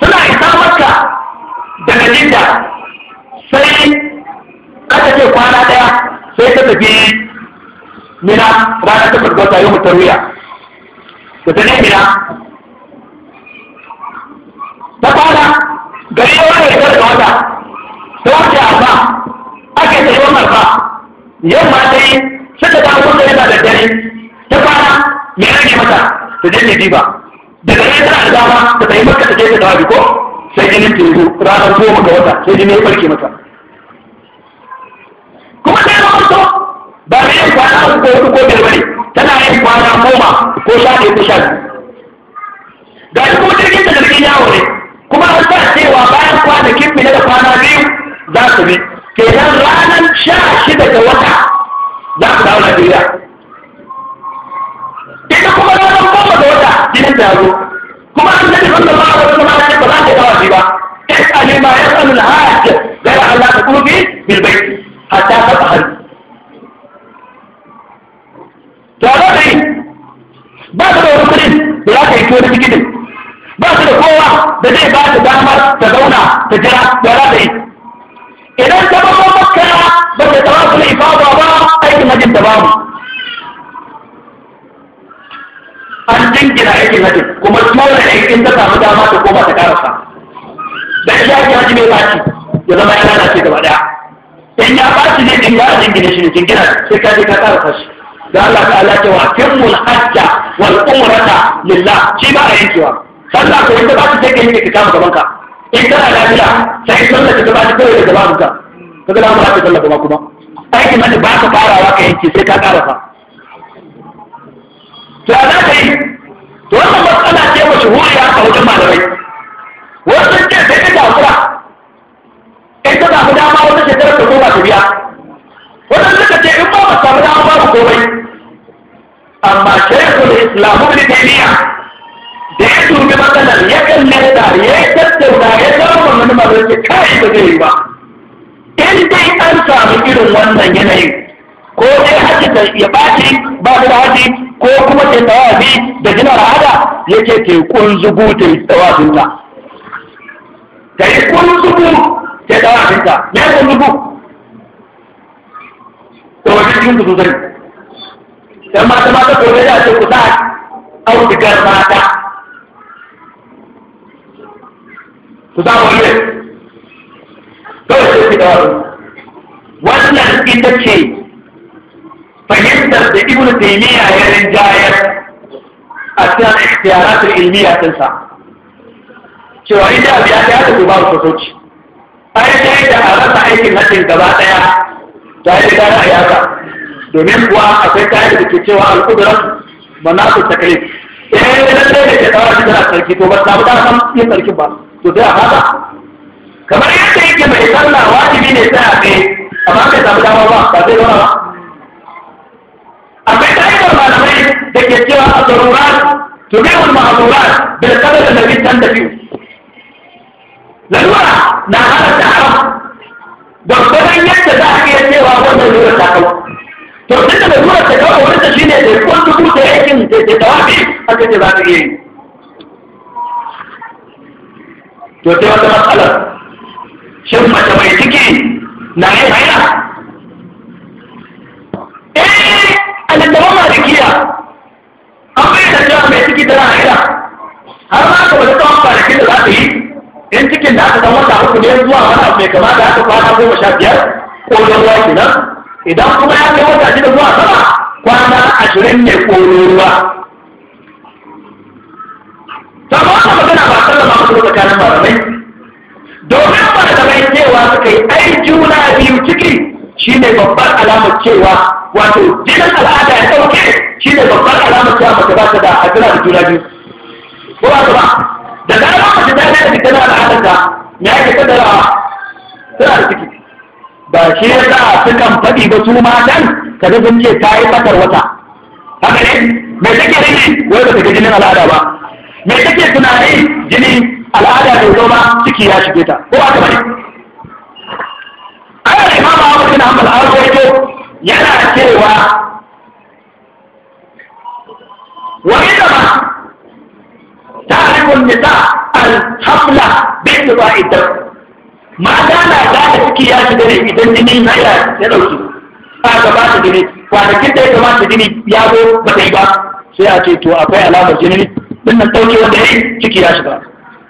suna isa maka daga jinda sai aka ce kwana ɗaya sai ta tafi mina ranar takwas ga wata yau tarwiya da ta ne mina ta fara gari ya wani ya da wata ta wace arba ake ta yi wannan ba ma ta yi sai ta dawo da yana da dare ta fara me rage mata ta je ne diba daga yi tana da dama ta yi maka ta je ta dawo ko sai jinin ta yi ranar goma ga wata sai jini ya barke mata kuma sai ya zama ba ta yin kwana uku ko ko biyar bane tana yin kwana goma ko sha ɗaya ko sha ga shi kuma jirgin ta jirgin yawo ne kuma an sa cewa bayan kwana kwanakin biyar daga kwana biyu za su bi kenan ranar sha shida ga wata za su dawo Najeriya ita kuma ranar goma ga wata jinin ta zo kuma an daɗe wanda ba a wasu mara ba za ta dawa ba اسأل ما يسأل الحاج غير أن لا تكون في hatta حتى تفعل to a zaka yi ba su da wani kudin da za ka yi wani tikitin ba su da kowa da zai ba ta damar ta zauna ta jira da za ta yi idan ta ba makka ba ta tsawa su ifada ba aikin hajjin ta babu an jingina aikin hajjin kuma dole ne in ta samu dama ta koma ta karasa da ya yi hajji mai baci ya zama ya ce gaba daya in ya baci ne in ya jingina shi ne jingina sai ka je ka karasa shi da Allah ta ala cewa kimmul hajja wal umrata lillah shi ba a yankewa sallah ko inda ba ta take ne ka kama gaban ka in kana lafiya sai sallah ka gaba ta kai da gaban ka ka ga ba ta sallah gaba kuma aikin nan ba ka farawa ka yanke sai ka fa to a za yi to wannan matsala ce mashhuriya a wajen malamai wasu ce sai ka takura in ka samu dama wata shekarar ko ba ta biya wannan suka ce in ba mu samu da ba komai amma shaykhul islam ibn taymiya da ya turbi matsalar ya kalle ta ya tattauna ya zama wani mazan ce kai ba zai yi ba in dai an samu irin wannan yanayin ko dai hajji da ya baci ba da hajji ko kuma ke tawafi da gina ra'ada yake ke zubu ta yi tawafinta ta yi kunzugu ta yi tawafinta ya zubu da wajen yin su sosai dan mata mata ko da ce ku sa audigar mata ku za mu kawai Dole ku da wannan ita ce fahimtar da ibnu taymiya ya rinjayar a cikin ikhtiyarat ilmiya tinsa cewa ita abiya ta ta ba ku soci ai sai da a rasa aikin hajjin gaba daya ta yi ta ra'ayi haka domin kuwa akwai kayan da ke cewa al'udurar manasu taklif eh lallai da ke kawo shi tana sarki to ba ta ba ta san yin sarki ba to sai a haɗa kamar yadda yake mai sallah wajibi ne sai a kai amma bai samu dama ba ba zai zama ba akwai da malamai da ke cewa a zarurat tubihul ma'azurat bil qadar da nabi san da biyu lalura na halatta haram gwargwadon yadda za ka iya cewa wannan lura ta kawo to duk da lura ta kawo wurin shi ne da kun dubu da yakin da da tawafi haka ce za ka iya yi to sai wata matsalar shin mace mai ciki na yin haila eh a littafin malikiya an bai da cewa mai ciki tana haila har ma ka wani tsawon kwanaki da za ta yi in cikin da aka san wata uku ne zuwa wata mai kama da aka kwana goma sha biyar ruwa kenan idan kuma ya kai wata shida zuwa sama kwana ashirin ne ruwa. sama wata magana ba sallama musu tsakanin malamai domin malamai cewa suka yi ai juna biyu ciki shine babbar alamar cewa wato jinin al'ada ya ɗauke shine babbar alamar cewa mace ba ta da a juna biyu ko ba ta ba da ga lokacin da ta yi da da adaka ya ke ta dara tana da ciki ba shi ya za su kan faɗi ba su ma matan ka ga sun ce ta yi fatar wata haka ne mai take rini wai ba ta ga jinin al'ada ba mai take tunani jini al'ada bai zoma ciki ya shige ta ko aka bane ana imama abu bin hanbal an rawaito yana cewa wa inda bai ba النساء الحملة da الدم ما دانا دانا سكي يا جدري إذن جنين نايا يدوكي هذا ما تجني kwanakin da ya kamata jini ya zo ba ta yi ba sai a ce to akwai alamar jini din na ɗauki wanda ya yi ciki ya shiga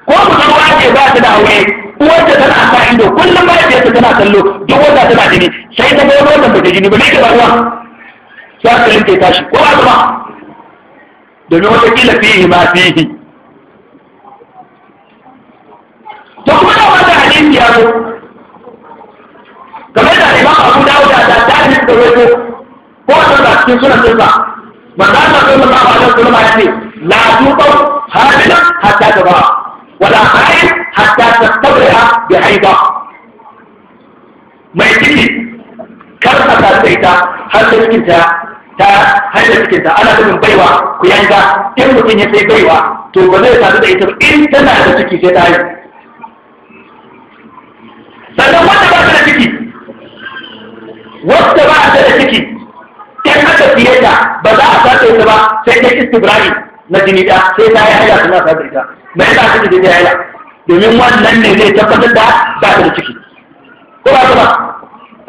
ko budurwa ce ba ta da aure uwarta tana sa'in ido kullum mahaifiyarta tana sallo. duk wanda tana jini sai ta bai wannan ba ta jini ba ne ke ba ruwa sai aka yanke tashi ko ba ta ba domin wata kila fihi ma fihi to kuma da wata hadisi ya zo game da imam abu dawud da tafi da wato ko wata da cikin sunan sunsa manzo Allah sallallahu alaihi wasallam ya ce la tuqaw hadina hatta taba wala khair hatta tastabri'a bi haiba mai ciki kar ka sai ta har da cikin ta ta har da cikin ta ana gudun baiwa ku yanka in mutum ya sai baiwa to ba zai sadu da ita in tana da ciki sai ta haihu sannan wanda ba ta da ciki wanda ba ta da ciki in aka siye ta ba za a sace ta ba sai ta istibrani na jini da sai ta yi haila suna sa ita me yasa take da haila domin wannan ne zai tabbatar da ba ta da ciki ko ba ta ba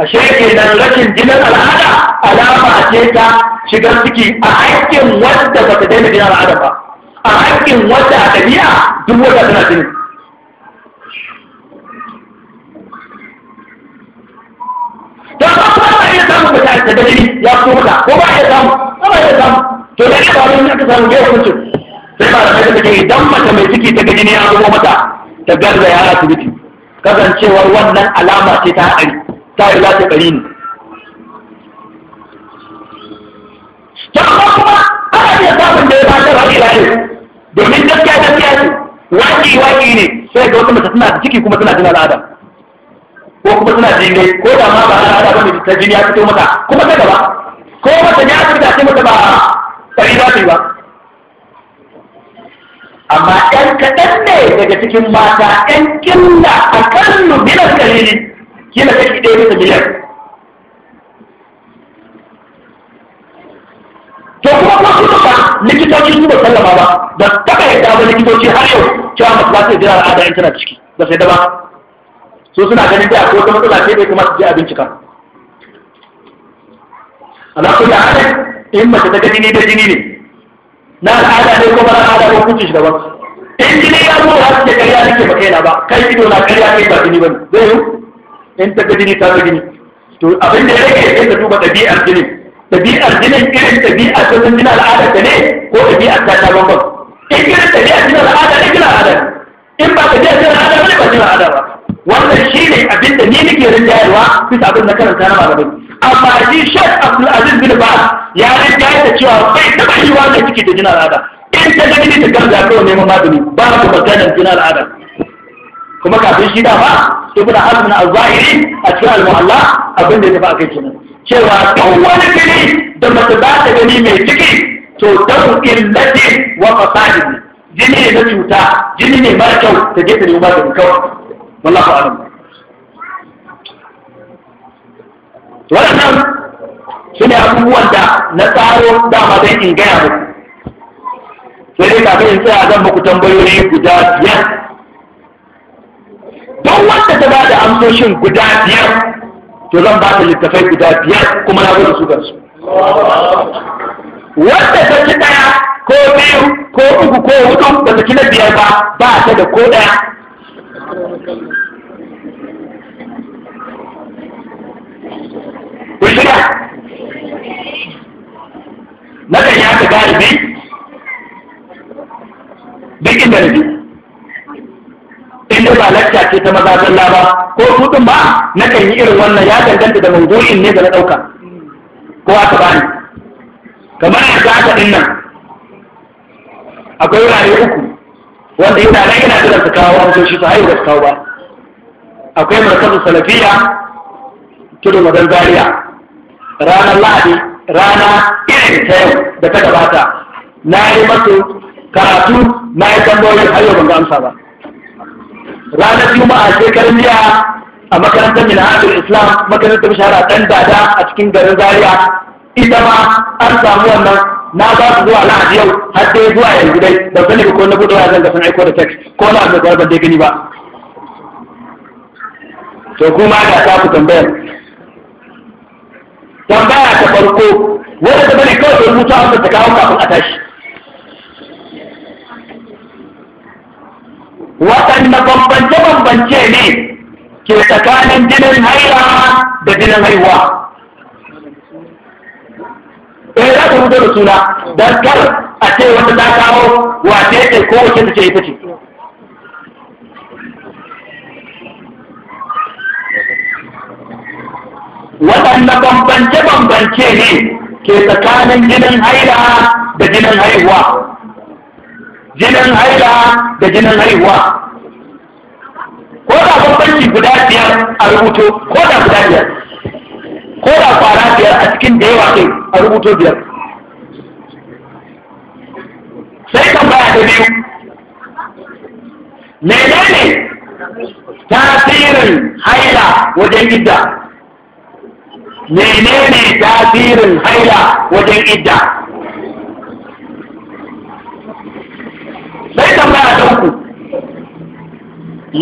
ashe kenan rashin jinin al'ada alama ce ta shigar ciki a aikin wanda ba ta daina jinin al'ada ba a aikin wanda a ɗabi'a duk wanda tana jinin to ba ba ba iya samu ka ta da dalili ya so ka ko ba iya samu ba ba iya samu to da ka wani ka samu bai hukunci sai ba da kai take dan mace mai ciki ta gani ne a zo mata ta garza ya asibiti kasancewar wannan alama ce ta haɗari ta yi za ta ne ta ba kuma ana iya samun da ya ba ta rafi lafi domin gaskiya gaskiya ce waki waki ne sai ga wata mata tana da ciki kuma tana jin al'ada ko kuma suna jini ko da ma ba al'ada ba ne ta jini ya fito mata kuma ta gaba ko mata ya fita ce mata ba tsari ba ba amma ɗan kaɗan ne daga cikin mata ɗan killa a kallu biyar. kalili kila kashi ɗaya bisa miliyan to kuma kuma su ba likitoci su ba sallama ba ba taɓa yadda ba likitoci har yau cewa masu ba su jira al'ada in tana ciki ba sai da ba so suna ganin da ko ta matsala ce da kuma su abinci a ana ko da halin in mace ta ga jini da jini ne na al'ada ne ko ba al'ada ko hukuncin shi daban in jini ya zo ba su da karya nake ba na ba kai ido na karya kai ba jini ba ne. zai yi in ta ga jini ta ga jini to abin da ya rage sai ka duba ɗabi'ar jinin ɗabi'ar jinin irin ɗabi'ar ta sun jina al'ada ta ne ko ɗabi'ar ta ta bambam in irin ɗabi'ar jinin al'ada ne jina al'ada in ba ka jina al'ada ba ne ba jina al'ada ba wannan shi ne abin da ni nake jayarwa bisa abin na karanta na malamai amma shi shek abdulaziz bin ba ya yi da cewa bai taba yi wa da ciki da jinar al'ada in ta gani ta gamza kawai neman magani ba ku maganar jinar al'ada kuma kafin shi da ba ibn hazm na al a cikin al abin da ya tafi kai kenan cewa duk wani gani da mace ba ta gani mai ciki to daru illati wa fasadi jini ne na cuta jini ne mara kyau ta gefe ne ba ta kawai wallahu alam waɗannan su ne abubuwan da na tsaro ma don in gaya muku sai dai kafin in tsaya zan muku tambayoyi guda biyar don wanda ta bada amsoshin guda biyar to zan ba ta littafai guda biyar kuma na gudu su gansu wanda ta ci ɗaya ko biyu ko uku ko hudu ba ta ci na biyar ba ba ta da ko ɗaya kushira na kan yi haka galibi duk inda nake inda ba lacca ce ta maza zalla ba ko kudin ba Nakan yi irin wannan ya danganta da mawdu'in ne da na ɗauka ko aka bani kamar a ga haka dinnan. akwai rayu uku wanda yana na yana kiran su kawo su haihu da su kawo ba akwai markazin salafiya tudu wajen Zariya. ranar lahadi rana irin ta yau da ta gabata na yi masu karatu na yi tambayoyin har yau ban ga amsa ba ranar juma'a shekarun jiya a makarantar minhajul islam makarantar bishara dan dada a cikin garin Zariya, ita ma an samu wannan na ba su zuwa lahadi yau har dai zuwa yanzu dai ba sani ba ko na gudu zan ga sun aiko da text ko na abu da dai gani ba to kuma da ta ku tambayar tambaya ta farko wanda ta bane kawai sun mutu amsa ta kawo kafin a tashi waɗanne bambance-bambance ne ke tsakanin jinin haila da jinin haihuwa eh za ka fito da suna don kar a ce wata ta kawo wace ce ko wace ta ce ita ce waɗanne bambance-bambance ne ke tsakanin jinin haila da jinin haihuwa jinin haila da jinin haihuwa ko da bambanci guda biyar a rubuto ko da guda biyar ko da kwana biyar a cikin da yawa kai a rubuto biyar sai tambaya da biyu menene tasirin haila wajen idda menene tasirin haila wajen idda sai tambaya da uku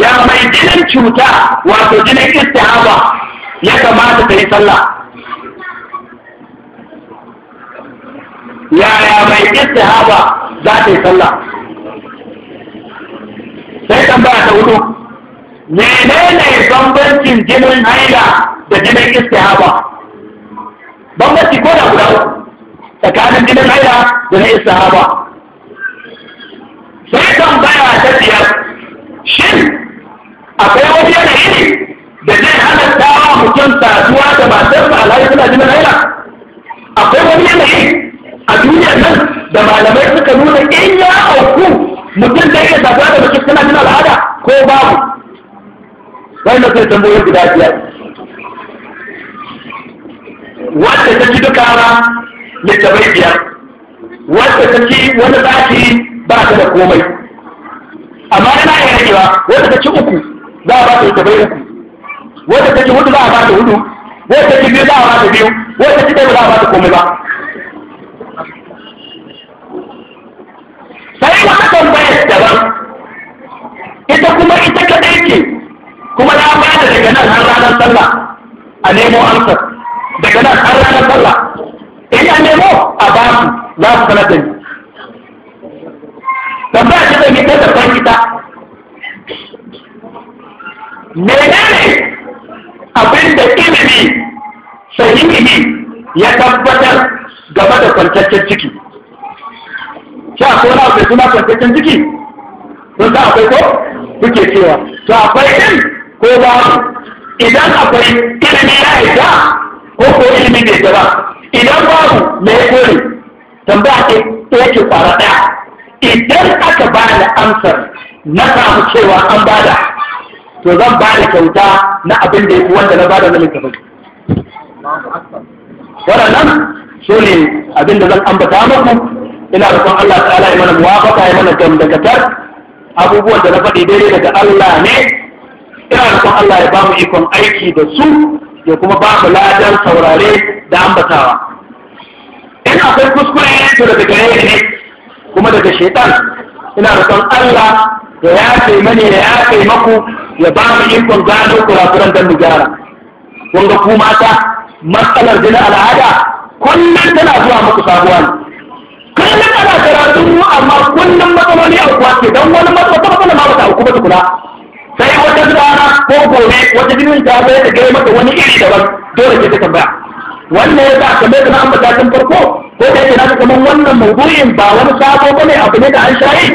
ya mai jinin cuta wato jinin istihaba ya kamata ka yi sallah yaya mai haba za ta yi sallah sai tambaya ta hudu menene bambancin jinin haila da jinin haba bambanci ko da guda tsakanin jinin haila da na haba sai tambaya ta biyar shin akwai wani yanayi da zai halatta mutum saduwa da matarsa alhali suna jin haila akwai wani yanayi a duniya nan da malamai suka nuna in ya auku mutum da yake saduwa da mutum suna jinin al'ada ko babu wannan sai tambayoyi guda biyar Wanda ta ci duka ba ya tabai biyar Wanda ta ci wani zaki ba ta da komai amma yana iya rikewa wanda ta ci uku za a ba ta tabai uku wata take hudu za a bata hudu wata take biyu za a bata biyu wata take ba za a bata komai ba sai wata tambayar daban ita kuma ita kadai ce kuma na bada daga nan har ranar sallah a nemo amsa daga nan har ranar sallah in an nemo a basu za su sanar da ni tambaya ta zai mai ta tabbar kita menene abinda ilimi sahihi ya tabbatar game da kwantaccen ciki shi a kona da kuma kwantaccen ciki don a kai ko kuke cewa to akwai ɗin ko ba idan akwai ilimi ya isa ko ko ilimi bai Idan ba idan babu me ya kore tambaya ke ɗaya ke fara ɗaya idan aka ba da amsar na samu cewa an bada to zan ba da kyauta na abin da ya fi wanda na ba da na littafin waɗannan su ne abin da zan ambata muku ina da roƙon Allah ta'ala ya mana muwafaka ya mana gamdakatar abubuwan da na faɗi daidai daga Allah ne ina da roƙon Allah ya ba mu ikon aiki da su ya kuma ba mu ladan saurare da ambatawa ina akwai kuskure to daga gare ne kuma daga shaitan ina da roƙon Allah ya yafe mani ya yafe maku ya ba mu ikon gano kurakuran dan mu gyara kun ga kuma ta matsalar jinin al'ada kullum tana zuwa muku sabuwa ne kullum ana karatu amma kullum matsaloli a kuwa ce don wani matsala ma bata hukuma tukuna sai wata rana ko gobe wata jinin ta zai ta gare mata wani iri daban dole ke ta tambaya wannan ya sa kamar da na ambata tun farko ko da yake na kamar wannan maudu'in ba wani sabo bane abu ne da an shayi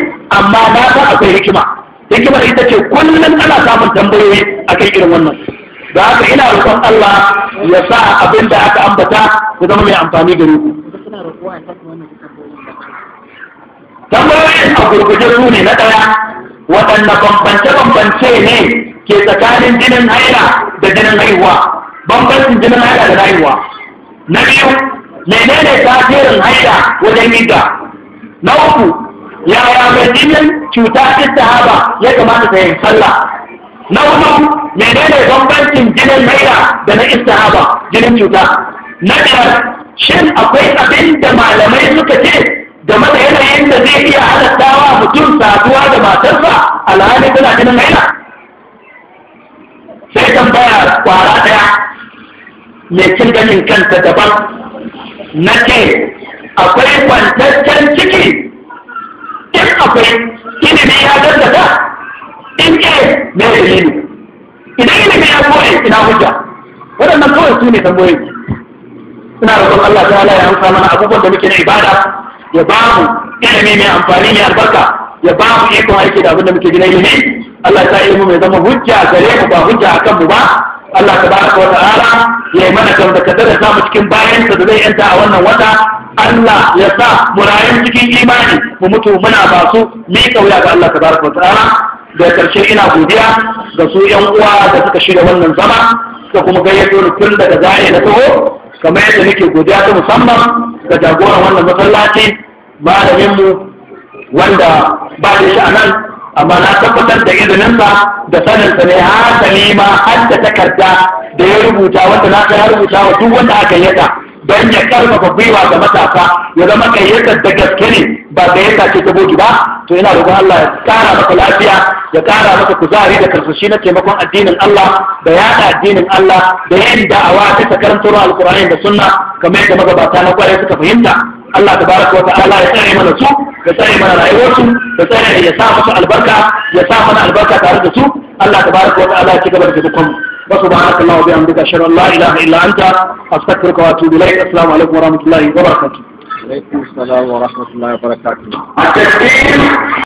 amma ba ta akwai hikima hikimar ita ce kullum ana samun tambayoyi a akan irin wannan da haka ina roƙon Allah ya sa abin da aka ambata ku zama mai amfani da ku tambayoyin a gurguje su ne na ɗaya waɗanda bambance-bambance ne ke tsakanin jinin haila da jinin haihuwa bambancin jinin haila da haihuwa na biyu menene tasirin haila wajen yinka na uku yaya mai jinin cuta istihaba ya kamata ta yi sallah na hudu menene bambancin jinin maida da na istihaba jinin cuta na biyar shin akwai abin da malamai suka ce da da yanayin da zai iya halattawa mutum saduwa da matarsa alhali suna jinin maida sai tambaya kwara daya mai cin ganin kanta daban na ce akwai kwantaccen ciki in akwai ilimi ya dandata in ke mai dalili idan ilimi ya koya ina hujja waɗannan kawai su ne tambayoyi suna roƙon Allah ta'ala ya amsa mana abubuwan da muke na ibada ya ba mu ilimi mai amfani mai albarka ya ba mu ikon aiki da abin da muke gina ilimi Allah ta ilimi mai zama hujja gare mu ba hujja akan mu ba Allah tabaraka wa ta'ala ya yi mana gamdakatar da samu cikin bayan ta da zai yanta a wannan wata Allah ya sa mu rayu cikin imani mu mutu muna ba su miƙa kauya ga Allah tabaraka wa ta'ala da karshe ina godiya ga su yan uwa da suka shirya wannan zama da kuma gayyato ni tun daga zai na taho kamar yadda nake godiya ta musamman ga jagoran wannan masallaci malaminmu wanda ba shi a nan amma na tabbatar da izininsa da saninsa ne haka ne ma har da takarda da ya rubuta wanda na ya rubuta wa duk wanda aka yata don ya karfafa gwiwa ga matasa ya zama kayyatar da gaske ne ba da ya sace ta boki ba to yana roƙon Allah ya ƙara maka lafiya ya ƙara maka kuzari da karsashi na taimakon addinin Allah da yaɗa addinin Allah da yin da'awa ta karantar alƙur'ani da sunna kamar yadda magabata na kwarai suka fahimta Allah baraka wa ta'ala ya tsare mana su ya tsare mana rayuwarsu ya tsare ya sa musu albarka ya sa mana albarka tare da su Allah baraka wa ta'ala ya ci gaba da dukkan wa subhanaka Allah wa bihamdika ashhadu an la ilaha illa anta astaghfiruka wa atubu ilayk assalamu alaikum wa rahmatullahi wa barakatuh alaikum assalam wa rahmatullahi wa barakatuh